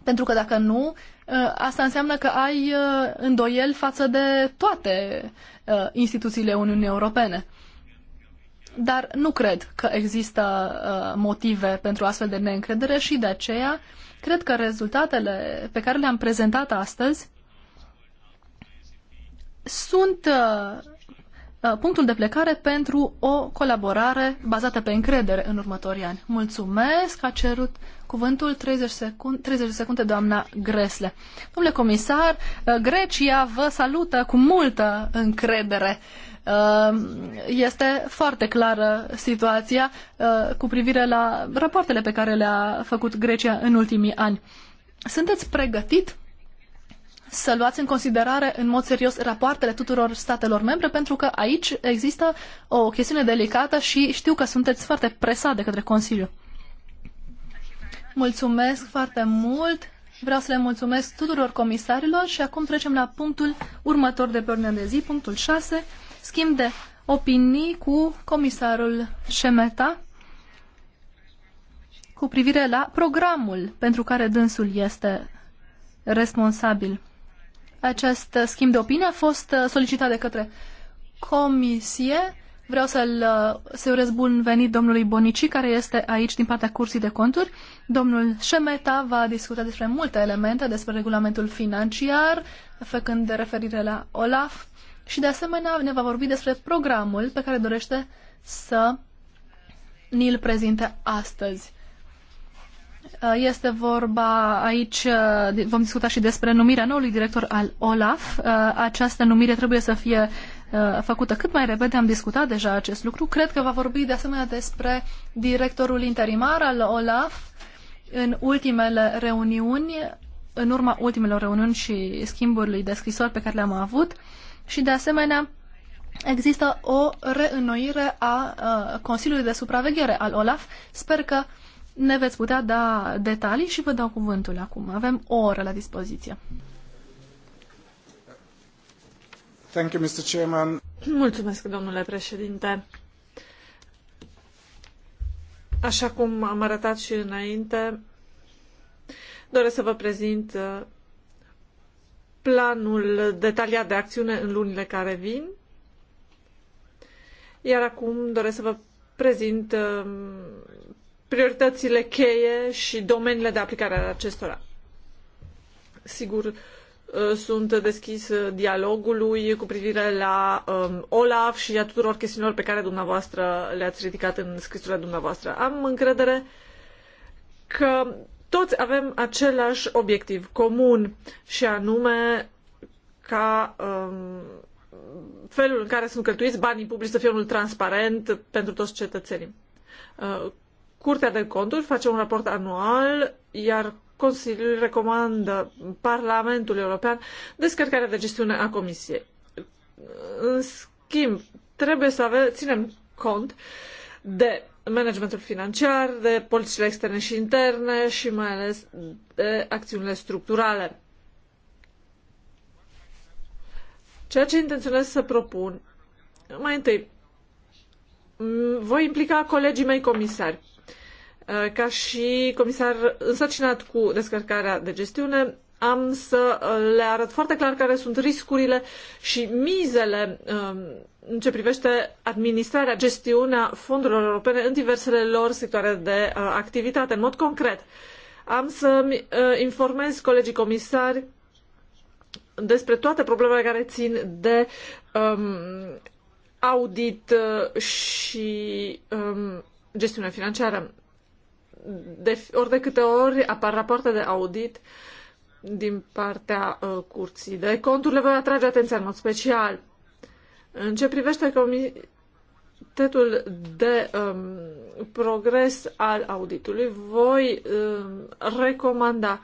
Pentru că dacă nu, ă, asta înseamnă că ai ă, îndoieli față de toate ă, instituțiile Uniunii Europene. Dar nu cred că există motive pentru astfel de neîncredere și de aceea cred că rezultatele pe care le-am prezentat astăzi sunt uh, Uh, punctul de plecare pentru o colaborare bazată pe încredere în următorii ani. Mulțumesc, a cerut cuvântul 30 secunde, 30 secunde doamna Gresle. Domnule comisar, uh, Grecia vă salută cu multă încredere. Uh, este foarte clară situația cu privire la rapoartele pe care le-a făcut Grecia în ultimii ani. Sunteți pregătit să luați în considerare în mod serios rapoartele tuturor statelor membre, pentru că aici există o chestiune delicată și știu că sunteți foarte presat de către Consiliu. Mulțumesc foarte mult! Vreau să le mulțumesc tuturor comisarilor și acum trecem la punctul următor de pe ordinea de zi, punctul 6, schimb de opinii cu comisarul Șemeta cu privire la programul pentru care dânsul este responsabil. Acest schimb de opinie a fost uh, solicitat de către comisie. Vreau să-l uh, să urez bun venit domnului Bonici, care este aici din partea Cursii de Conturi. Domnul Șemeta va discuta despre multe elemente, despre regulamentul financiar, făcând referire la OLAF și de asemenea ne va vorbi despre programul pe care dorește să ni-l prezinte astăzi. Uh, este vorba aici, uh, vom discuta și despre numirea noului director al OLAF. Uh, această numire trebuie să fie făcută cât mai repede. Am discutat deja acest lucru. Cred că va vorbi de asemenea despre directorul interimar al OLAF în ultimele reuniuni, în urma ultimelor reuniuni și schimburilor de scrisori pe care le-am avut. Și de asemenea, există o reînnoire a Consiliului de Supraveghere al OLAF. Sper că ne veți putea da detalii și vă dau cuvântul acum. Avem o oră la dispoziție. Thank you, Mr. Chairman. Mulțumesc, domnule președinte. Așa cum am arătat și înainte, doresc să vă prezint uh, planul detaliat de acțiune în lunile care vin. Iar acum doresc să vă prezint uh, prioritățile cheie și domeniile de aplicare ale acestora. Sigur, uh, sunt deschis dialogului cu privire la um, OLAF și a tuturor chestiunilor pe care dumneavoastră le-ați ridicat în scrisurile dumneavoastră. Am încredere că toți avem același obiectiv comun și anume ca um, felul în care sunt cheltuiți banii publici să fie unul transparent pentru toți cetățenii. Uh, Curtea de Conturi face un raport anual, iar Consiliul recomandă Parlamentul European descărcarea de gestiune a Comisiei. În schimb, trebuie să avem, ținem cont de managementul financiar, de politicile externe și interne și mai ales de acțiunile structurale. Ceea ce intenționez să propun, mai întâi, voi implica colegii mei comisari Uh, ca și comisar însărcinat cu descărcarea de gestiune, am să uh, le arăt foarte clar care sunt riscurile și mizele um, în ce privește administrarea, gestiunea fondurilor europene în diversele lor sectoare de uh, activitate. În mod concret, am să informez colegii comisari despre toate problemele care țin de um, audit și um, gestiune financiară de, ori de câte ori apar rapoarte de audit din partea uh, curții de conturi, le voi atrage atenția în mod special. În ce privește comitetul de um, progres al auditului, voi um, recomanda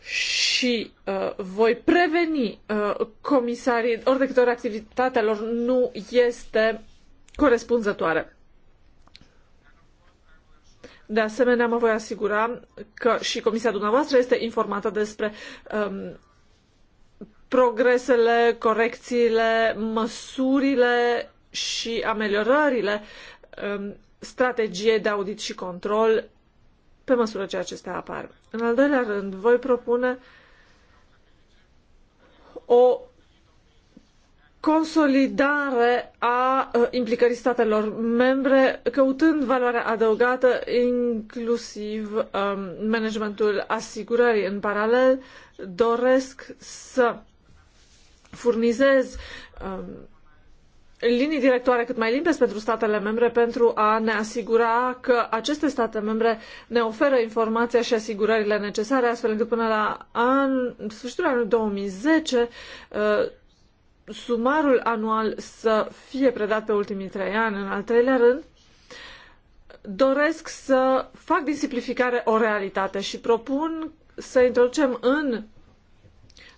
și uh, voi preveni uh, comisarii ori de câte ori activitatea lor nu este corespunzătoare. De asemenea, mă voi asigura că și comisia dumneavoastră este informată despre um, progresele, corecțiile, măsurile și ameliorările um, strategiei de audit și control pe măsură ce acestea apar. În al doilea rând, voi propune o consolidare a uh, implicării statelor membre, căutând valoarea adăugată, inclusiv um, managementul asigurării. În paralel, doresc să furnizez um, linii directoare cât mai limpezi pentru statele membre pentru a ne asigura că aceste state membre ne oferă informația și asigurările necesare, astfel încât până la an, sfârșitul anului 2010 uh, sumarul anual să fie predat pe ultimii trei ani. În al treilea rând, doresc să fac din simplificare o realitate și propun să introducem în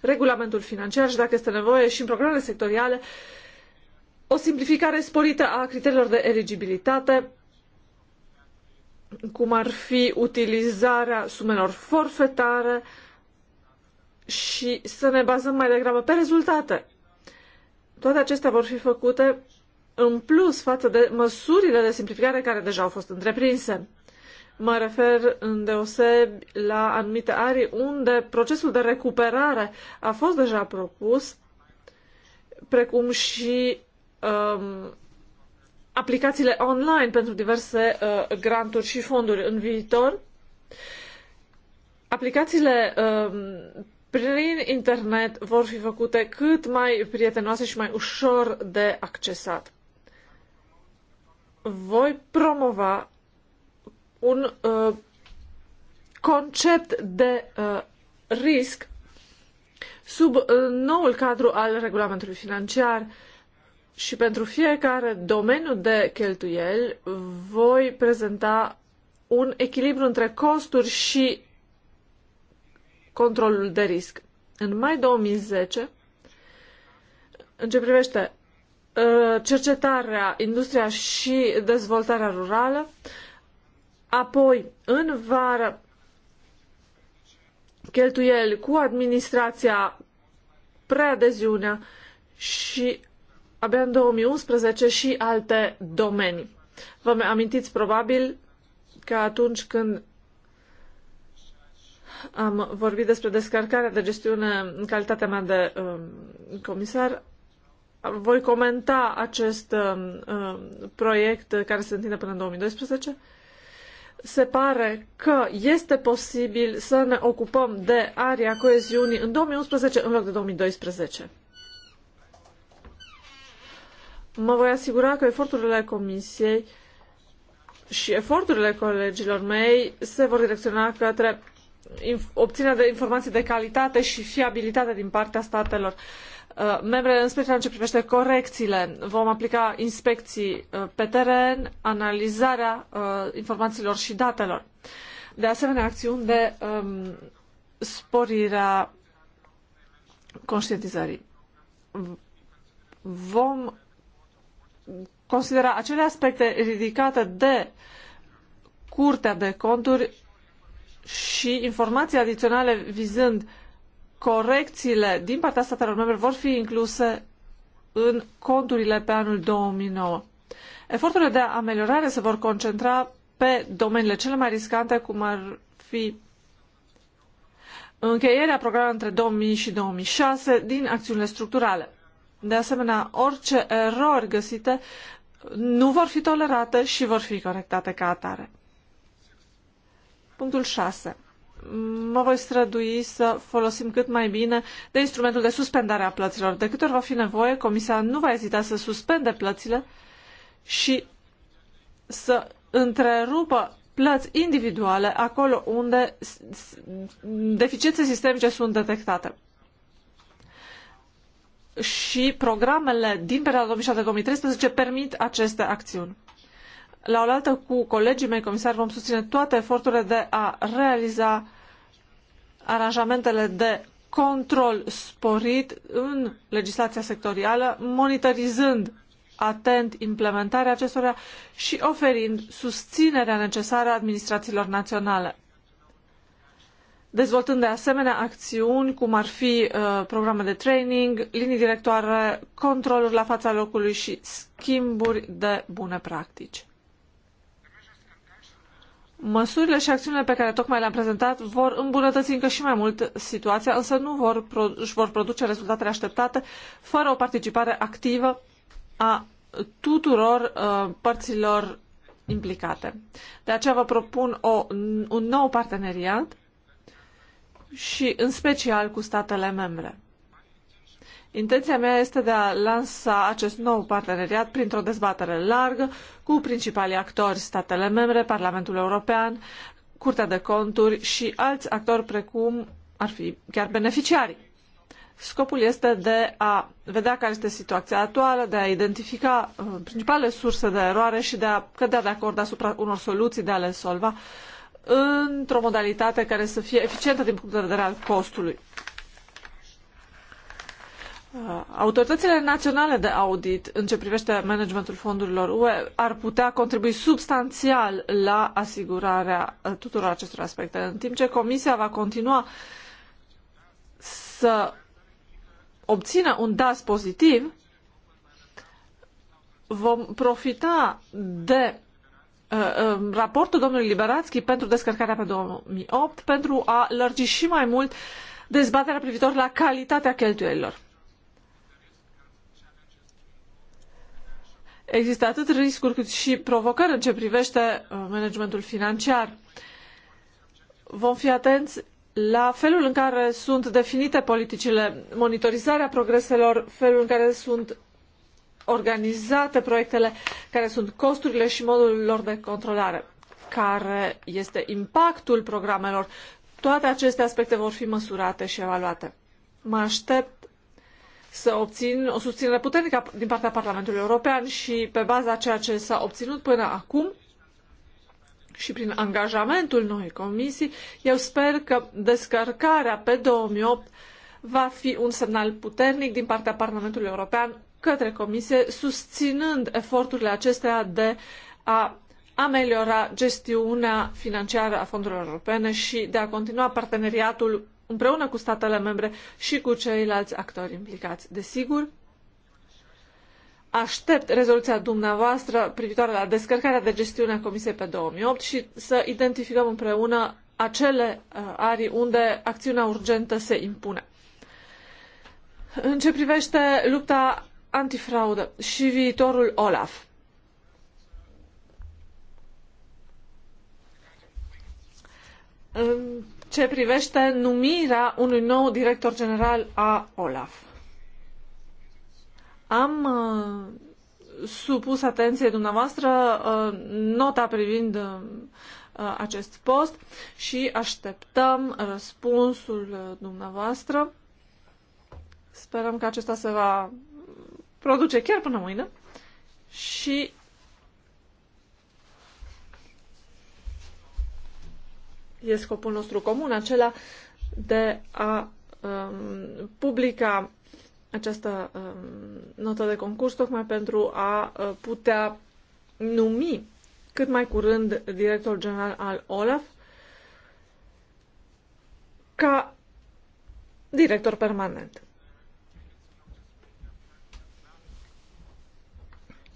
regulamentul financiar și, dacă este nevoie, și în programele sectoriale, o simplificare sporită a criteriilor de eligibilitate, cum ar fi utilizarea sumelor forfetare și să ne bazăm mai degrabă pe rezultate toate acestea vor fi făcute în plus față de măsurile de simplificare care deja au fost întreprinse. Mă refer îndeosebi la anumite arii unde procesul de recuperare a fost deja propus, precum și um, aplicațiile online pentru diverse uh, granturi și fonduri în viitor. Aplicațiile um, prin internet vor fi făcute cât mai prietenoase și mai ușor de accesat. Voi promova un uh, concept de uh, risc sub uh, noul cadru al regulamentului financiar și pentru fiecare domeniu de cheltuieli voi prezenta un echilibru între costuri și controlul de risc. În mai 2010, în ce privește ă, cercetarea, industria și dezvoltarea rurală, apoi în vară cheltuieli cu administrația, preadeziunea și abia în 2011 și alte domenii. Vă amintiți probabil că atunci când am vorbit despre descărcarea de gestiune în calitatea mea de um, comisar. Voi comenta acest um, um proiect care se întinde până în 2012 se pare că este posibil să ne ocupăm de area coeziunii în 2011 în loc de 2012. Mă voi asigura că eforturile Comisiei și eforturile colegilor mei se vor direcționa către obținerea de informații de calitate și fiabilitate din partea statelor uh, membre, în special în ce privește corecțiile. Vom aplica inspecții uh, pe teren, analizarea uh, informațiilor și datelor. De asemenea, acțiuni de um, sporirea conștientizării. Vom considera acele aspecte ridicate de Curtea de Conturi și informații adiționale vizând corecțiile din partea statelor membre vor fi incluse în conturile pe anul 2009. Eforturile de ameliorare se vor concentra pe domeniile cele mai riscante, cum ar fi încheierea programului între 2000 și 2006 din acțiunile structurale. De asemenea, orice erori găsite nu vor fi tolerate și vor fi corectate ca atare. Punctul 6. Mă voi strădui să folosim cât mai bine de instrumentul de suspendare a plăților. De câte ori va fi nevoie, Comisia nu va ezita să suspende plățile și să întrerupă plăți individuale acolo unde deficiențe sistemice sunt detectate. Și programele din perioada 2007-2013 permit aceste acțiuni. La oaltă cu colegii mei comisari vom susține toate eforturile de a realiza aranjamentele de control sporit în legislația sectorială, monitorizând atent implementarea acestora și oferind susținerea necesară administrațiilor naționale. Dezvoltând de asemenea acțiuni cum ar fi uh, programe de training, linii directoare, controluri la fața locului și schimburi de bune practici. Măsurile și acțiunile pe care tocmai le-am prezentat vor îmbunătăți încă și mai mult situația, însă nu vor își vor produce rezultatele așteptate fără o participare activă a tuturor uh, părților implicate. De aceea vă propun o, un nou parteneriat și în special cu statele membre. Intenția mea este de a lansa acest nou parteneriat printr-o dezbatere largă cu principalii actori, statele membre, Parlamentul European, Curtea de Conturi și alți actori precum ar fi chiar beneficiarii. Scopul este de a vedea care este situația actuală, de a identifica uh, principalele surse de eroare și de a cădea de acord asupra unor soluții de a le solva într-o modalitate care să fie eficientă din punct de vedere al costului. Uh, autoritățile naționale de audit în ce privește managementul fondurilor UE ar putea contribui substanțial la asigurarea uh, tuturor acestor aspecte, în timp ce Comisia va continua să obțină un DAS pozitiv, vom profita de uh, um, raportul domnului Liberațchi pentru descărcarea pe 2008 pentru a lărgi și mai mult dezbaterea privitor la calitatea cheltuielilor. există atât riscuri cât și provocări în ce privește uh, managementul financiar. Vom fi atenți la felul în care sunt definite politicile, monitorizarea progreselor, felul în care sunt organizate proiectele, care sunt costurile și modul lor de controlare, care este impactul programelor. Toate aceste aspecte vor fi măsurate și evaluate. Mă aștept să obțin o susținere puternică din partea Parlamentului European și pe baza ceea ce s-a obținut până acum și prin angajamentul noii comisii, eu sper că descărcarea pe 2008 va fi un semnal puternic din partea Parlamentului European către Comisie, susținând eforturile acestea de a ameliora gestiunea financiară a fondurilor europene și de a continua parteneriatul împreună cu statele membre și cu ceilalți actori implicați. Desigur, aștept rezoluția dumneavoastră privitoare la descărcarea de gestiune a Comisiei pe 2008 și să identificăm împreună acele uh, arii unde acțiunea urgentă se impune. În ce privește lupta antifraudă și viitorul OLAF. În ce privește numirea unui nou director general a OLAF. Am uh, supus atenției dumneavoastră uh, nota privind uh, acest post și așteptăm răspunsul dumneavoastră. Sperăm că acesta se va produce chiar până mâine și E scopul nostru comun acela de a um, publica această um, notă de concurs tocmai pentru a uh, putea numi cât mai curând director general al OLAF ca director permanent.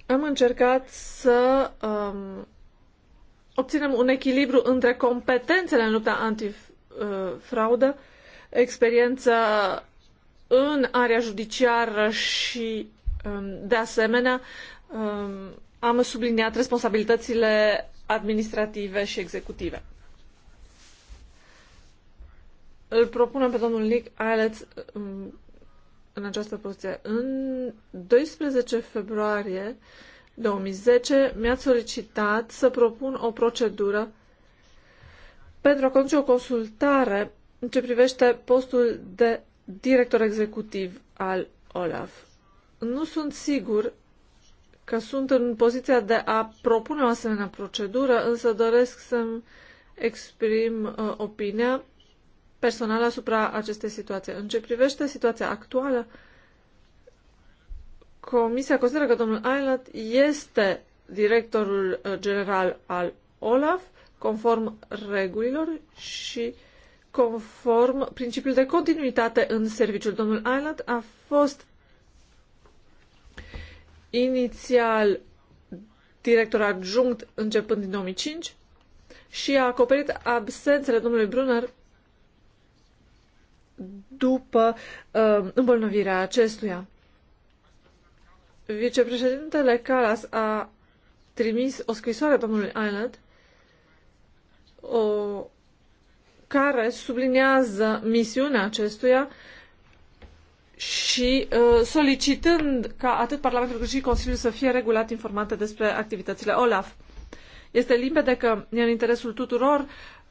Am încercat să um, obținem un echilibru între competențele în lupta antifraudă, experiență în area judiciară și, um, de asemenea, um, am subliniat responsabilitățile administrative și executive. Îl propunem pe domnul Nick Eilets um, în această poziție. În 12 februarie 2010, mi a solicitat să propun o procedură pentru a conduce o consultare în ce privește postul de director executiv al OLAF. Nu sunt sigur că sunt în poziția de a propune o asemenea procedură, însă doresc să-mi exprim uh, opinia personală asupra acestei situații. În ce privește situația actuală, Comisia consideră că domnul Island este directorul uh, general al OLAF, conform regulilor și conform principiul de continuitate în serviciul. Domnul Island a fost inițial director adjunct începând din 2005 și a acoperit absențele domnului Brunner după uh, îmbolnăvirea acestuia. Vicepreședintele Calas a trimis o scrisoare domnului Island o, care subliniază misiunea acestuia și uh, solicitând ca atât Parlamentul cât și Consiliul să fie regulat informate despre activitățile OLAF. Este limpede că e în interesul tuturor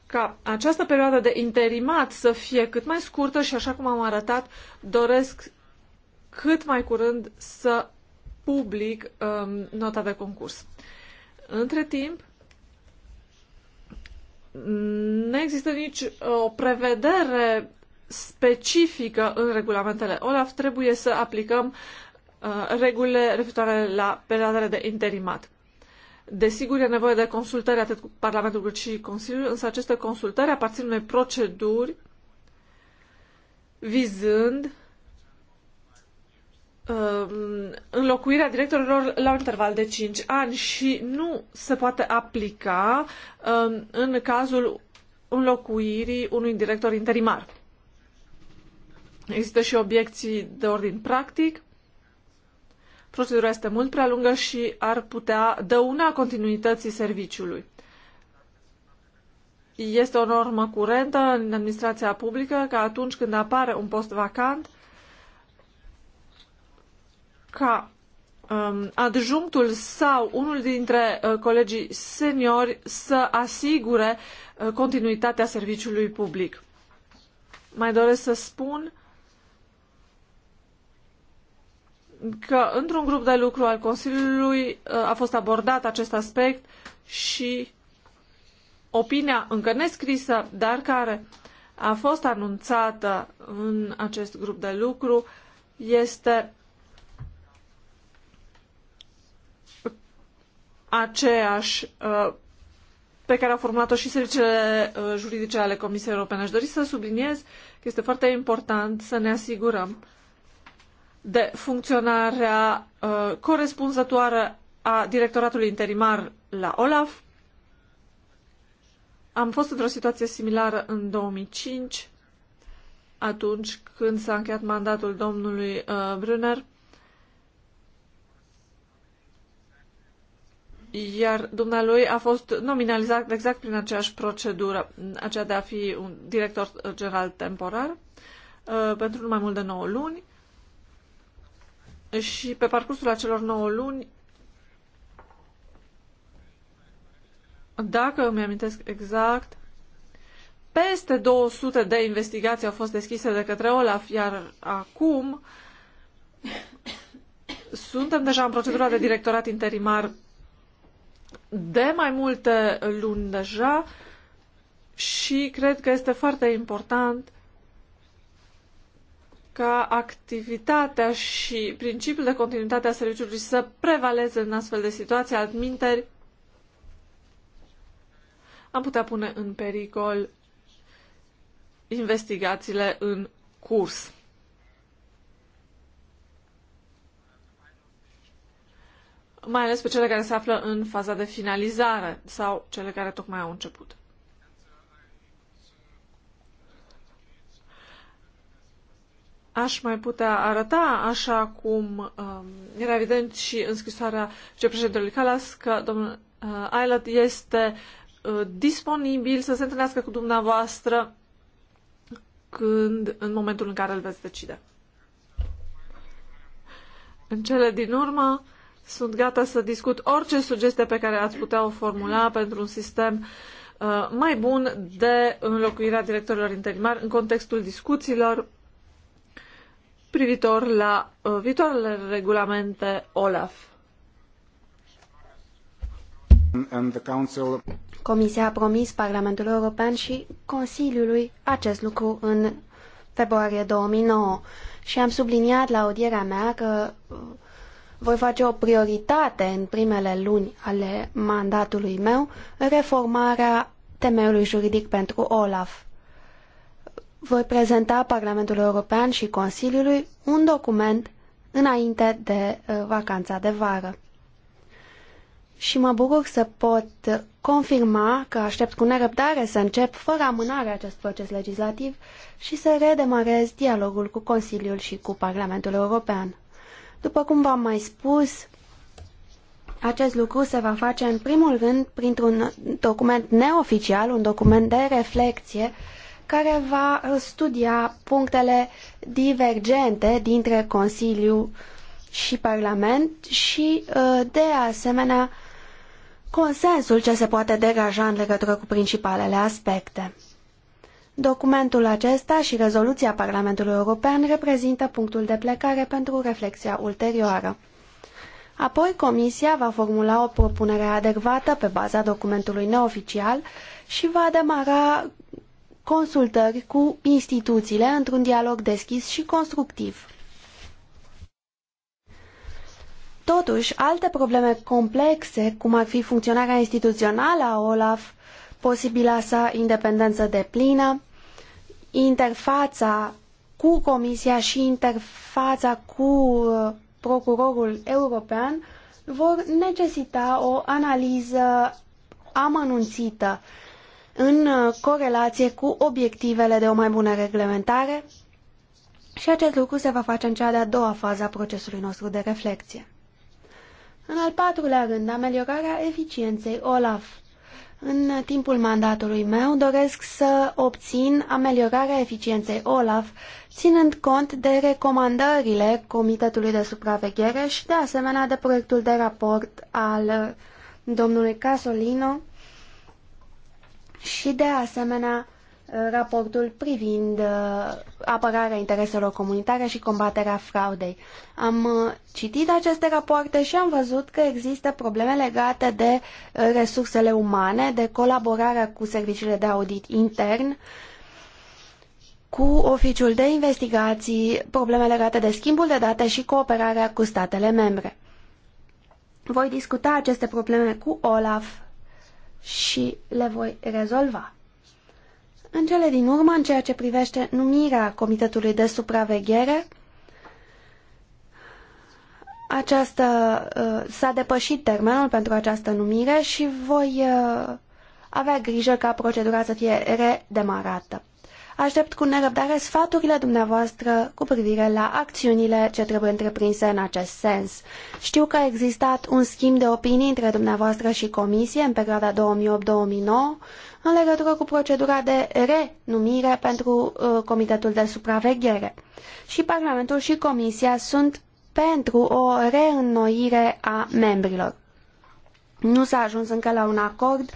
ca această perioadă de interimat să fie cât mai scurtă și, așa cum am arătat, doresc cât mai curând să public um, nota de concurs. Între timp, nu există nici uh, o prevedere specifică în regulamentele OLAF. Trebuie să aplicăm uh, regulile referitoare la perioadele de interimat. Desigur, e nevoie de consultări atât cu Parlamentul cât și Consiliul, însă aceste consultări aparțin unei proceduri vizând Um, înlocuirea directorilor la un interval de 5 ani și nu se poate aplica um, în cazul înlocuirii unui director interimar. Există și obiecții de ordin practic. Procedura este mult prea lungă și ar putea dăuna continuității serviciului. Este o normă curentă în administrația publică că atunci când apare un post vacant, ca um, adjunctul sau unul dintre uh, colegii seniori să asigure uh, continuitatea serviciului public. Mai doresc să spun că într-un grup de lucru al Consiliului uh, a fost abordat acest aspect și opinia încă nescrisă, dar care a fost anunțată în acest grup de lucru, este aceeași uh, pe care au formulat-o și serviciile uh, juridice ale Comisiei Europene. Aș dori să subliniez că este foarte important să ne asigurăm de funcționarea uh, corespunzătoare a directoratului interimar la OLAF. Am fost într-o situație similară în 2005, atunci când s-a încheiat mandatul domnului Brunner iar dumnealui a fost nominalizat exact prin aceeași procedură, aceea de a fi un director general temporar uh, pentru mai mult de 9 luni și pe parcursul acelor 9 luni dacă îmi amintesc exact peste 200 de investigații au fost deschise de către Olaf, iar acum suntem deja în procedura de directorat interimar de mai multe luni deja și cred că este foarte important ca activitatea și principiul de continuitate a serviciului să prevaleze în astfel de situații, adminteri, am putea pune în pericol investigațiile în curs. mai ales pe cele care se află în faza de finalizare sau cele care tocmai au început. Aș mai putea arăta, așa cum um, era evident și în scrisoarea vicepreședintelui Calas, că domnul uh, Islet este uh, disponibil să se întâlnească cu dumneavoastră când, în momentul în care îl veți decide. În cele din urmă, uh, sunt gata să discut orice sugestie pe care ați putea o formula pentru un sistem uh, mai bun de înlocuirea directorilor interimari în contextul discuțiilor privitor la uh, viitoarele regulamente OLAF. Comisia a promis Parlamentului European și Consiliului acest lucru în februarie 2009 și am subliniat la audierea mea că uh, voi face o prioritate în primele luni ale mandatului meu reformarea temeiului juridic pentru OLAF. Voi prezenta Parlamentului European și Consiliului un document înainte de uh, vacanța de vară. Și mă bucur să pot confirma că aștept cu nerăbdare să încep fără amânare acest proces legislativ și să redemarez dialogul cu Consiliul și cu Parlamentul European. După cum v-am mai spus, acest lucru se va face în primul rând printr-un document neoficial, un document de reflexie, care va studia punctele divergente dintre Consiliu și Parlament și, uh, de asemenea, consensul ce se poate degaja în legătură cu principalele aspecte. Documentul acesta și rezoluția Parlamentului European reprezintă punctul de plecare pentru reflexia ulterioară. Apoi, Comisia va formula o propunere adecvată pe baza documentului neoficial și va demara consultări cu instituțiile într-un dialog deschis și constructiv. Totuși, alte probleme complexe, cum ar fi funcționarea instituțională a OLAF, posibila sa independență deplină, interfața cu Comisia și interfața cu uh, procurorul european vor necesita o analiză amănunțită în uh, corelație cu obiectivele de o mai bună reglementare și acest lucru se va face în cea de-a doua fază a procesului nostru de reflexie. În al patrulea rând, ameliorarea eficienței OLAF. În timpul mandatului meu doresc să obțin ameliorarea eficienței OLAF, ținând cont de recomandările Comitetului de Supraveghere și de asemenea de proiectul de raport al domnului Casolino și de asemenea raportul privind uh, apărarea intereselor comunitare și combaterea fraudei. Am uh, citit aceste rapoarte și am văzut că există probleme legate de uh, resursele umane, de colaborarea cu serviciile de audit intern, cu oficiul de investigații, probleme legate de schimbul de date și cooperarea cu statele membre. Voi discuta aceste probleme cu Olaf și le voi rezolva. În cele din urmă, în ceea ce privește numirea Comitetului de Supraveghere, această, uh, s-a depășit termenul pentru această numire și voi uh, avea grijă ca procedura să fie redemarată. Aștept cu nerăbdare sfaturile dumneavoastră cu privire la acțiunile ce trebuie întreprinse în acest sens. Știu că a existat un schimb de opinii între dumneavoastră și comisie în perioada 2008-2009 în legătură cu procedura de renumire pentru uh, Comitetul de Supraveghere. Și Parlamentul și Comisia sunt pentru o reînnoire a membrilor. Nu s-a ajuns încă la un acord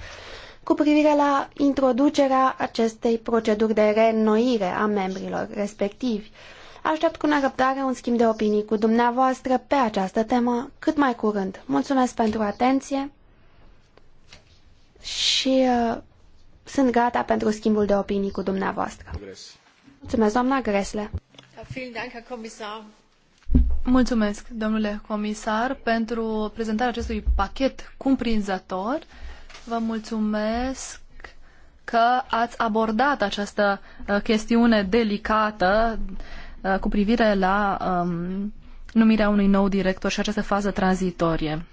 cu privire la introducerea acestei proceduri de reînnoire a membrilor respectivi. Aștept cu nerăbdare un schimb de opinii cu dumneavoastră pe această temă cât mai curând. Mulțumesc pentru atenție și uh, sunt gata pentru schimbul de opinii cu dumneavoastră. Mulțumesc, doamna Gresle. Mulțumesc, domnule comisar, pentru prezentarea acestui pachet cuprinzător. Vă mulțumesc că ați abordat această uh, chestiune delicată uh, cu privire la um, numirea unui nou director și această fază tranzitorie.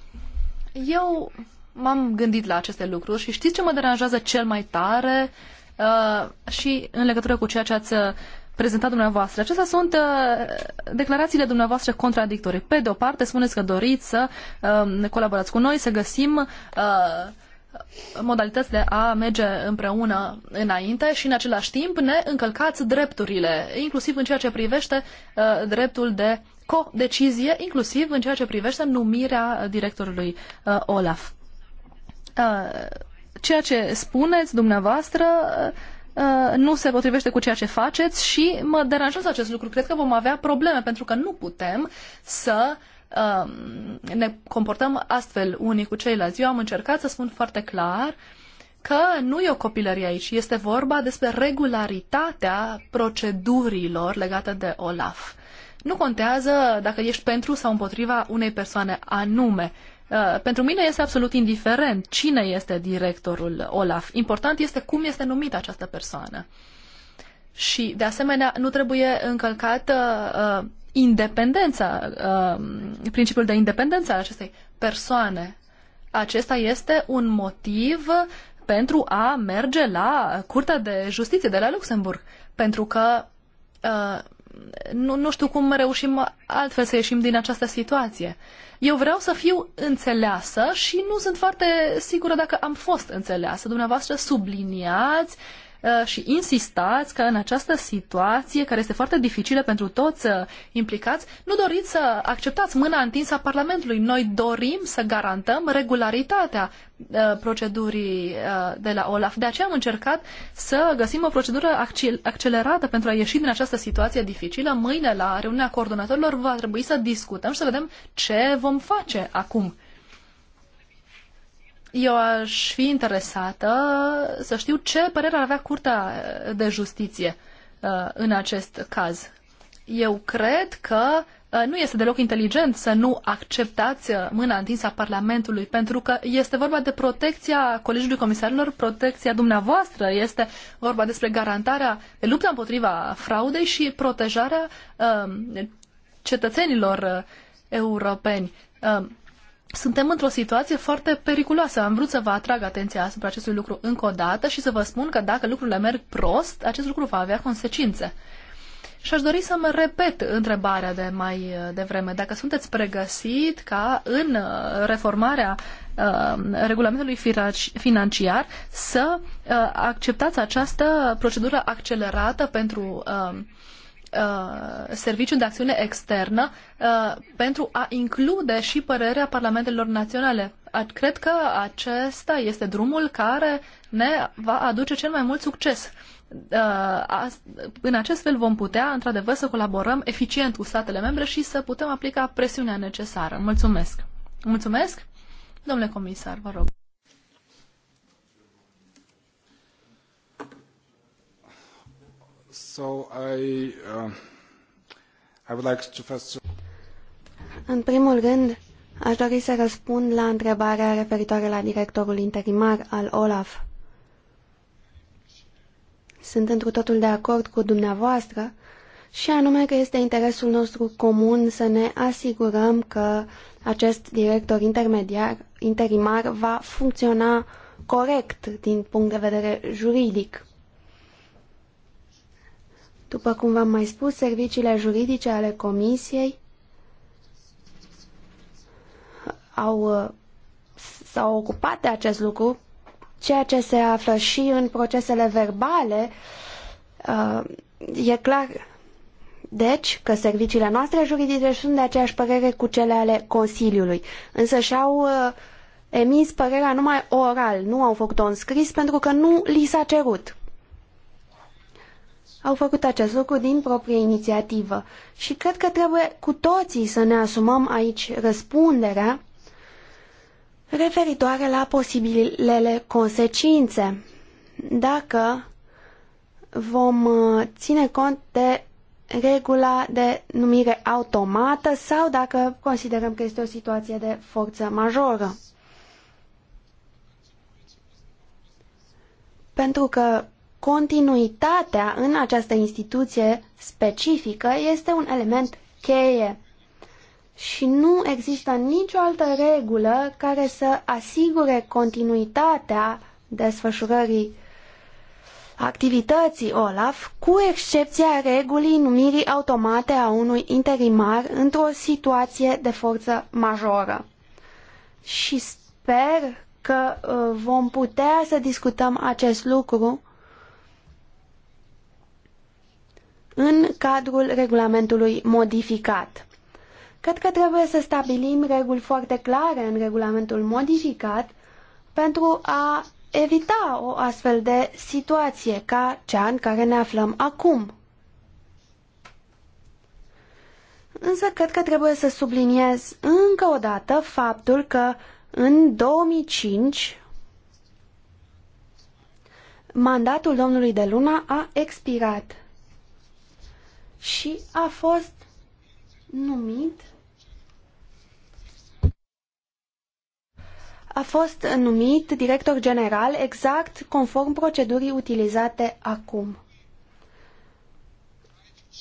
Eu m-am gândit la aceste lucruri și știți ce mă deranjează cel mai tare uh, și în legătură cu ceea ce ați uh, prezentat dumneavoastră. Acestea sunt uh, declarațiile dumneavoastră contradictorii. Pe de o parte, spuneți că doriți să uh, colaborați cu noi, să găsim uh, modalități de a merge împreună înainte și în același timp ne încălcați drepturile, inclusiv în ceea ce privește uh, dreptul de co-decizie, inclusiv în ceea ce privește numirea directorului uh, Olaf. Da, ceea ce spuneți dumneavoastră uh, uh, nu se potrivește cu ceea ce faceți și mă deranjează acest lucru. Cred că vom avea probleme pentru că nu putem să um, ne comportăm astfel unii cu ceilalți. Eu am încercat să spun foarte clar că nu e o copilărie aici, este vorba despre regularitatea procedurilor legate de OLAF. Nu contează dacă ești pentru sau împotriva unei persoane anume Uh, pentru mine este absolut indiferent cine este directorul Olaf. Important este cum este numită această persoană. Și, de asemenea, nu trebuie încălcată uh, independența, uh, principiul de independență al acestei persoane. Acesta este un motiv pentru a merge la Curtea de Justiție de la Luxemburg, pentru că uh, nu, nu știu cum reușim altfel să ieșim din această situație. Uh, eu vreau să fiu înțeleasă și nu sunt foarte sigură dacă am fost înțeleasă. Dumneavoastră subliniați Uh, și insistați că în această situație, care este foarte dificilă pentru toți uh, implicați, nu doriți să acceptați mâna întinsă a Parlamentului. Noi dorim să garantăm regularitatea uh, procedurii de la OLAF. De aceea am încercat să găsim o procedură accelerată pentru a ieși din această situație dificilă. Mâine, la reuniunea coordonatorilor, va trebui să discutăm și să vedem ce vom face acum eu aș fi interesată să știu ce părere ar avea Curtea de Justiție uh, în acest caz. Eu cred că uh, nu este deloc inteligent să nu acceptați uh, mâna întinsă a Parlamentului, pentru că este vorba de protecția Colegiului Comisarilor, protecția dumneavoastră, este vorba despre garantarea, de lupta împotriva fraudei și protejarea cetățenilor europeni suntem într-o situație foarte periculoasă. Am vrut să vă atrag atenția asupra acestui lucru încă o dată și să vă spun că dacă lucrurile merg prost, acest lucru va avea consecințe. Și aș dori să mă repet întrebarea de mai uh, devreme. Dacă sunteți pregăsit ca în uh, reformarea uh, regulamentului financiar să acceptați această procedură accelerată pentru uh, Uh, Serviciul de Acțiune Externă uh, pentru a include și părerea parlamentelor naționale. Cred că acesta este drumul care ne va aduce cel mai mult succes. Uh, în acest fel vom putea, într-adevăr, să colaborăm eficient cu statele membre și să putem aplica presiunea necesară. Mulțumesc! Mulțumesc! Domnule comisar, vă rog. So I, uh, I would like to first... În primul rând, aș dori să răspund la întrebarea referitoare la directorul interimar al OLAF. Sunt întru totul de acord cu dumneavoastră și anume că este interesul nostru comun să ne asigurăm că acest director intermediar, interimar va funcționa corect din punct de vedere juridic. După cum v-am mai spus, serviciile juridice ale Comisiei au, uh, s-au ocupat de acest lucru, ceea ce se află și în procesele verbale. Uh, e clar, deci, că serviciile noastre juridice sunt de aceeași părere cu cele ale Consiliului, însă și-au uh, emis părerea numai oral, nu au făcut-o în scris pentru că nu li s-a cerut au făcut acest lucru din proprie inițiativă și cred că trebuie cu toții să ne asumăm aici răspunderea referitoare la posibilele consecințe dacă vom uh, ține cont de regula de numire automată sau dacă considerăm că este o situație de forță majoră. Pentru că continuitatea în această instituție specifică este un element cheie și nu există nicio altă regulă care să asigure continuitatea desfășurării activității OLAF, cu excepția regulii numirii automate a unui interimar într-o situație de forță majoră. Și sper că uh, vom putea să discutăm acest lucru în cadrul regulamentului modificat. Cred că trebuie să stabilim reguli foarte clare în regulamentul modificat pentru a evita o astfel de situație ca cea în care ne aflăm acum. Însă cred că trebuie să subliniez încă o dată faptul că în 2005 mandatul domnului de Luna a expirat și a fost numit a fost numit director general exact conform procedurii utilizate acum.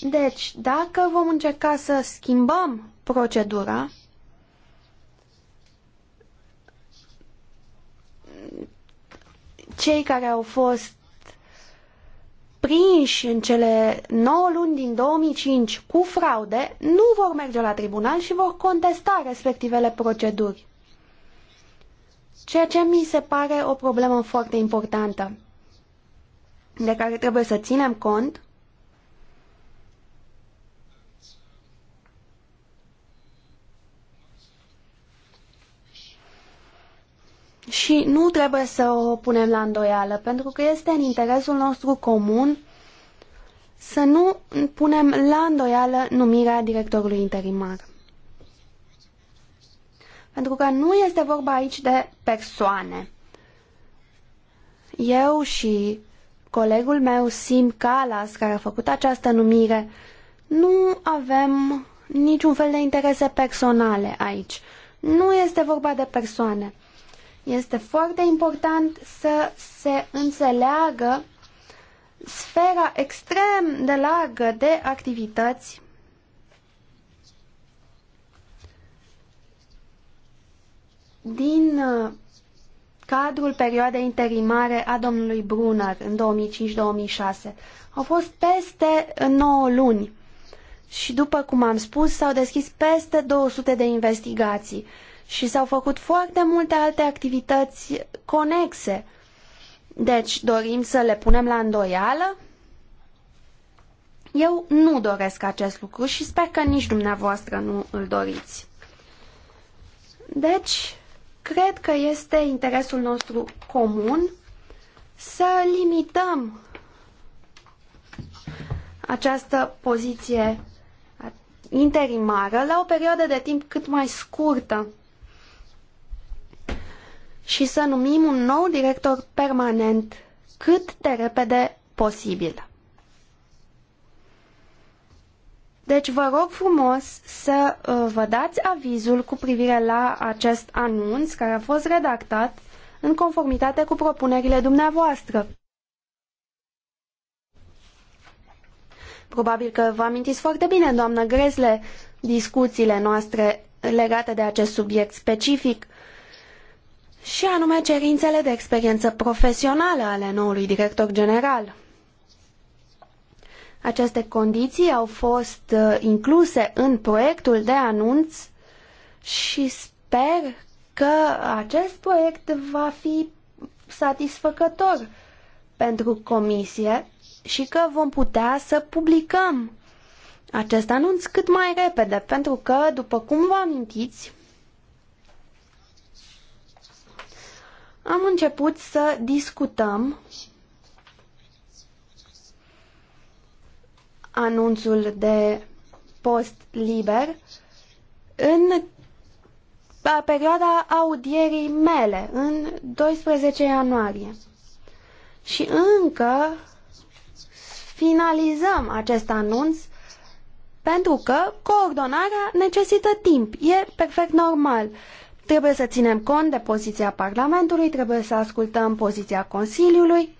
Deci, dacă vom încerca să schimbăm procedura, cei care au fost prinși în cele 9 luni din 2005 cu fraude nu vor merge la tribunal și vor contesta respectivele proceduri. Ceea ce mi se pare o problemă foarte importantă de care trebuie să ținem cont și nu trebuie să o punem la îndoială, pentru că este în interesul nostru comun să nu punem la îndoială numirea directorului interimar. Pentru că nu este vorba aici de persoane. Eu și colegul meu, Sim Calas, care a făcut această numire, nu avem niciun fel de interese personale aici. Nu este vorba de persoane. Este foarte important să se înțeleagă sfera extrem de largă de activități din uh, cadrul perioadei interimare a domnului Brunner în 2005-2006. Au fost peste 9 luni și, după cum am spus, s-au deschis peste 200 de investigații și s-au făcut foarte multe alte activități conexe. Deci, dorim să le punem la îndoială? Eu nu doresc acest lucru și sper că nici dumneavoastră nu îl doriți. Deci, cred că este interesul nostru comun să limităm această poziție interimară la o perioadă de timp cât mai scurtă și să numim un nou director permanent cât de repede posibil. Deci vă rog frumos să uh, vă dați avizul cu privire la acest anunț care a fost redactat în conformitate cu propunerile dumneavoastră. Probabil că vă amintiți foarte bine, doamnă Gresle, discuțiile noastre legate de acest subiect specific și anume cerințele de experiență profesională ale noului director general. Aceste condiții au fost uh, incluse în proiectul de anunț și sper că acest proiect va fi satisfăcător pentru comisie și că vom putea să publicăm acest anunț cât mai repede, pentru că, după cum vă amintiți, am început să discutăm anunțul de post liber în perioada audierii mele, în 12 ianuarie. Și încă finalizăm acest anunț pentru că coordonarea necesită timp. E perfect normal. Trebuie să ținem cont de poziția Parlamentului, trebuie să ascultăm poziția Consiliului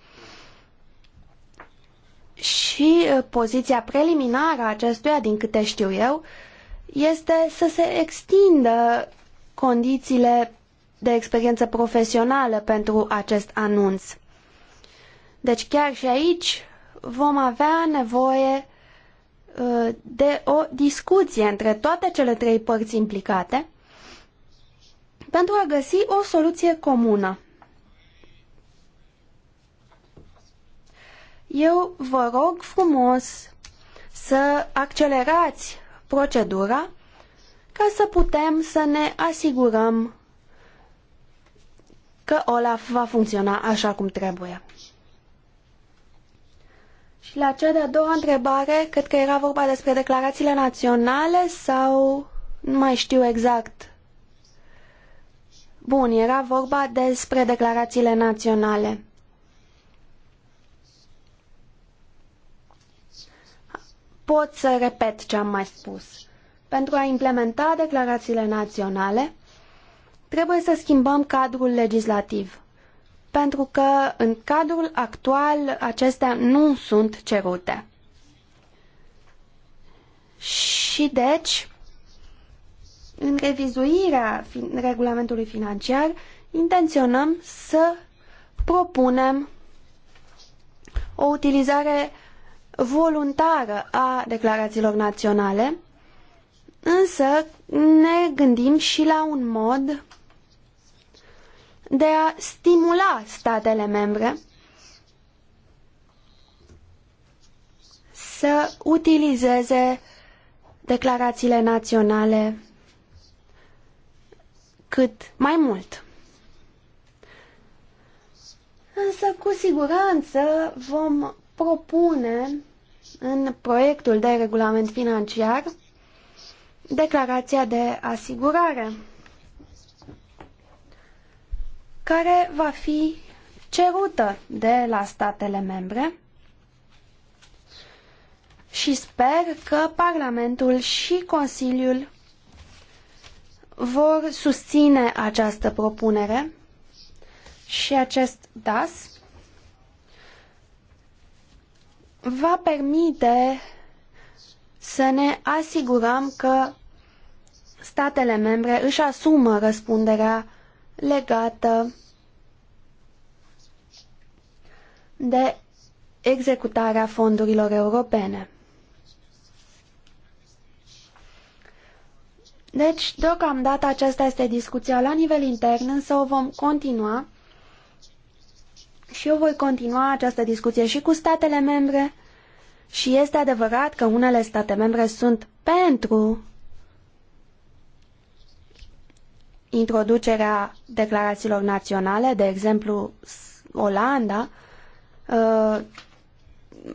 și uh, poziția preliminară a acestuia, din câte știu eu, este să se extindă condițiile de experiență profesională pentru acest anunț. Deci chiar și aici vom avea nevoie uh, de o discuție între toate cele trei părți implicate pentru a găsi o soluție comună. Eu vă rog frumos să accelerați procedura ca să putem să ne asigurăm că OLAF va funcționa așa cum trebuie. Și la cea de-a doua întrebare, cred că era vorba despre declarațiile naționale sau nu mai știu exact Bun, era vorba despre declarațiile naționale. Pot să repet ce am mai spus. Pentru a implementa declarațiile naționale, trebuie să schimbăm cadrul legislativ, pentru că în cadrul actual acestea nu sunt cerute. Și deci, în revizuirea fin regulamentului financiar, intenționăm să propunem o utilizare voluntară a declarațiilor naționale, însă ne gândim și la un mod de a stimula statele membre să utilizeze declarațiile naționale cât mai mult. Însă, cu siguranță, vom propune în proiectul de regulament financiar declarația de asigurare, care va fi cerută de la statele membre și sper că Parlamentul și Consiliul vor susține această propunere și acest DAS va permite să ne asigurăm că statele membre își asumă răspunderea legată de executarea fondurilor europene. Deci, deocamdată aceasta este discuția la nivel intern, însă o vom continua și eu voi continua această discuție și cu statele membre și este adevărat că unele state membre sunt pentru introducerea declarațiilor naționale, de exemplu Olanda, uh,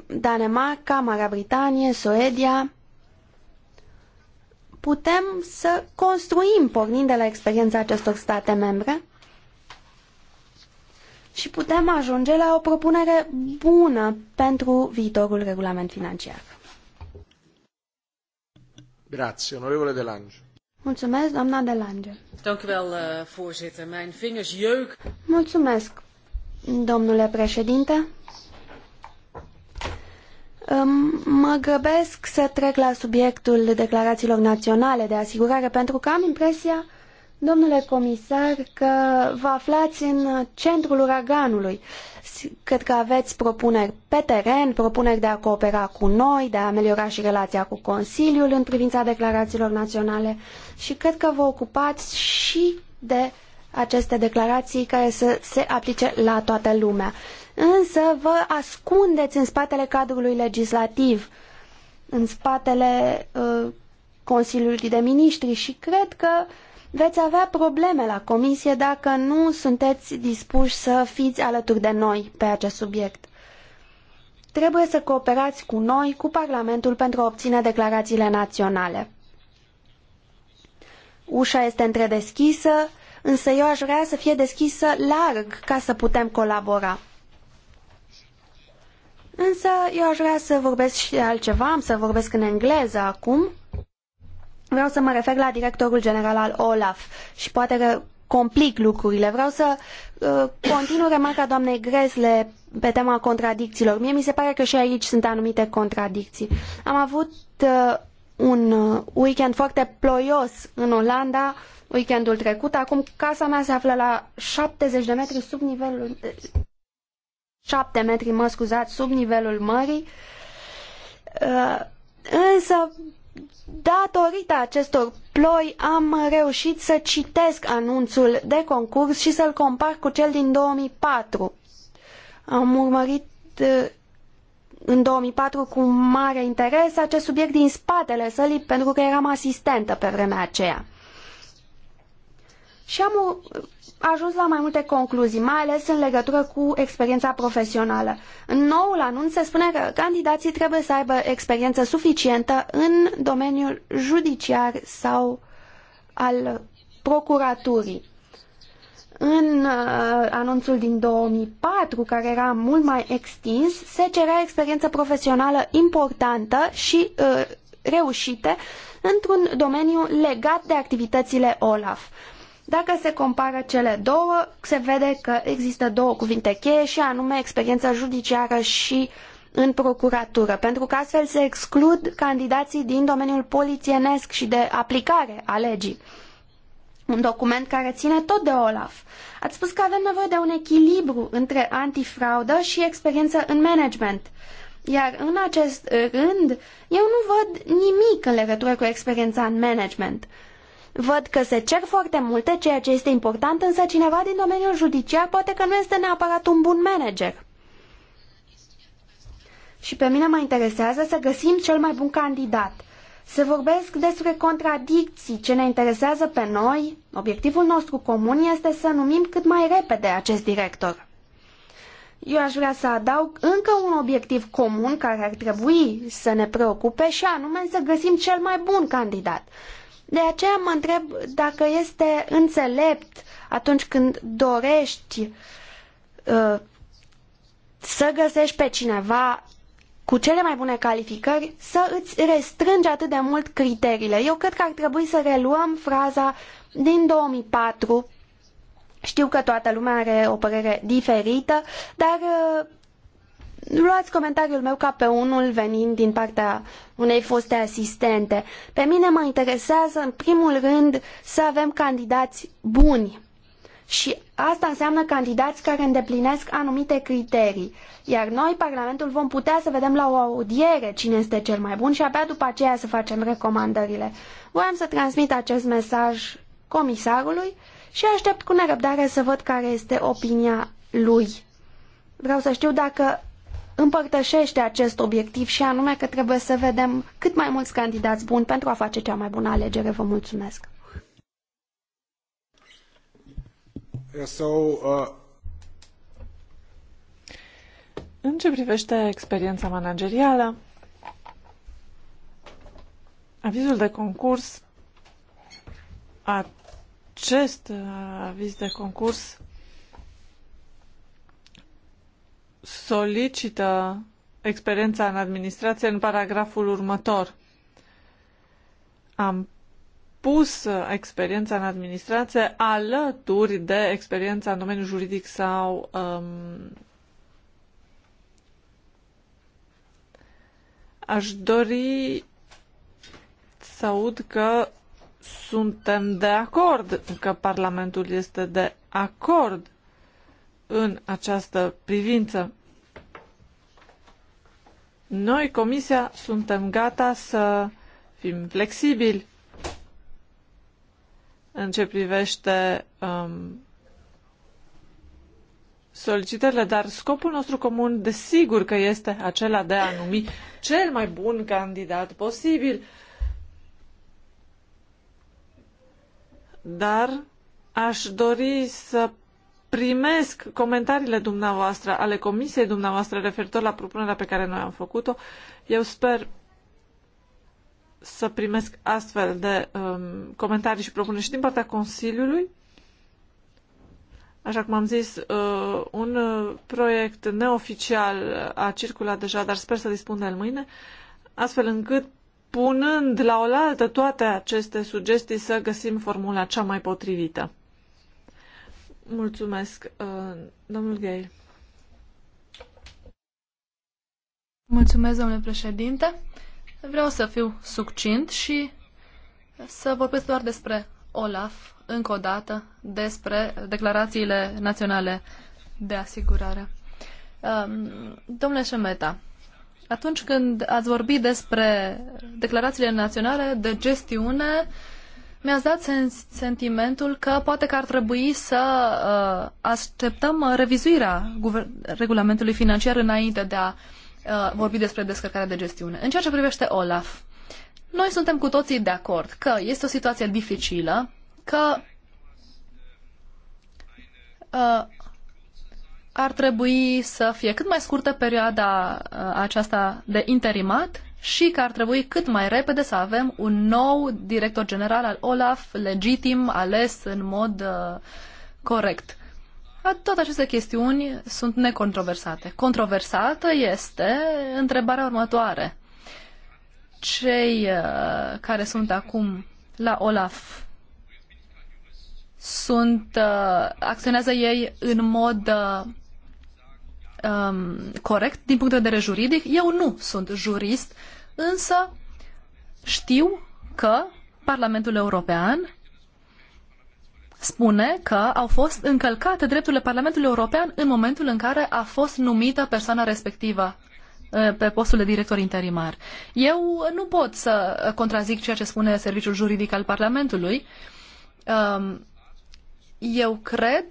Danemarca, Marea Britanie, Suedia, putem să construim, pornind de la experiența acestor state membre, și putem ajunge la o propunere bună pentru viitorul regulament financiar. Grazie, onorevole Lange. Mulțumesc, doamna Lange. Dank u wel, eh, voorzitter. Mijn vingers jeuk. Mulțumesc, domnule președinte. Mă grăbesc să trec la subiectul declarațiilor naționale de asigurare pentru că am impresia, domnule comisar, că vă aflați în centrul uraganului. Cred că aveți propuneri pe teren, propuneri de a coopera cu noi, de a ameliora și relația cu Consiliul în privința declarațiilor naționale și cred că vă ocupați și de aceste declarații care să se aplice la toată lumea însă vă ascundeți în spatele cadrului legislativ, în spatele uh, Consiliului de Ministri și cred că veți avea probleme la comisie dacă nu sunteți dispuși să fiți alături de noi pe acest subiect. Trebuie să cooperați cu noi, cu Parlamentul, pentru a obține declarațiile naționale. Ușa este întredeschisă, însă eu aș vrea să fie deschisă larg ca să putem colabora. Însă eu aș vrea să vorbesc și de altceva, am să vorbesc în engleză acum. Vreau să mă refer la directorul general al OLAF și poate că complic lucrurile. Vreau să uh, continu remarca doamnei Gresle pe tema contradicțiilor. Mie mi se pare că și aici sunt anumite contradicții. Am avut uh, un uh, weekend foarte ploios în Olanda weekendul trecut. Acum casa mea se află la 70 de metri sub nivelul 7 metri, mă scuzați, sub nivelul mării. Uh, însă, datorită acestor ploi, am reușit să citesc anunțul de concurs și să-l compar cu cel din 2004. Am urmărit uh, în 2004 cu mare interes acest subiect din spatele sălii pentru că eram asistentă pe vremea aceea. Și am ajuns la mai multe concluzii, mai ales în legătură cu experiența profesională. În noul anunț se spune că candidații trebuie să aibă experiență suficientă în domeniul judiciar sau al procuraturii. În uh, anunțul din 2004, care era mult mai extins, se cerea experiență profesională importantă și uh, reușite într-un domeniu legat de activitățile OLAF. Uh, dacă se compară cele două, se vede că există două cuvinte cheie și anume experiența judiciară și în procuratură, pentru că astfel se exclud candidații din domeniul polițienesc și de aplicare a legii. Un document care ține tot de Olaf. Ați spus că avem nevoie de un echilibru între antifraudă și experiență în management. Iar în acest rând, eu nu văd nimic în legătură cu experiența în management. Văd că se cer foarte multe, ceea ce este important, însă cineva din domeniul judiciar poate că nu este neapărat un bun manager. Și pe mine mă interesează să găsim cel mai bun candidat. Se vorbesc despre contradicții. Ce ne interesează pe noi, obiectivul nostru comun este să numim cât mai repede acest director. Eu aș vrea să adaug încă un obiectiv comun care ar trebui să ne preocupe și anume să găsim cel mai bun candidat. De aceea mă întreb dacă este înțelept atunci când dorești uh, să găsești pe cineva cu cele mai bune calificări, să îți restrângi atât de mult criteriile. Eu cred că ar trebui să reluăm fraza din 2004. Știu că toată lumea are o părere diferită, dar uh, luai comentariul meu ca pe unul venind din partea unei foste asistente. Pe mine mă interesează, în primul rând, să avem candidați buni. Și asta înseamnă candidați care îndeplinesc anumite criterii. Iar noi, Parlamentul, vom putea să vedem la o audiere cine este cel mai bun și abia după aceea să facem recomandările. Voiam să transmit acest mesaj comisarului și aștept cu nerăbdare să văd care este opinia lui. Vreau să știu dacă împărtășește acest obiectiv și anume că trebuie să vedem cât mai mulți candidați buni pentru a face cea mai bună alegere. Vă mulțumesc! So, uh... În ce privește experiența managerială, avizul de concurs, acest uh, aviz de concurs solicită experiența în administrație în paragraful următor. Am pus experiența în administrație alături de experiența în domeniul juridic sau um, aș dori să aud că suntem de acord, că Parlamentul este de acord în această privință. Noi, Comisia, suntem gata să fim flexibili în ce privește um, solicitările, dar scopul nostru comun desigur că este acela de a numi cel mai bun candidat posibil. Dar aș dori să primesc comentariile dumneavoastră, ale comisiei dumneavoastră referitor la propunerea pe care noi am făcut-o. Eu sper să primesc astfel de um, comentarii și propuneri și din partea Consiliului. Așa cum am zis, uh, un uh, proiect neoficial uh, a circulat deja, dar sper să dispun de el mâine, astfel încât, punând la oaltă toate aceste sugestii, să găsim formula cea mai potrivită. Mulțumesc, uh, domnul Mulțumesc, domnule președinte. Vreau să fiu succint și să vorbesc doar despre Olaf, încă o dată, despre declarațiile naționale de asigurare. Um, domnule Șemeta, atunci când ați vorbit despre declarațiile naționale de gestiune, mi-ați dat sen sentimentul că poate că ar trebui să uh, uh revizuirea regulamentului financiar înainte de a uh, vorbi despre descărcarea de gestiune. În ceea ce privește OLAF, noi suntem cu toții de acord că este o situație dificilă, că uh, ar trebui să fie cât mai scurtă perioada uh, aceasta de interimat și că ar trebui cât mai repede să avem un nou director general al OLAF, legitim, ales în mod uh, corect. Toate aceste chestiuni sunt necontroversate. Controversată este întrebarea următoare. Cei uh, care sunt acum la OLAF sunt, uh, acționează ei în mod uh, um, corect din punct de vedere juridic. Eu nu sunt jurist, însă știu că Parlamentul European spune că au fost încălcate drepturile Parlamentului European în momentul în care a fost numită persoana respectivă uh, pe postul de director interimar. Eu nu pot să contrazic ceea ce spune Serviciul Juridic al Parlamentului. Um, eu cred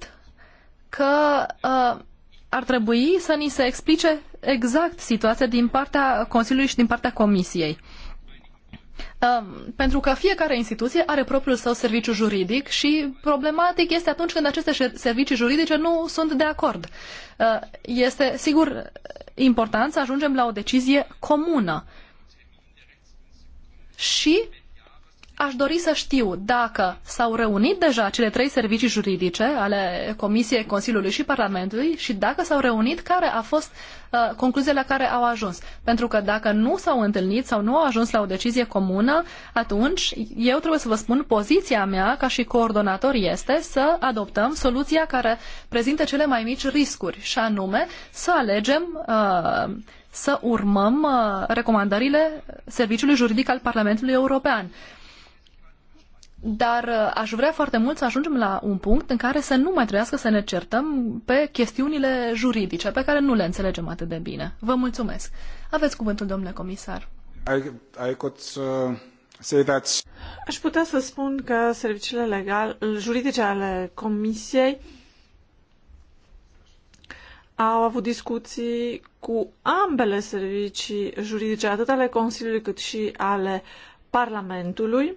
că uh, ar trebui să ni se explice exact situația din partea Consiliului și din partea Comisiei. Pentru că fiecare instituție are propriul său serviciu juridic și problematic este atunci când aceste servicii juridice nu sunt de acord. Uh, este, sigur, important să ajungem la o decizie comună. Și aș dori să știu dacă s-au reunit deja cele trei servicii juridice ale Comisiei, Consiliului și Parlamentului și dacă s-au reunit, care a fost uh, concluzia la care au ajuns. Pentru că dacă nu s-au întâlnit sau nu au ajuns la o decizie comună, atunci eu trebuie să vă spun poziția mea ca și coordonator este să adoptăm soluția care prezintă cele mai mici riscuri și anume să alegem uh, să urmăm uh, recomandările Serviciului Juridic al Parlamentului European dar uh, aș vrea foarte mult să ajungem la un punct în care să nu mai trebuiască să ne certăm pe chestiunile juridice, pe care nu le înțelegem atât de bine. Vă mulțumesc. Aveți cuvântul, domnule comisar. I, I could, uh... Aș putea să spun că serviciile legal, juridice ale Comisiei au avut discuții cu ambele servicii juridice, atât ale Consiliului cât și ale Parlamentului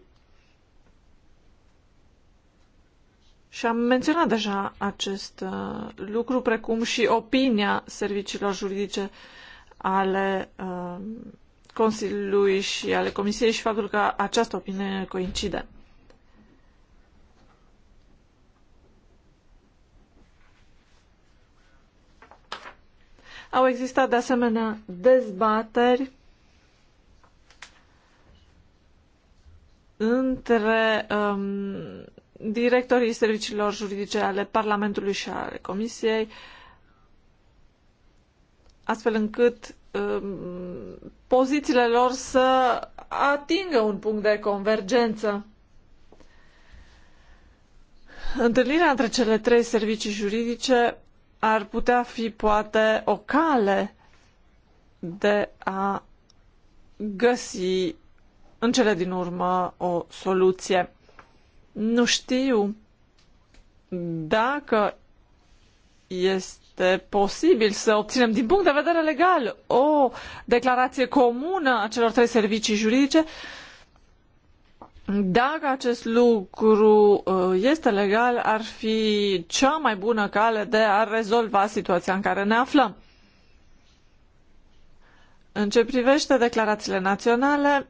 Și am menționat deja acest uh, lucru, precum și opinia serviciilor juridice ale uh, Consiliului și ale Comisiei și faptul că această opinie coincide. Au existat de asemenea dezbateri între um, directorii serviciilor juridice ale Parlamentului și ale Comisiei, astfel încât um, pozițiile lor să atingă un punct de convergență. Întâlnirea între cele trei servicii juridice ar putea fi poate o cale de a găsi în cele din urmă o soluție. Nu știu dacă este posibil să obținem din punct de vedere legal o declarație comună a celor trei servicii juridice. Dacă acest lucru uh, este legal, ar fi cea mai bună cale de a rezolva situația în care ne aflăm. În ce privește declarațiile naționale,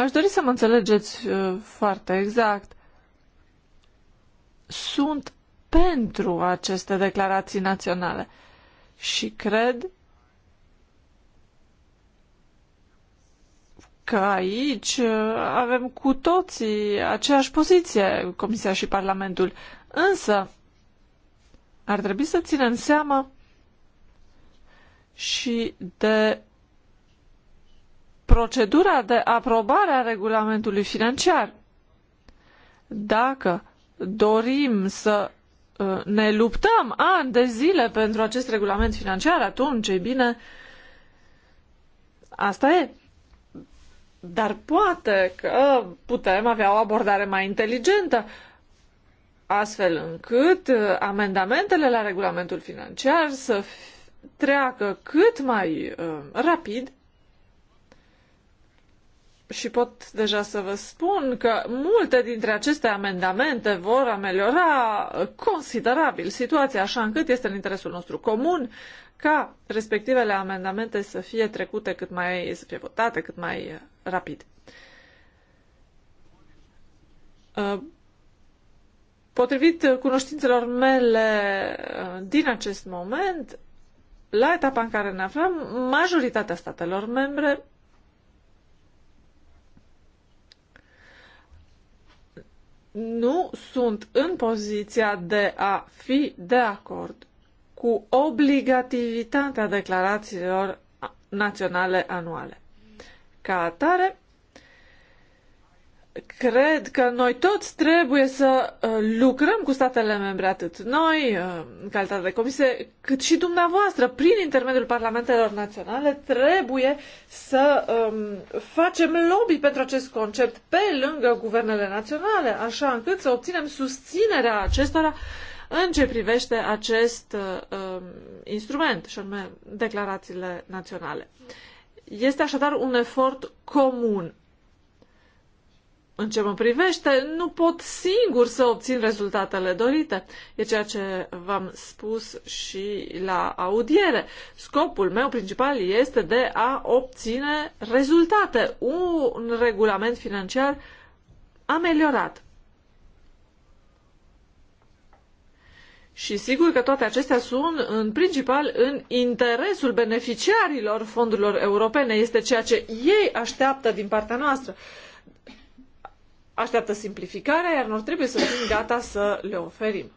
Aș dori să mă înțelegeți uh, foarte exact. Sunt pentru aceste declarații naționale și cred că aici uh, avem cu toții aceeași poziție, Comisia și Parlamentul. Însă, ar trebui să ținem seama și de procedura de aprobare a regulamentului financiar. Dacă dorim să uh, ne luptăm ani de zile pentru acest regulament financiar, atunci, e bine, asta e. Dar poate că putem avea o abordare mai inteligentă, astfel încât uh, amendamentele la regulamentul financiar să treacă cât mai uh, rapid și pot deja să vă spun că multe dintre aceste amendamente vor ameliora considerabil situația, așa încât este în interesul nostru comun ca respectivele amendamente să fie trecute cât mai, să fie votate cât mai rapid. Uh, potrivit cunoștințelor mele uh, din acest moment, la etapa în care ne aflăm, majoritatea statelor membre nu sunt în poziția de a fi de acord cu obligativitatea declarațiilor naționale anuale. Ca atare, cred că noi toți trebuie să uh, lucrăm cu statele membre, atât noi, uh, în calitate de comisie, cât și dumneavoastră, prin intermediul parlamentelor naționale, trebuie să um, facem lobby pentru acest concept pe lângă guvernele naționale, așa încât să obținem susținerea acestora în ce privește acest uh, um, instrument, și anume declarațiile naționale. Este așadar un efort comun în ce mă privește, nu pot singur să obțin rezultatele dorite. E ceea ce v-am spus și la audiere. Scopul meu principal este de a obține rezultate, un regulament financiar ameliorat. Și sigur că toate acestea sunt în principal în interesul beneficiarilor fondurilor europene, este ceea ce ei așteaptă din partea noastră. Uh, așteaptă simplificarea, iar noi trebuie să fim gata să le oferim.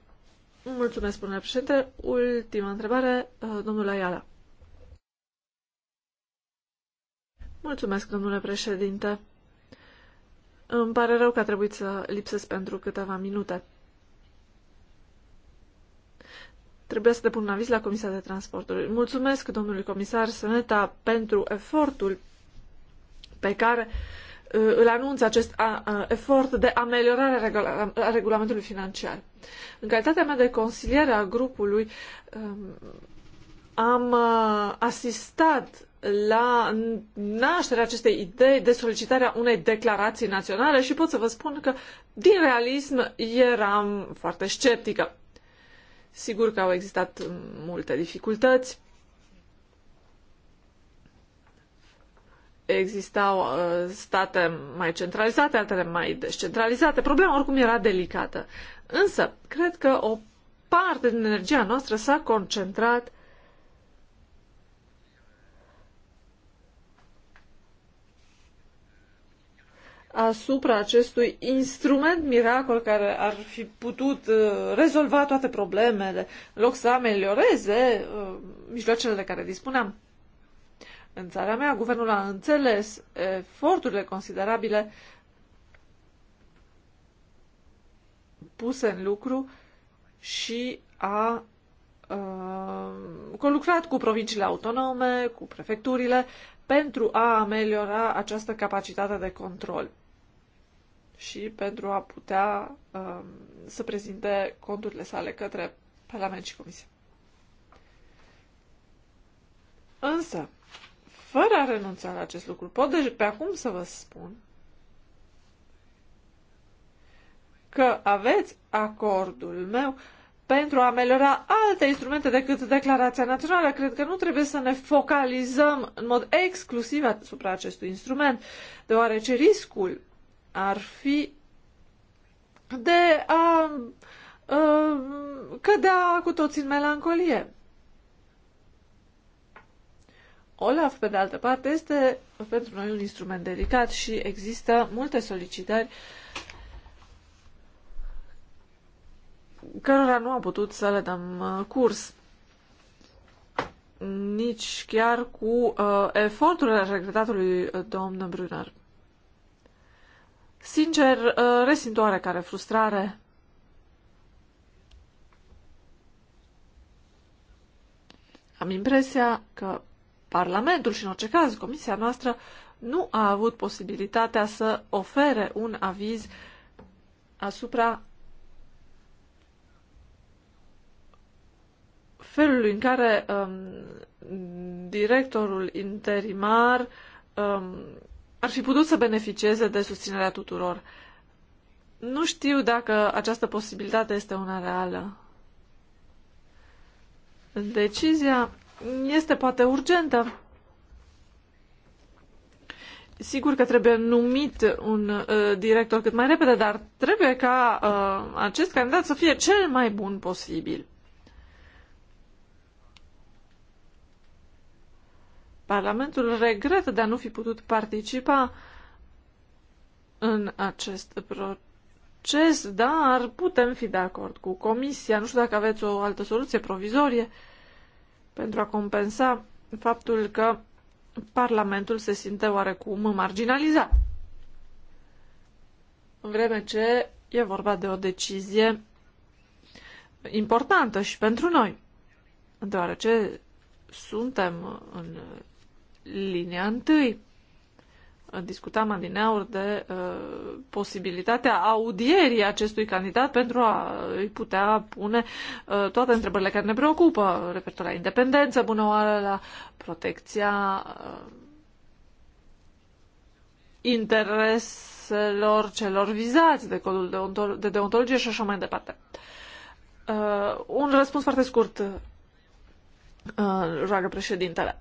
Mulțumesc, domnule președinte. Ultima întrebare, uh, domnul Ayala. Mulțumesc, domnule președinte. Îmi pare rău că a trebuit să lipsesc pentru câteva minute. Trebuia să depun un aviz la Comisia de Transporturi. Mulțumesc domnului comisar Săneta pentru efortul pe care uh, Uh, îl anunț acest a, a, efort de ameliorare a, regula, a regulamentului financiar. În calitatea mea de consiliere a grupului, um, am uh, asistat la nașterea acestei idei de solicitarea unei declarații naționale și pot să vă spun că, din realism, eram foarte sceptică. Sigur că au existat multe dificultăți, existau uh, state mai centralizate, altele mai descentralizate. Problema oricum era delicată. Însă, cred că o parte din energia noastră s-a concentrat asupra acestui instrument miracol care ar fi putut uh, rezolva toate problemele, în loc să amelioreze uh, mijloacele de care dispuneam. În țara mea, guvernul a înțeles eforturile considerabile puse în lucru și a uh, cu provinciile autonome, cu prefecturile, pentru a ameliora această capacitate de control și pentru a putea uh, să prezinte conturile sale către Parlament și Comisie. Însă, fără a renunța la acest lucru. Pot de, pe acum să vă spun că aveți acordul meu pentru a ameliora alte instrumente decât declarația națională. Cred că nu trebuie să ne focalizăm în mod exclusiv asupra acestui instrument, deoarece riscul ar fi de a, a uh, cădea cu toții în melancolie. Olaf, pe de altă parte, este pentru noi un instrument delicat și există multe solicitări cărora nu am putut să le dăm uh, curs nici chiar cu uh, eforturile regretatului uh, domn Brunner. Sincer, uh, resimt oarecare frustrare. Am impresia că Parlamentul și, în orice caz, Comisia noastră nu a avut posibilitatea să ofere un aviz asupra felului în care um, directorul interimar um, ar fi putut să beneficieze de susținerea tuturor. Nu știu dacă această posibilitate este una reală. Decizia este poate urgentă. Sigur că trebuie numit un uh, director cât mai repede, dar trebuie ca uh, acest candidat să fie cel mai bun posibil. Parlamentul regretă de a nu fi putut participa în acest proces, dar putem fi de acord cu Comisia. Nu știu dacă aveți o altă soluție provizorie. Uh, pentru a compensa faptul că Parlamentul se simte oarecum marginalizat. În vreme ce e vorba de o decizie importantă și pentru noi, deoarece suntem în linia întâi Discutam adineauri de uh, posibilitatea audierii acestui candidat pentru a îi putea pune uh, toate întrebările care ne preocupă, referitor la independență, bună oară, la protecția uh, intereselor celor vizați de codul de deontologie și așa mai departe. Uh, un răspuns foarte scurt, uh, roagă președintele.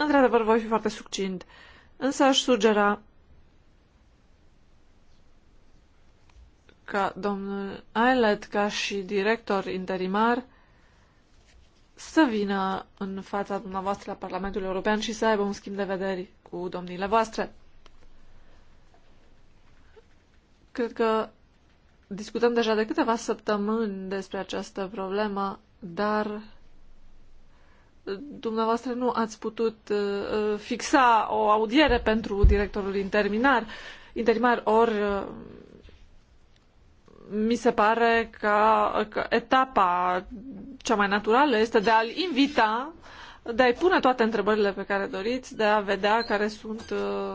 Într-adevăr, voi fi foarte succint, însă aș sugera ca domnul Eilert, ca și director interimar, să vină în fața dumneavoastră la Parlamentul European și să aibă un schimb de vederi cu domnile voastre. Cred că discutăm deja de câteva săptămâni despre această problemă, dar dumneavoastră nu ați putut uh, uh, fixa o audiere pentru directorul interminar, interimar, ori uh, mi se pare că, că etapa cea mai naturală este de a-l invita, de a-i pune toate întrebările pe care doriți, de a vedea care sunt uh,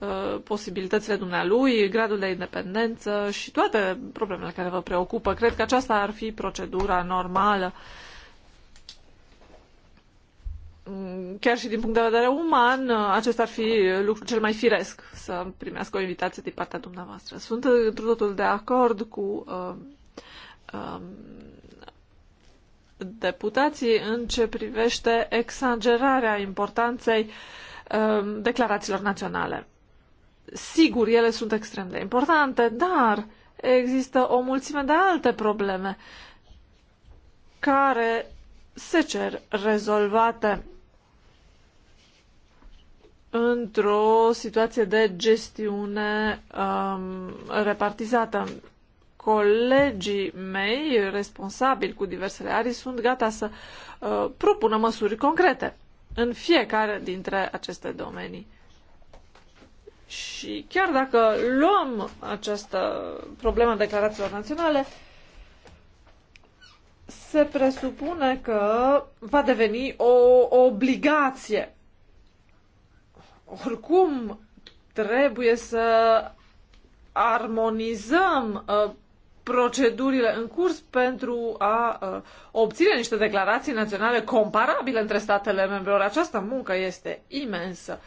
uh, posibilitățile dumnealui, gradul de independență și toate problemele care vă preocupă. Cred că aceasta ar fi procedura normală uh, chiar și din punct de vedere uman, acesta ar fi lucrul cel mai firesc, să primească o invitație din partea dumneavoastră. Sunt într totul de acord cu uh, uh, deputații în ce privește exagerarea importanței uh, declarațiilor naționale. Sigur, ele sunt extrem de importante, dar există o mulțime de alte probleme care se cer rezolvate într-o situație de gestiune um, repartizată. Colegii mei responsabili cu diversele arii sunt gata să uh, propună măsuri concrete în fiecare dintre aceste domenii. Și chiar dacă luăm această problemă declarațiilor naționale, se presupune că va deveni o obligație oricum, trebuie să armonizăm uh, procedurile în curs pentru a uh, obține niște declarații naționale comparabile între statele membre. Ori această muncă este imensă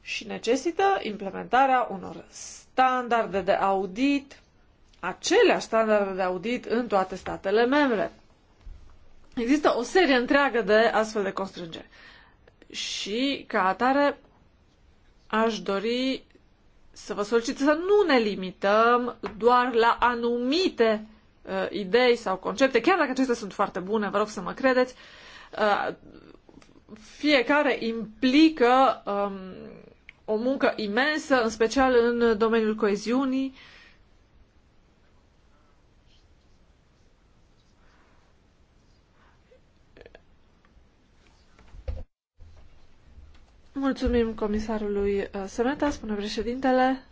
și necesită implementarea unor standarde de audit, aceleași standarde de audit în toate statele membre. Există o serie întreagă de astfel de constrângeri și, ca atare, aș dori să vă solicit să nu ne limităm doar la anumite uh, idei sau concepte, chiar dacă acestea sunt foarte bune, vă rog să mă credeți, uh, fiecare implică um, o muncă imensă, în special în domeniul coeziunii, uh, Mulțumim comisarului uh, Semeta, spune președintele.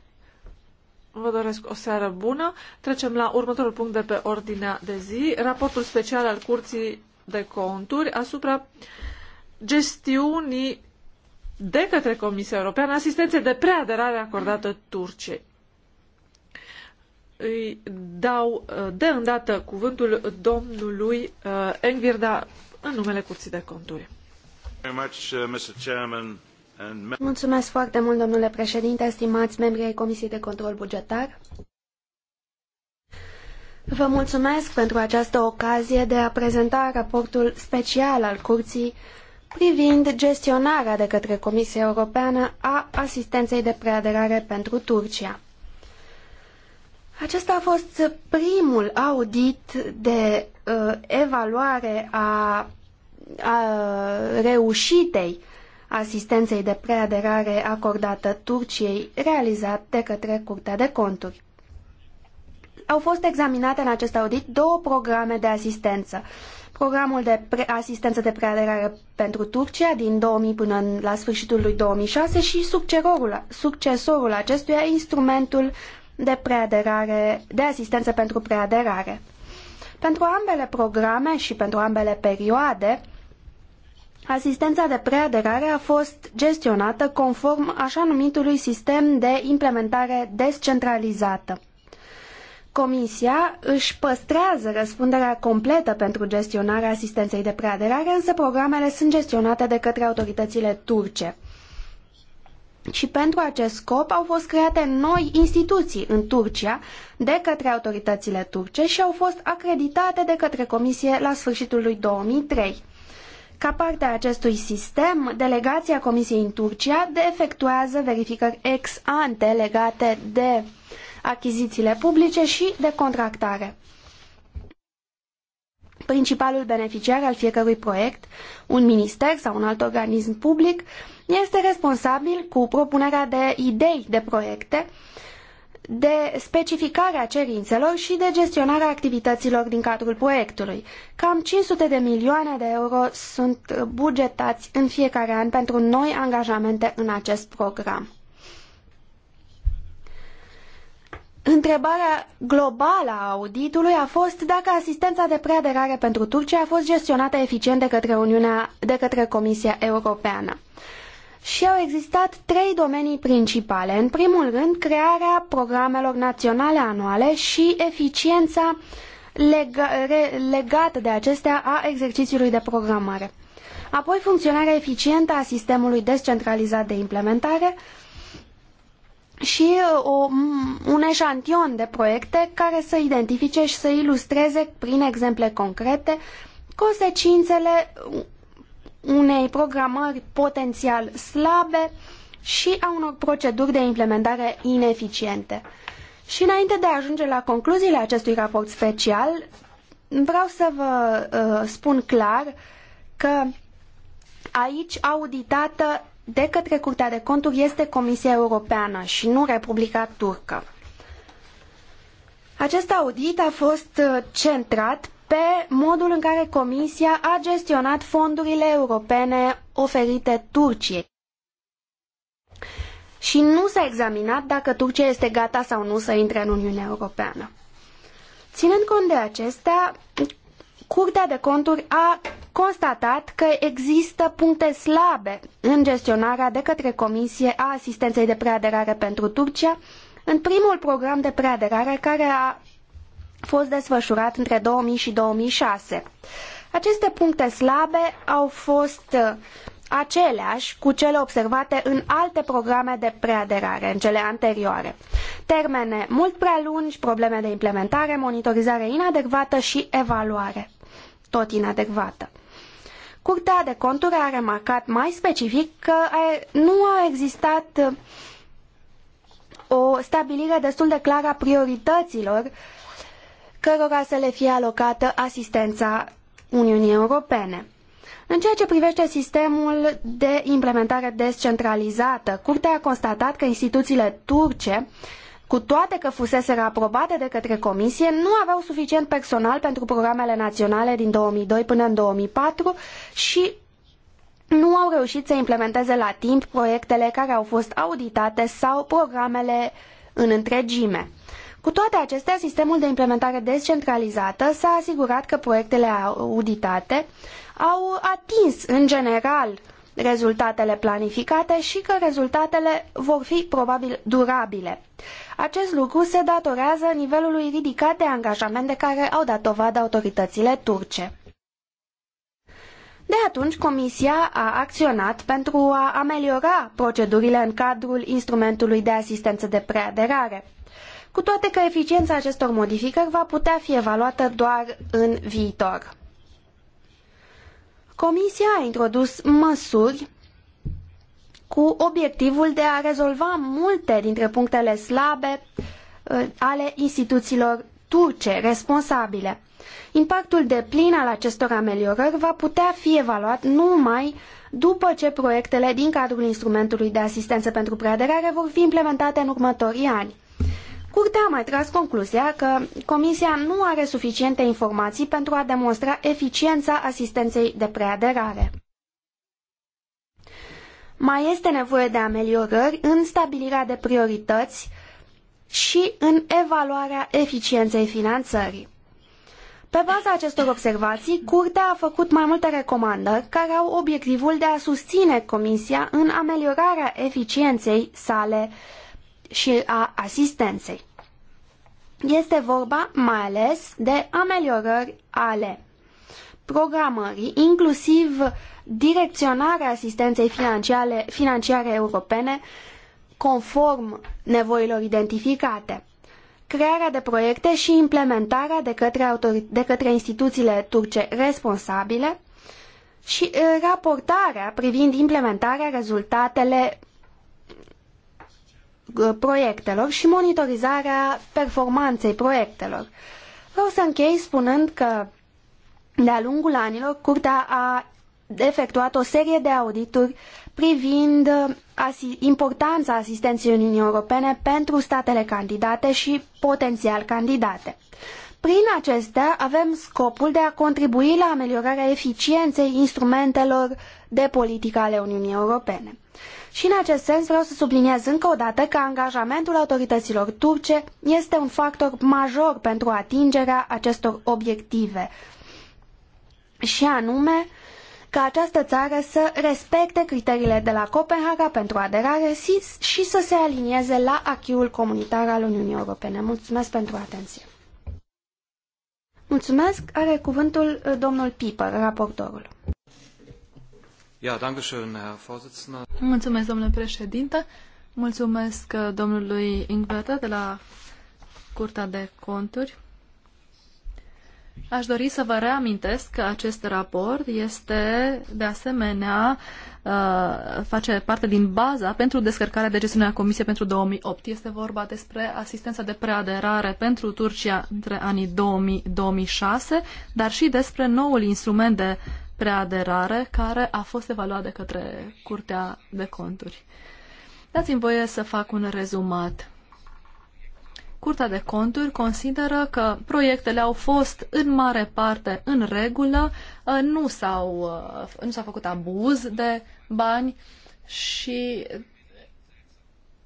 Vă doresc o seară bună. Trecem la următorul punct de pe ordinea de zi, raportul special al Curții de Conturi asupra gestiunii de către Comisia Europeană asistenței de preaderare acordată Turciei. Îi dau uh, de îndată cuvântul domnului uh, Engvirda în numele Curții de Conturi. Very much, uh, Mr. Chairman. Mulțumesc foarte mult, domnule președinte, stimați membri ai Comisiei de Control Bugetar. Vă mulțumesc pentru această ocazie de a prezenta raportul special al Curții privind gestionarea de către Comisia Europeană a asistenței de preaderare pentru Turcia. Acesta a fost primul audit de uh, evaluare a, a reușitei asistenței de preaderare acordată Turciei, realizat de către Curtea de Conturi. Au fost examinate în acest audit două programe de asistență. Programul de asistență de preaderare pentru Turcia din 2000 până în, la sfârșitul lui 2006 și succesorul acestuia, instrumentul de preaderare, de asistență pentru preaderare. Pentru ambele programe și pentru ambele perioade, Asistența de preaderare a fost gestionată conform așa numitului sistem de implementare descentralizată. Comisia își păstrează răspunderea completă pentru gestionarea asistenței de preaderare, însă programele sunt gestionate de către autoritățile turce. Și pentru acest scop au fost create noi instituții în Turcia de către autoritățile turce și au fost acreditate de către Comisie la sfârșitul lui 2003. Ca parte a acestui sistem, delegația Comisiei în Turcia de efectuează verificări ex ante legate de achizițiile publice și de contractare. Principalul beneficiar al fiecărui proiect, un minister sau un alt organism public, este responsabil cu propunerea de idei de proiecte de specificarea cerințelor și de gestionarea activităților din cadrul proiectului. Cam 500 de milioane de euro sunt bugetați în fiecare an pentru noi angajamente în acest program. Întrebarea globală a auditului a fost dacă asistența de preaderare pentru Turcia a fost gestionată eficient de către, Uniunea, de către Comisia Europeană și au existat trei domenii principale. În primul rând, crearea programelor naționale anuale și eficiența lega legată de acestea a exercițiului de programare. Apoi, funcționarea eficientă a sistemului descentralizat de implementare și o, un eșantion de proiecte care să identifice și să ilustreze prin exemple concrete consecințele unei programări potențial slabe și a unor proceduri de implementare ineficiente. Și înainte de a ajunge la concluziile acestui raport special, vreau să vă uh, spun clar că aici auditată de către Curtea de Conturi este Comisia Europeană și nu Republica Turcă. Acest audit a fost uh, centrat pe modul în care Comisia a gestionat fondurile europene oferite Turciei. Și nu s-a examinat dacă Turcia este gata sau nu să intre în Uniunea Europeană. Ținând cont de acestea, Curtea de Conturi a constatat că există puncte slabe în gestionarea de către Comisie a asistenței de preaderare pentru Turcia, în primul program de preaderare care a fost desfășurat între 2000 și 2006. Aceste puncte slabe au fost uh, aceleași cu cele observate în alte programe de preaderare, în cele anterioare. Termene mult prea lungi, probleme de implementare, monitorizare inadecvată și evaluare, tot inadecvată. Curtea de conturi a remarcat mai specific că nu a existat uh, o stabilire destul de clară a priorităților uh, cărora să le fie alocată asistența Uniunii Europene. În ceea ce privește sistemul de implementare descentralizată, Curtea a constatat că instituțiile turce, cu toate că fuseseră aprobate de către Comisie, nu aveau suficient personal pentru programele naționale din 2002 până în 2004 și nu au reușit să implementeze la timp proiectele care au fost auditate sau programele în întregime. Cu toate acestea, sistemul de implementare descentralizată s-a asigurat că proiectele auditate au atins, în general, rezultatele planificate și că rezultatele vor fi probabil durabile. Acest lucru se datorează nivelului ridicat de angajament de care au dat dovadă autoritățile turce. De atunci, Comisia a acționat pentru a ameliora procedurile în cadrul instrumentului de asistență de preaderare cu toate că eficiența acestor modificări va putea fi evaluată doar în viitor. Comisia a introdus măsuri cu obiectivul de a rezolva multe dintre punctele slabe uh, ale instituțiilor turce responsabile. Impactul deplin al acestor ameliorări va putea fi evaluat numai după ce proiectele din cadrul instrumentului de asistență pentru preaderare vor fi implementate în următorii ani. Curtea a mai tras concluzia că Comisia nu are suficiente informații pentru a demonstra eficiența asistenței de preaderare. Mai este nevoie de ameliorări în stabilirea de priorități și în evaluarea eficienței finanțării. Pe baza acestor observații, Curtea a făcut mai multe recomandări care au obiectivul de a susține Comisia în ameliorarea eficienței sale uh, și a asistenței. Este vorba mai ales de ameliorări ale programării, inclusiv direcționarea asistenței financiare, financiare europene conform nevoilor identificate, crearea de proiecte și implementarea de către, autori, de către instituțiile turce responsabile și eh, raportarea privind implementarea rezultatele Uh, proiectelor și monitorizarea performanței proiectelor. Vreau să închei spunând că de-a lungul anilor, Curtea a efectuat o serie de audituri privind uh, importanța asistenței Uniunii Europene pentru statele candidate și potențial candidate. Prin acestea avem scopul de a contribui la ameliorarea eficienței instrumentelor de politică ale Uniunii Europene. Și în acest sens vreau să subliniez încă o dată că angajamentul autorităților turce este un factor major pentru atingerea acestor obiective. Și anume, ca această țară să respecte criteriile de la Copenhaga pentru aderare și să se alinieze la achiul comunitar al Uniunii Europene. Mulțumesc pentru atenție. Mulțumesc. Are cuvântul uh, domnul Piper, raportorul. Mulțumesc, domnule președinte. Mulțumesc uh, domnului Ingvete de la Curtea de Conturi. Aș dori să vă reamintesc că acest raport este, de asemenea, uh, face parte din baza pentru descărcarea de gestiune a Comisiei pentru 2008. Este vorba despre asistența de preaderare pentru Turcia între anii 2000-2006, dar și despre noul instrument de preaderare care a fost evaluat de către Curtea de Conturi. Dați-mi voie să fac un rezumat. Curtea de Conturi consideră că proiectele au fost în mare parte în regulă, uh, nu, s-au, uh, nu s-a făcut abuz de bani și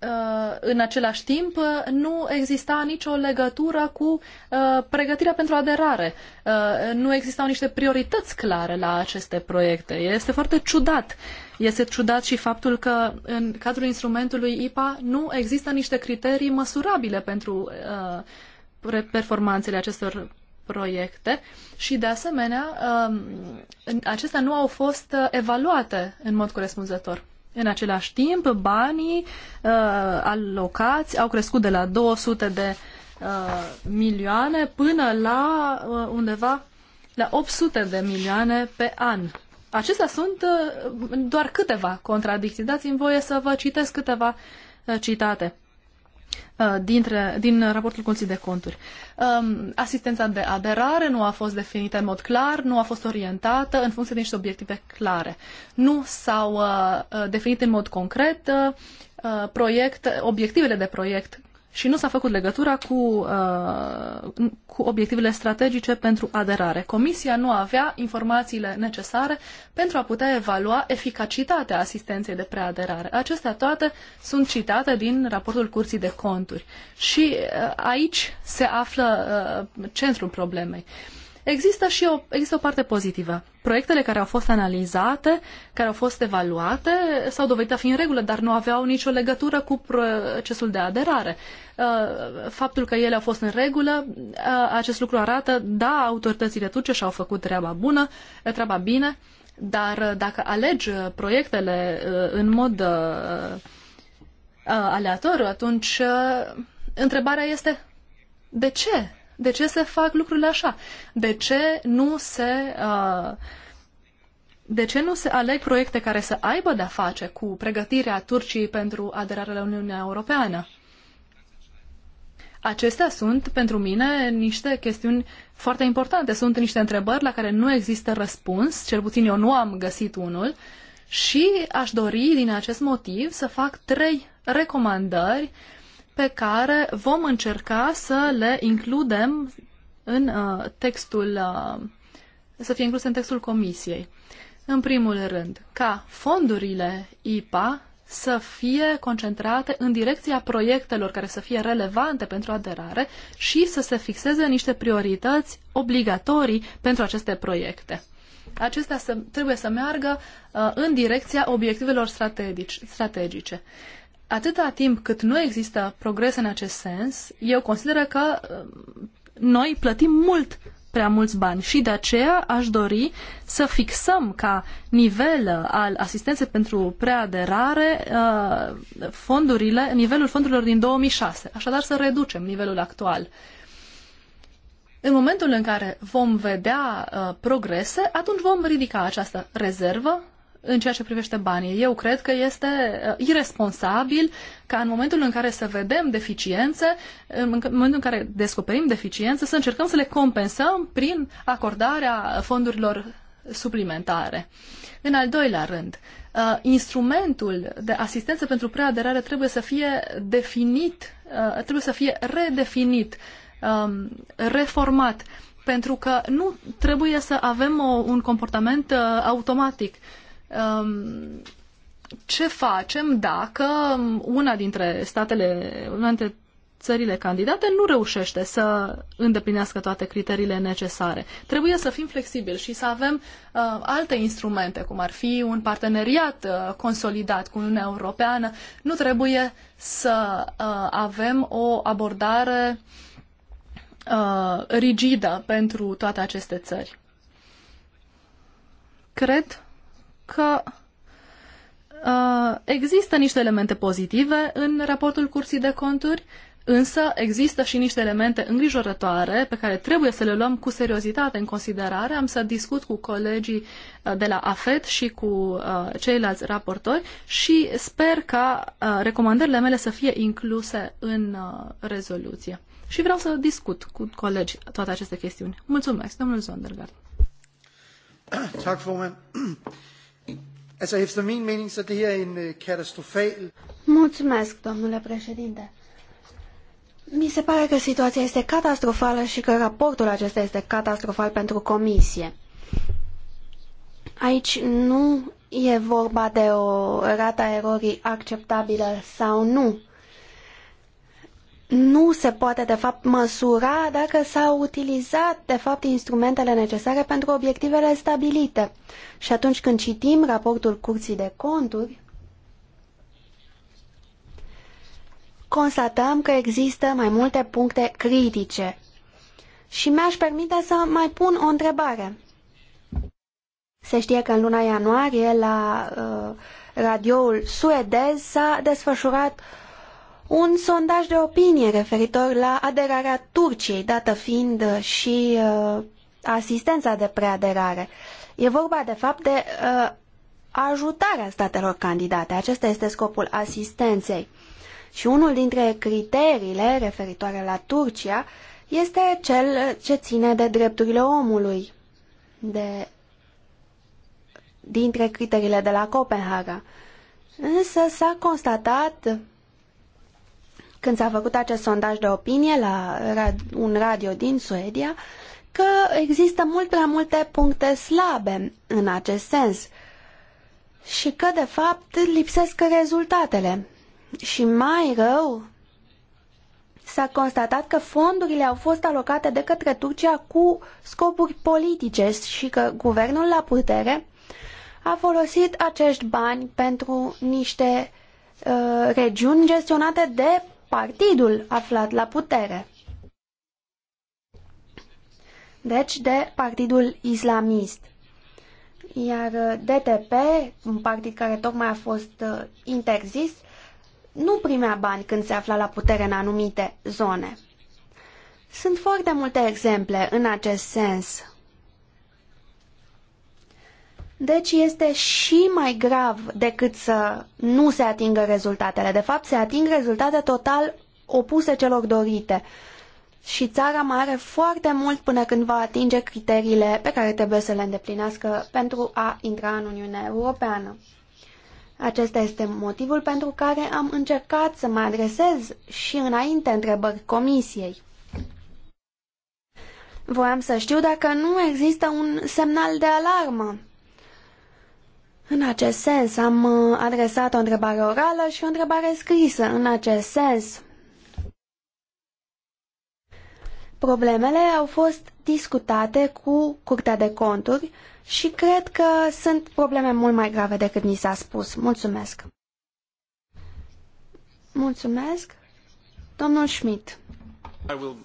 Uh, în același timp, nu exista nicio legătură cu uh, pregătirea pentru aderare. Uh, nu existau niște priorități clare la aceste proiecte. Este foarte ciudat. Este ciudat și faptul că în cadrul instrumentului IPA nu există niște criterii măsurabile pentru performanțele acestor proiecte și, de asemenea, acestea nu au fost evaluate în mod corespunzător. În același timp, banii uh, alocați au crescut de la 200 de uh, milioane până la uh, undeva la 800 de milioane pe an. Acestea sunt uh, doar câteva contradicții. Dați-mi voie să vă citesc câteva uh, citate. Uh, dintre, din raportul Curții de Conturi. Um, asistența de aderare nu a fost definită în mod clar, nu a fost orientată în funcție de niște obiective clare. Nu s-au uh, uh, definit în mod concret proiect, obiectivele de proiect și nu s-a făcut legătura cu, uh, cu obiectivele strategice pentru aderare. Comisia nu avea informațiile necesare pentru a putea evalua eficacitatea asistenței de preaderare. Acestea toate sunt citate din raportul Curții de Conturi. Și uh, aici se află uh, centrul problemei. Uh, Există și o, există o parte pozitivă. Proiectele care au fost analizate, care au fost evaluate, s-au dovedit a fi în regulă, dar nu aveau nicio legătură cu procesul de aderare. Uh, faptul că ele au fost în regulă, uh, acest lucru arată, da, autoritățile turce și-au făcut treaba bună, treaba bine, dar dacă alegi proiectele uh, în mod aleator, atunci întrebarea este de ce de ce se fac lucrurile așa? De ce nu se... Uh, de ce nu se aleg proiecte care să aibă de-a face cu pregătirea Turciei pentru aderarea la Uniunea Europeană? Acestea sunt, pentru mine, niște chestiuni foarte importante. Sunt niște întrebări la care nu există răspuns, cel puțin eu nu am găsit unul, și aș dori, din acest motiv, să fac trei recomandări pe care vom încerca să le includem în uh, textul, uh, să fie incluse în textul comisiei. În primul rând, ca fondurile IPA să fie concentrate în direcția proiectelor care să fie relevante pentru aderare și să se fixeze niște priorități obligatorii pentru aceste proiecte. Acestea să, trebuie să meargă uh, în direcția obiectivelor strategice atâta timp cât nu există progres în acest sens, eu consider că um, noi plătim mult prea mulți bani și de aceea aș dori să fixăm ca nivel al asistenței pentru preaderare uh, fondurile, nivelul fondurilor din 2006, așadar să reducem nivelul actual. În momentul în care vom vedea uh, progrese, atunci vom ridica această rezervă în ceea ce privește banii. Eu cred că este uh, irresponsabil ca în momentul în care să vedem deficiențe, în momentul în care descoperim deficiențe, să încercăm să le compensăm prin acordarea fondurilor suplimentare. În al doilea rând, uh, instrumentul de asistență pentru preaderare trebuie să fie definit, uh, trebuie să fie redefinit, um, reformat pentru că nu trebuie să avem o, un comportament uh, automatic. Um, ce facem dacă una dintre statele, una dintre țările candidate nu reușește să îndeplinească toate criteriile necesare. Trebuie să fim flexibili și să avem uh, alte instrumente, cum ar fi un parteneriat uh, consolidat cu Uniunea Europeană. Nu trebuie să uh, avem o abordare uh, rigidă pentru toate aceste țări. Cred că uh, există niște elemente pozitive în raportul Curții de Conturi, însă există și niște elemente îngrijorătoare pe care trebuie să le luăm cu seriozitate în considerare. Am să discut cu colegii uh, de la AFET și cu uh, ceilalți raportori și sper ca uh, recomandările mele să fie incluse în uh, rezoluție. Și vreau să discut cu colegi toate aceste chestiuni. Mulțumesc, domnul Zondergaard. Tak, formand. Altså, efter min mening, så er det her en øh, katastrofal... Mulțumesc, domnule președinte. Mi se pare că situația este catastrofală și că raportul acesta este catastrofal pentru comisie. Aici nu e vorba de o rata erorii acceptabilă sau nu nu se poate, de fapt, măsura dacă s-au utilizat, de fapt, instrumentele necesare pentru obiectivele stabilite. Și atunci când citim raportul Curții de Conturi, constatăm că există mai multe puncte critice. Și mi-aș permite să mai pun o întrebare. Se știe că în luna ianuarie la uh, radioul suedez s-a desfășurat uh, un sondaj de opinie referitor la aderarea Turciei, dată fiind și uh, asistența de preaderare. E vorba, de fapt, de uh, ajutarea statelor candidate. Acesta este scopul asistenței. Și unul dintre criteriile referitoare la Turcia este cel ce ține de drepturile omului, de, dintre criteriile de la Copenhaga. Însă s-a constatat când s-a făcut acest sondaj de opinie la un radio din Suedia, că există mult prea multe puncte slabe în acest sens și că, de fapt, lipsesc rezultatele. Și mai rău, s-a constatat că fondurile au fost alocate de către Turcia cu scopuri politice și că guvernul la putere a folosit acești bani pentru niște uh, regiuni gestionate de partidul aflat la putere. Deci de partidul islamist. Iar DTP, un partid care tocmai a fost uh, interzis, nu primea bani când se afla la putere în anumite zone. Sunt foarte multe exemple în acest sens. Deci este și mai grav decât să nu se atingă rezultatele. De fapt, se ating rezultate total opuse celor dorite. Și țara mai are foarte mult până când va atinge criteriile pe care trebuie să le îndeplinească pentru a intra în Uniunea Europeană. Acesta este motivul pentru care am încercat să mă adresez și înainte întrebări comisiei. Voiam să știu dacă nu există un semnal de alarmă în acest sens am uh, adresat o întrebare orală și o întrebare scrisă în acest sens. Problemele au fost discutate cu Curtea de Conturi și cred că sunt probleme mult mai grave decât ni s-a spus. Mulțumesc! Mulțumesc! Domnul Schmidt. Uh,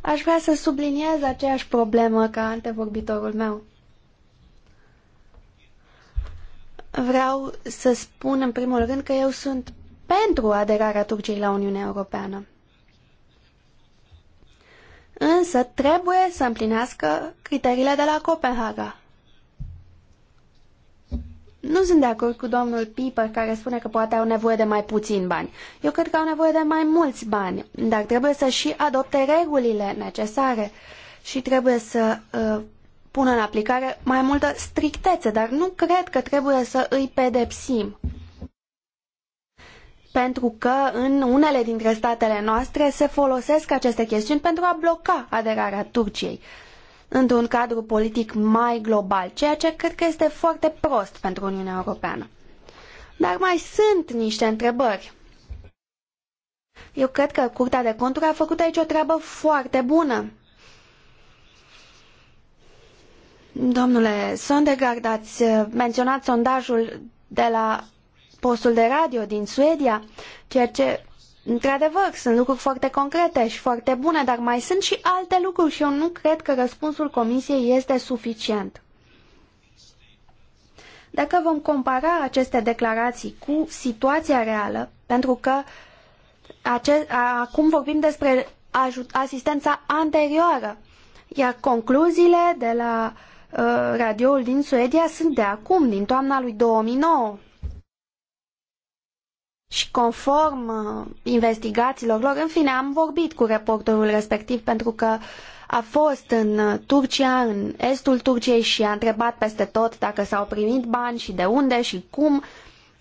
Aș vrea să subliniez aceeași problemă ca antevorbitorul meu. Vreau să spun în primul rând că eu sunt pentru aderarea Turciei la Uniunea Europeană. Însă trebuie să împlinească criteriile de la Copenhaga. Nu sunt de acord cu domnul Piper care spune că poate au nevoie de mai puțin bani. Eu cred că au nevoie de mai mulți bani, dar trebuie să și adopte regulile necesare și trebuie să uh, pună în aplicare mai multă strictețe, dar nu cred că trebuie să îi pedepsim. Pentru că în unele dintre statele noastre se folosesc aceste chestiuni pentru a bloca aderarea Turciei într-un cadru politic mai global, ceea ce cred că este foarte prost pentru Uniunea Europeană. Dar mai sunt niște întrebări. Eu cred că Curtea de Conturi a făcut aici o treabă foarte bună. Domnule Sondergaard, ați uh, menționat sondajul de la postul de radio din Suedia, ceea ce, într-adevăr, sunt lucruri foarte concrete și foarte bune, dar mai sunt și alte lucruri și eu nu cred că răspunsul Comisiei este suficient. Dacă vom compara aceste declarații cu situația reală, pentru că acum vorbim despre asistența anterioară, iar concluziile de la uh, Uh, radioul din Suedia sunt de acum, din toamna lui 2009. Și conform uh, investigațiilor lor, în fine, am vorbit cu reporterul respectiv pentru că a fost în uh, Turcia, în estul Turciei și a întrebat peste tot dacă s-au primit bani și de unde și cum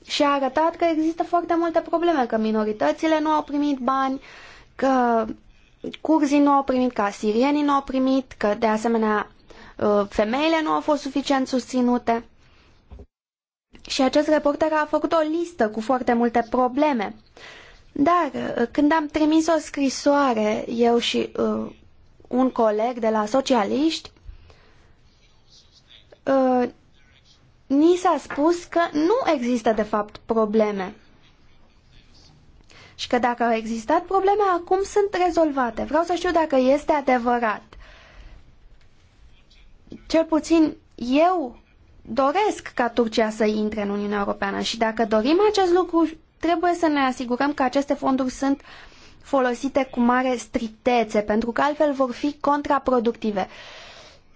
și a arătat că există foarte multe probleme, că minoritățile nu au primit bani, că curzii nu au primit, că asirienii nu au primit, că de asemenea Uh, femeile nu au fost suficient susținute. Și acest reporter a făcut o listă cu foarte multe probleme. Dar uh, când am trimis o scrisoare, eu și uh, un coleg de la socialiști, uh, ni s-a spus că nu există de fapt probleme. Și că dacă au existat probleme, acum sunt rezolvate. Vreau să știu dacă este adevărat. Cel puțin eu doresc ca Turcia să intre în Uniunea Europeană și dacă dorim acest lucru, trebuie să ne asigurăm că aceste fonduri sunt folosite cu mare strictețe, pentru că altfel vor fi contraproductive.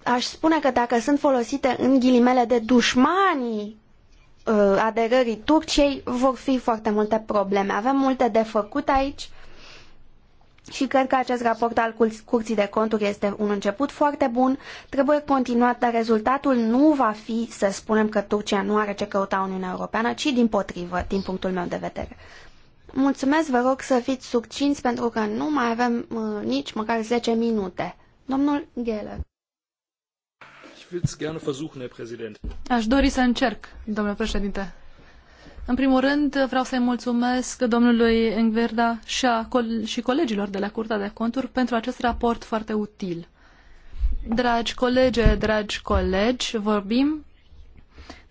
Aș spune că dacă sunt folosite în ghilimele de dușmanii uh, aderării Turciei, vor fi foarte multe probleme. Avem multe de făcut aici și cred că acest raport al Curții de Conturi este un început foarte bun, trebuie continuat, dar rezultatul nu va fi să spunem că Turcia nu are ce căuta Uniunea Europeană, ci din potrivă, din punctul meu de vedere. Mulțumesc, vă rog să fiți succinți pentru că nu mai avem uh, nici măcar zece minute. Domnul Geller. Aș dori să încerc, domnule președinte. În primul rând, vreau să-i mulțumesc domnului Engverda și, a, și colegilor de la Curtea de Conturi pentru acest raport foarte util. Dragi colege, dragi colegi, vorbim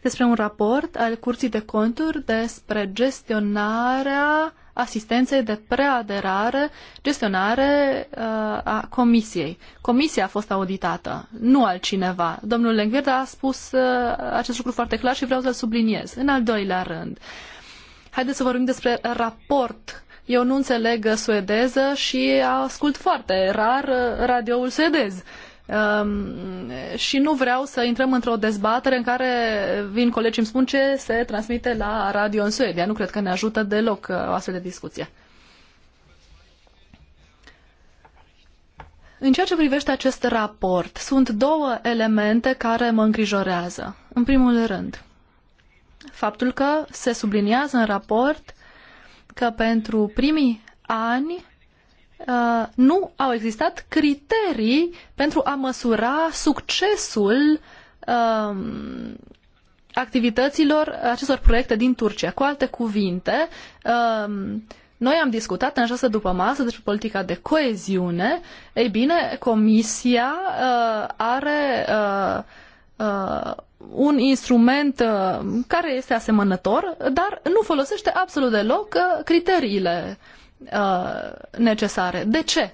despre un raport al Curții de Conturi despre gestionarea asistenței de preaderare, gestionare uh, a comisiei. Comisia a fost auditată, nu altcineva. Domnul Lengvier a spus uh, acest lucru foarte clar și vreau să-l subliniez. În al doilea rând, haideți să vorbim despre raport eu nu înțeleg suedeză și ascult foarte rar uh, radioul suedez. Um, și nu vreau să intrăm într-o dezbatere în care vin colegii îmi spun ce se transmite la radio în Suedia. Nu cred că ne ajută deloc uh, o astfel de discuție. În ceea ce privește acest raport, sunt două elemente care mă îngrijorează. În primul rând, faptul că se subliniază în raport că pentru primii ani Uh, nu au existat criterii pentru a măsura succesul um, activităților acestor proiecte din Turcia. Cu alte cuvinte, um, noi am discutat în această după masă despre politica de coeziune. Ei bine, Comisia uh, are uh, un instrument care este asemănător, dar nu folosește absolut deloc criteriile uh, Uh, necesare. De ce?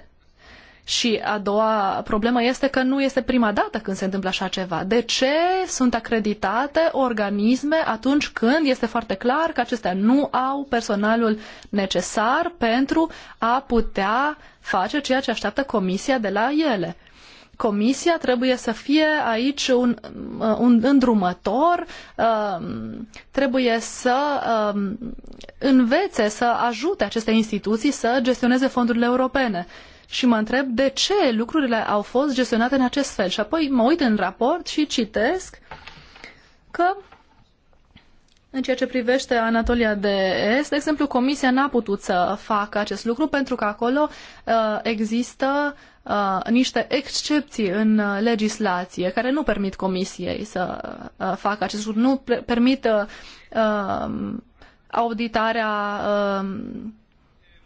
Și a doua problemă este că nu este prima dată când se întâmplă așa ceva. De ce sunt acreditate organisme atunci când este foarte clar că acestea nu au personalul necesar pentru a putea face ceea ce așteaptă comisia de la ele? Comisia trebuie să fie aici un, uh, un îndrumător, uh, trebuie să uh, învețe, să ajute aceste instituții să gestioneze fondurile europene. Și mă întreb de ce lucrurile au fost gestionate în acest fel. Și apoi mă uit în raport și citesc că în ceea ce privește Anatolia de Est, de exemplu, Comisia n-a putut să facă acest lucru pentru că acolo uh, există uh, niște excepții în uh, legislație care nu permit Comisiei să uh, facă acest lucru, nu permit uh, uh, auditarea uh,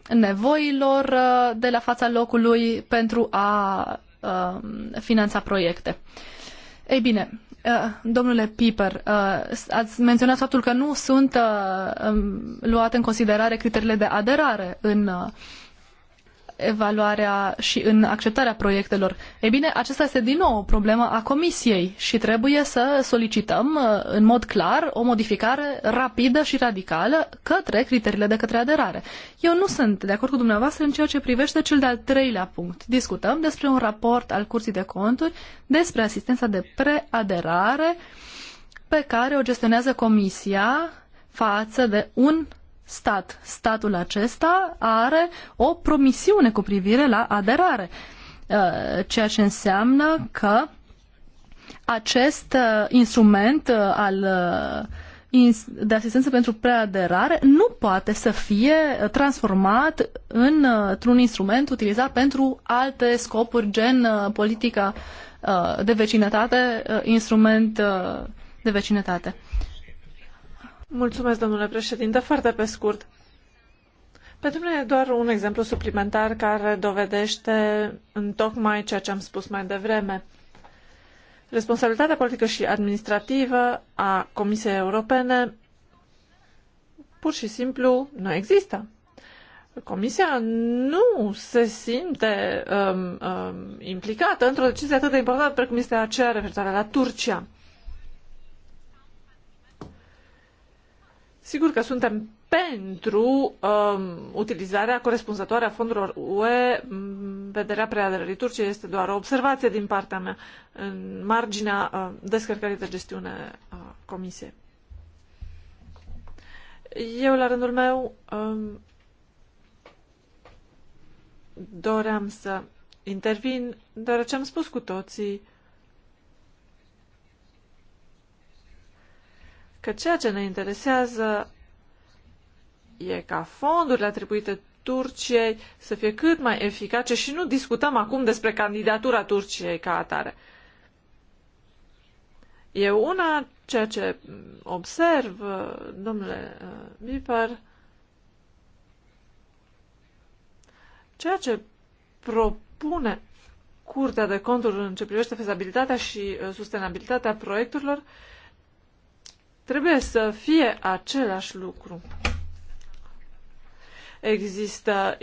nevoilor uh, de la fața locului pentru a uh, finanța proiecte. Ei bine, Uh, domnule Piper, uh, ați menționat faptul că nu sunt uh, um, luate în considerare criteriile de aderare în evaluarea și în acceptarea proiectelor. Ei bine, acesta este din nou o problemă a Comisiei și trebuie să solicităm uh, în mod clar o modificare rapidă și radicală către criteriile de către aderare. Eu nu sunt de acord cu dumneavoastră în ceea ce privește cel de-al treilea punct. Discutăm despre un raport al Curții de Conturi despre asistența de preaderare pe care o gestionează Comisia față de un stat. Statul acesta are o promisiune cu privire la aderare, uh, ceea ce înseamnă că acest uh, instrument uh, al de asistență pentru preaderare nu poate să fie transformat în, într-un instrument utilizat pentru alte scopuri, gen politica de vecinătate, instrument de vecinătate. Mulțumesc, domnule președinte. Foarte pe scurt. Pentru mine e doar un exemplu suplimentar care dovedește în tocmai ceea ce am spus mai devreme. Responsabilitatea politică și administrativă a Comisiei Europene pur și simplu nu există. Comisia nu se simte um, um, implicată într-o decizie atât de importantă precum este aceea referitoare la Turcia. Sigur că suntem pentru um, utilizarea corespunzătoare a fondurilor UE, vederea preaderării Turciei este doar o observație din partea mea în marginea uh, descărcării de gestiune a Comisiei. Eu, la rândul meu, um, doream să intervin, deoarece am spus cu toții că ceea ce ne interesează e ca fondurile atribuite Turciei să fie cât mai eficace și nu discutăm acum despre candidatura Turciei ca atare. E una ceea ce observ, domnule Biper, uh, ceea ce propune Curtea de Conturi în ce privește fezabilitatea și uh, sustenabilitatea proiecturilor uh, trebuie să fie același lucru. Există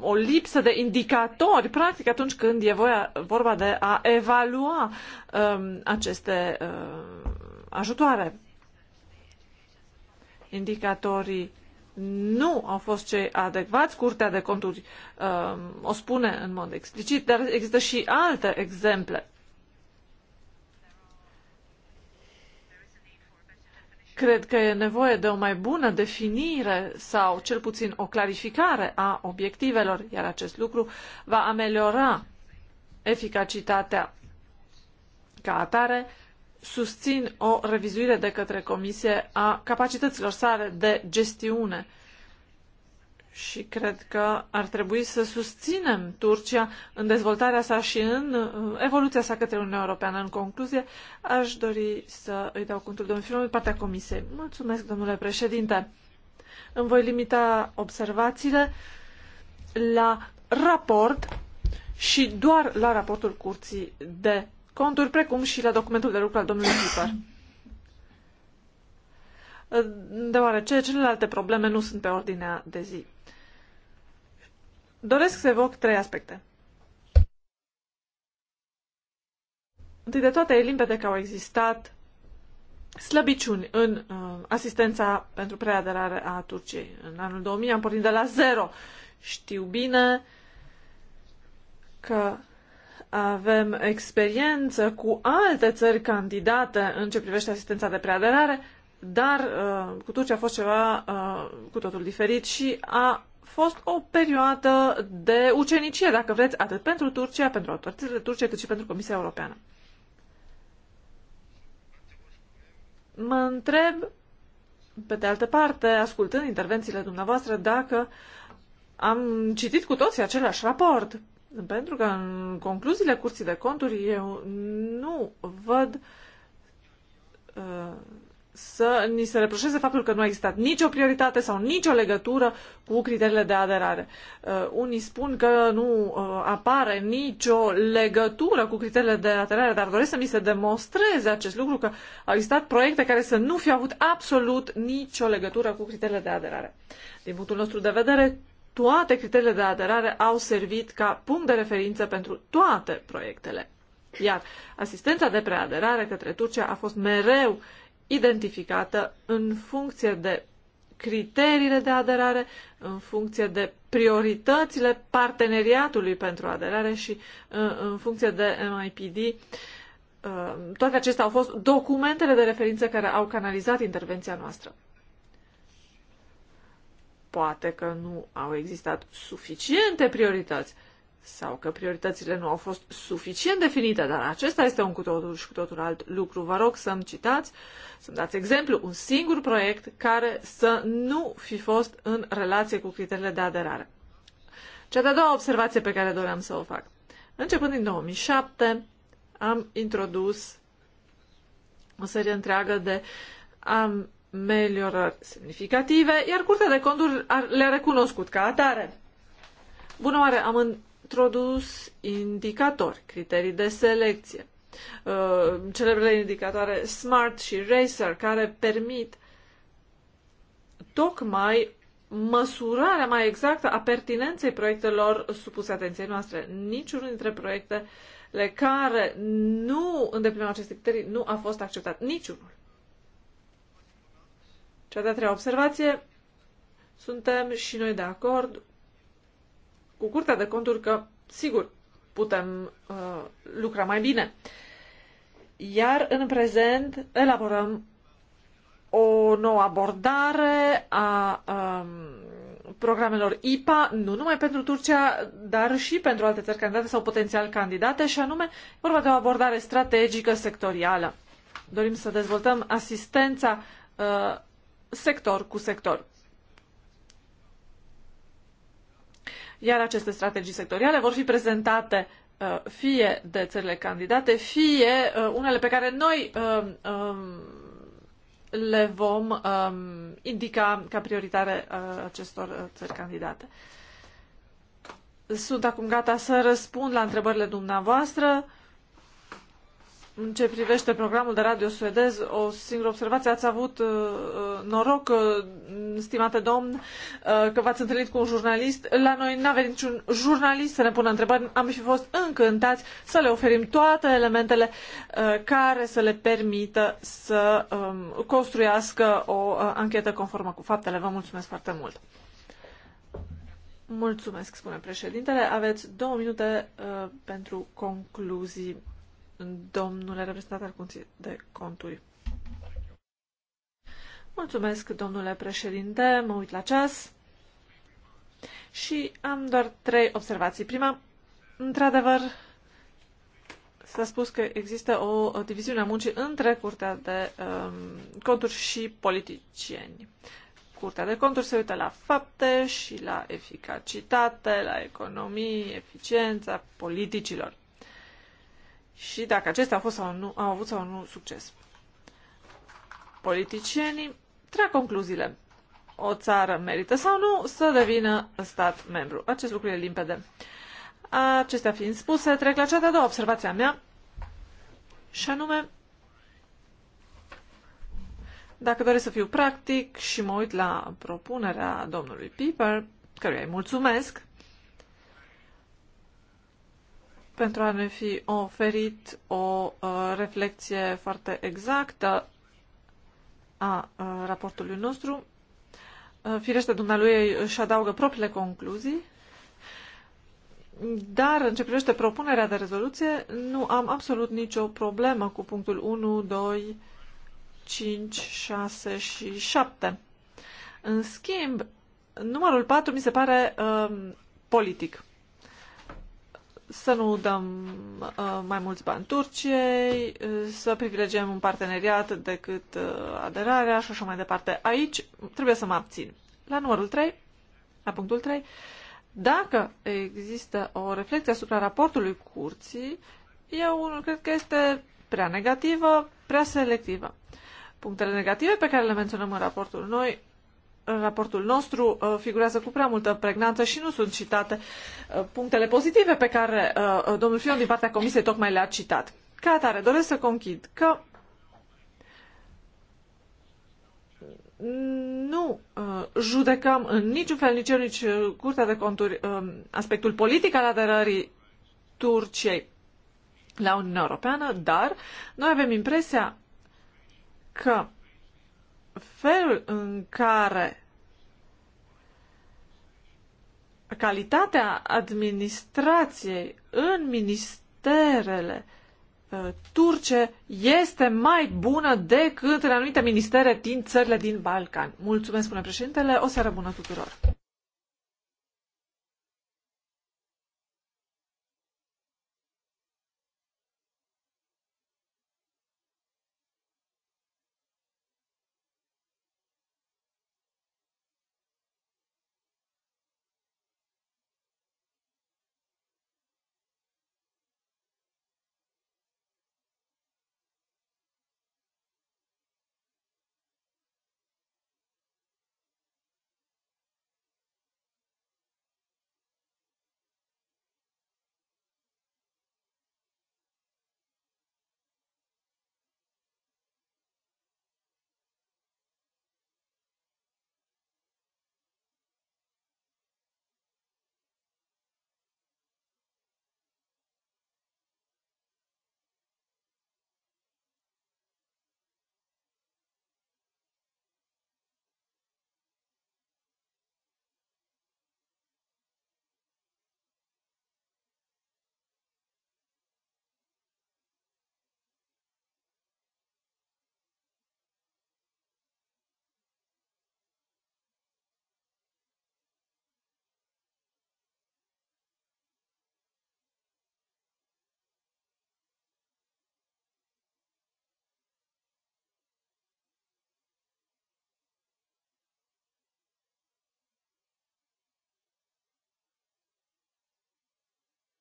o lipsă de indicatori, practic, atunci când e voia, vorba de a evalua um, aceste uh, ajutoare. Indicatorii nu au fost cei adecvați, Curtea de Conturi um, o spune în mod explicit, dar există și alte exemple Cred că e nevoie de o mai bună definire sau cel puțin o clarificare a obiectivelor, iar acest lucru va ameliora eficacitatea. Ca atare, susțin o revizuire de către Comisie a capacităților sale de gestiune și cred că ar trebui să susținem Turcia în dezvoltarea sa și în uh, evoluția sa către Uniunea Europeană. În concluzie, aș dori să îi dau cuvântul domnului Firon, partea Comisiei. Mulțumesc, domnule președinte. Îmi voi limita observațiile la raport și doar la raportul Curții de Conturi, precum și la documentul de lucru al domnului Piper deoarece celelalte probleme nu sunt pe ordinea de zi. Doresc să evoc trei aspecte. Întâi de toate, e limpede că au existat slăbiciuni în uh, asistența pentru preaderare a Turciei. În anul 2000 am pornit de la zero. Știu bine că avem experiență cu alte țări candidate în ce privește asistența de preaderare, dar uh, cu Turcia a fost ceva uh, cu totul diferit și a fost o perioadă de ucenicie, dacă vreți, atât pentru Turcia, pentru autoritățile turce, cât și pentru Comisia Europeană. Mă întreb, pe de altă parte, ascultând intervențiile dumneavoastră, dacă am citit cu toții același raport. Pentru că în concluziile curții de conturi eu nu văd uh, să ni se reproșeze faptul că nu a existat nicio prioritate sau nicio legătură cu criteriile de aderare. Uh, unii spun că nu uh, apare nicio legătură cu criteriile de aderare, dar doresc să mi se demonstreze acest lucru că au existat proiecte care să nu fi avut absolut nicio legătură cu criteriile de aderare. Din punctul nostru de vedere, toate criteriile de aderare au servit ca punct de referință pentru toate proiectele. Iar asistența de preaderare către Turcia a fost mereu uh, identificată în funcție de criteriile de aderare, în funcție de prioritățile parteneriatului pentru aderare și uh, în funcție de MIPD. Uh, toate acestea au fost documentele de referință care au canalizat intervenția noastră. Poate că nu au existat suficiente priorități, sau că prioritățile nu au fost suficient definite, dar acesta este un cu totul și cu totul alt lucru. Vă rog să-mi citați, să-mi dați exemplu, un singur proiect care să nu fi fost în relație cu criteriile de aderare. Cea de-a doua observație pe care doream să o fac. Începând din 2007, am introdus o serie întreagă de ameliorări semnificative, iar Curtea de Conturi le-a recunoscut ca atare. Bună oare, am introdus indicatori, criterii de selecție, uh, celebrele indicatoare SMART și RACER, care permit tocmai măsurarea mai exactă a pertinenței proiectelor supuse atenției noastre. Niciunul dintre proiectele care nu îndeplineau aceste criterii nu a fost acceptat. Niciunul. Cea de-a treia observație, suntem și noi de acord cu Curtea de Conturi că, sigur, putem uh, lucra mai bine. Iar în prezent elaborăm o nouă abordare a um, programelor IPA, nu numai pentru Turcia, dar și pentru alte țări candidate sau potențial candidate, și anume vorba de o abordare strategică sectorială. Dorim să dezvoltăm asistența uh, sector cu sector. Iar aceste strategii sectoriale vor fi prezentate uh, fie de țările candidate, fie uh, unele pe care noi um, um, le vom um, indica ca prioritare uh, acestor țări candidate. Sunt acum gata să răspund la întrebările dumneavoastră. În ce privește programul de radio suedez, o singură observație. Ați avut uh, uh, noroc, uh, stimate domn, uh, că v-ați întâlnit cu un jurnalist. La noi n-a venit niciun jurnalist să ne pună întrebări. Am și fost încântați să le oferim toate elementele uh, care să le permită să um, construiască o uh, anchetă conformă cu faptele. Vă mulțumesc foarte mult. Mulțumesc, spune președintele. Aveți două minute uh, pentru concluzii domnule reprezentant al Curții de Conturi. Mulțumesc, domnule președinte, mă uit la ceas și am doar trei observații. Prima, într-adevăr, s-a spus că există o diviziune a muncii între Curtea de um, Conturi și politicieni. Curtea de Conturi se uită la fapte și la eficacitate, la economii, eficiența politicilor și dacă acestea au, fost sau nu, au avut sau nu succes. Politicienii trag concluziile. O țară merită sau nu să devină stat membru. Acest lucru e limpede. Acestea fiind spuse, trec la cea de-a doua observație a mea, și anume, dacă doresc să fiu practic și mă uit la propunerea domnului Piper, căruia îi mulțumesc, pentru a ne fi oferit o uh, reflexie foarte exactă a uh, raportului nostru. Uh, firește, dumnealui își adaugă propriile concluzii, dar în ce privește propunerea de rezoluție, nu am absolut nicio problemă cu punctul 1, 2, 5, 6 și 7. În schimb, numărul 4 mi se pare uh, politic să nu dăm uh, mai mulți bani Turciei, uh, să privilegiem un parteneriat decât uh, aderarea și așa mai departe. Aici trebuie să mă abțin. La numărul 3, la punctul 3, dacă există o reflecție asupra raportului curții, eu cred că este prea negativă, prea selectivă. Punctele negative pe care le menționăm în raportul noi în raportul nostru uh, figurează cu prea multă pregnanță și nu sunt citate uh, punctele pozitive pe care uh, domnul Fion din partea Comisiei tocmai le-a citat. Ca atare, doresc să conchid că nu judecăm în niciun fel, nici eu, nici Curtea de Conturi, um, aspectul politic al aderării Turciei la Uniunea Europeană, dar noi avem impresia că felul în care calitatea administrației în ministerele uh, turce este mai bună decât în anumite ministere din țările din Balcan. Mulțumesc, spune președintele. O seară bună tuturor!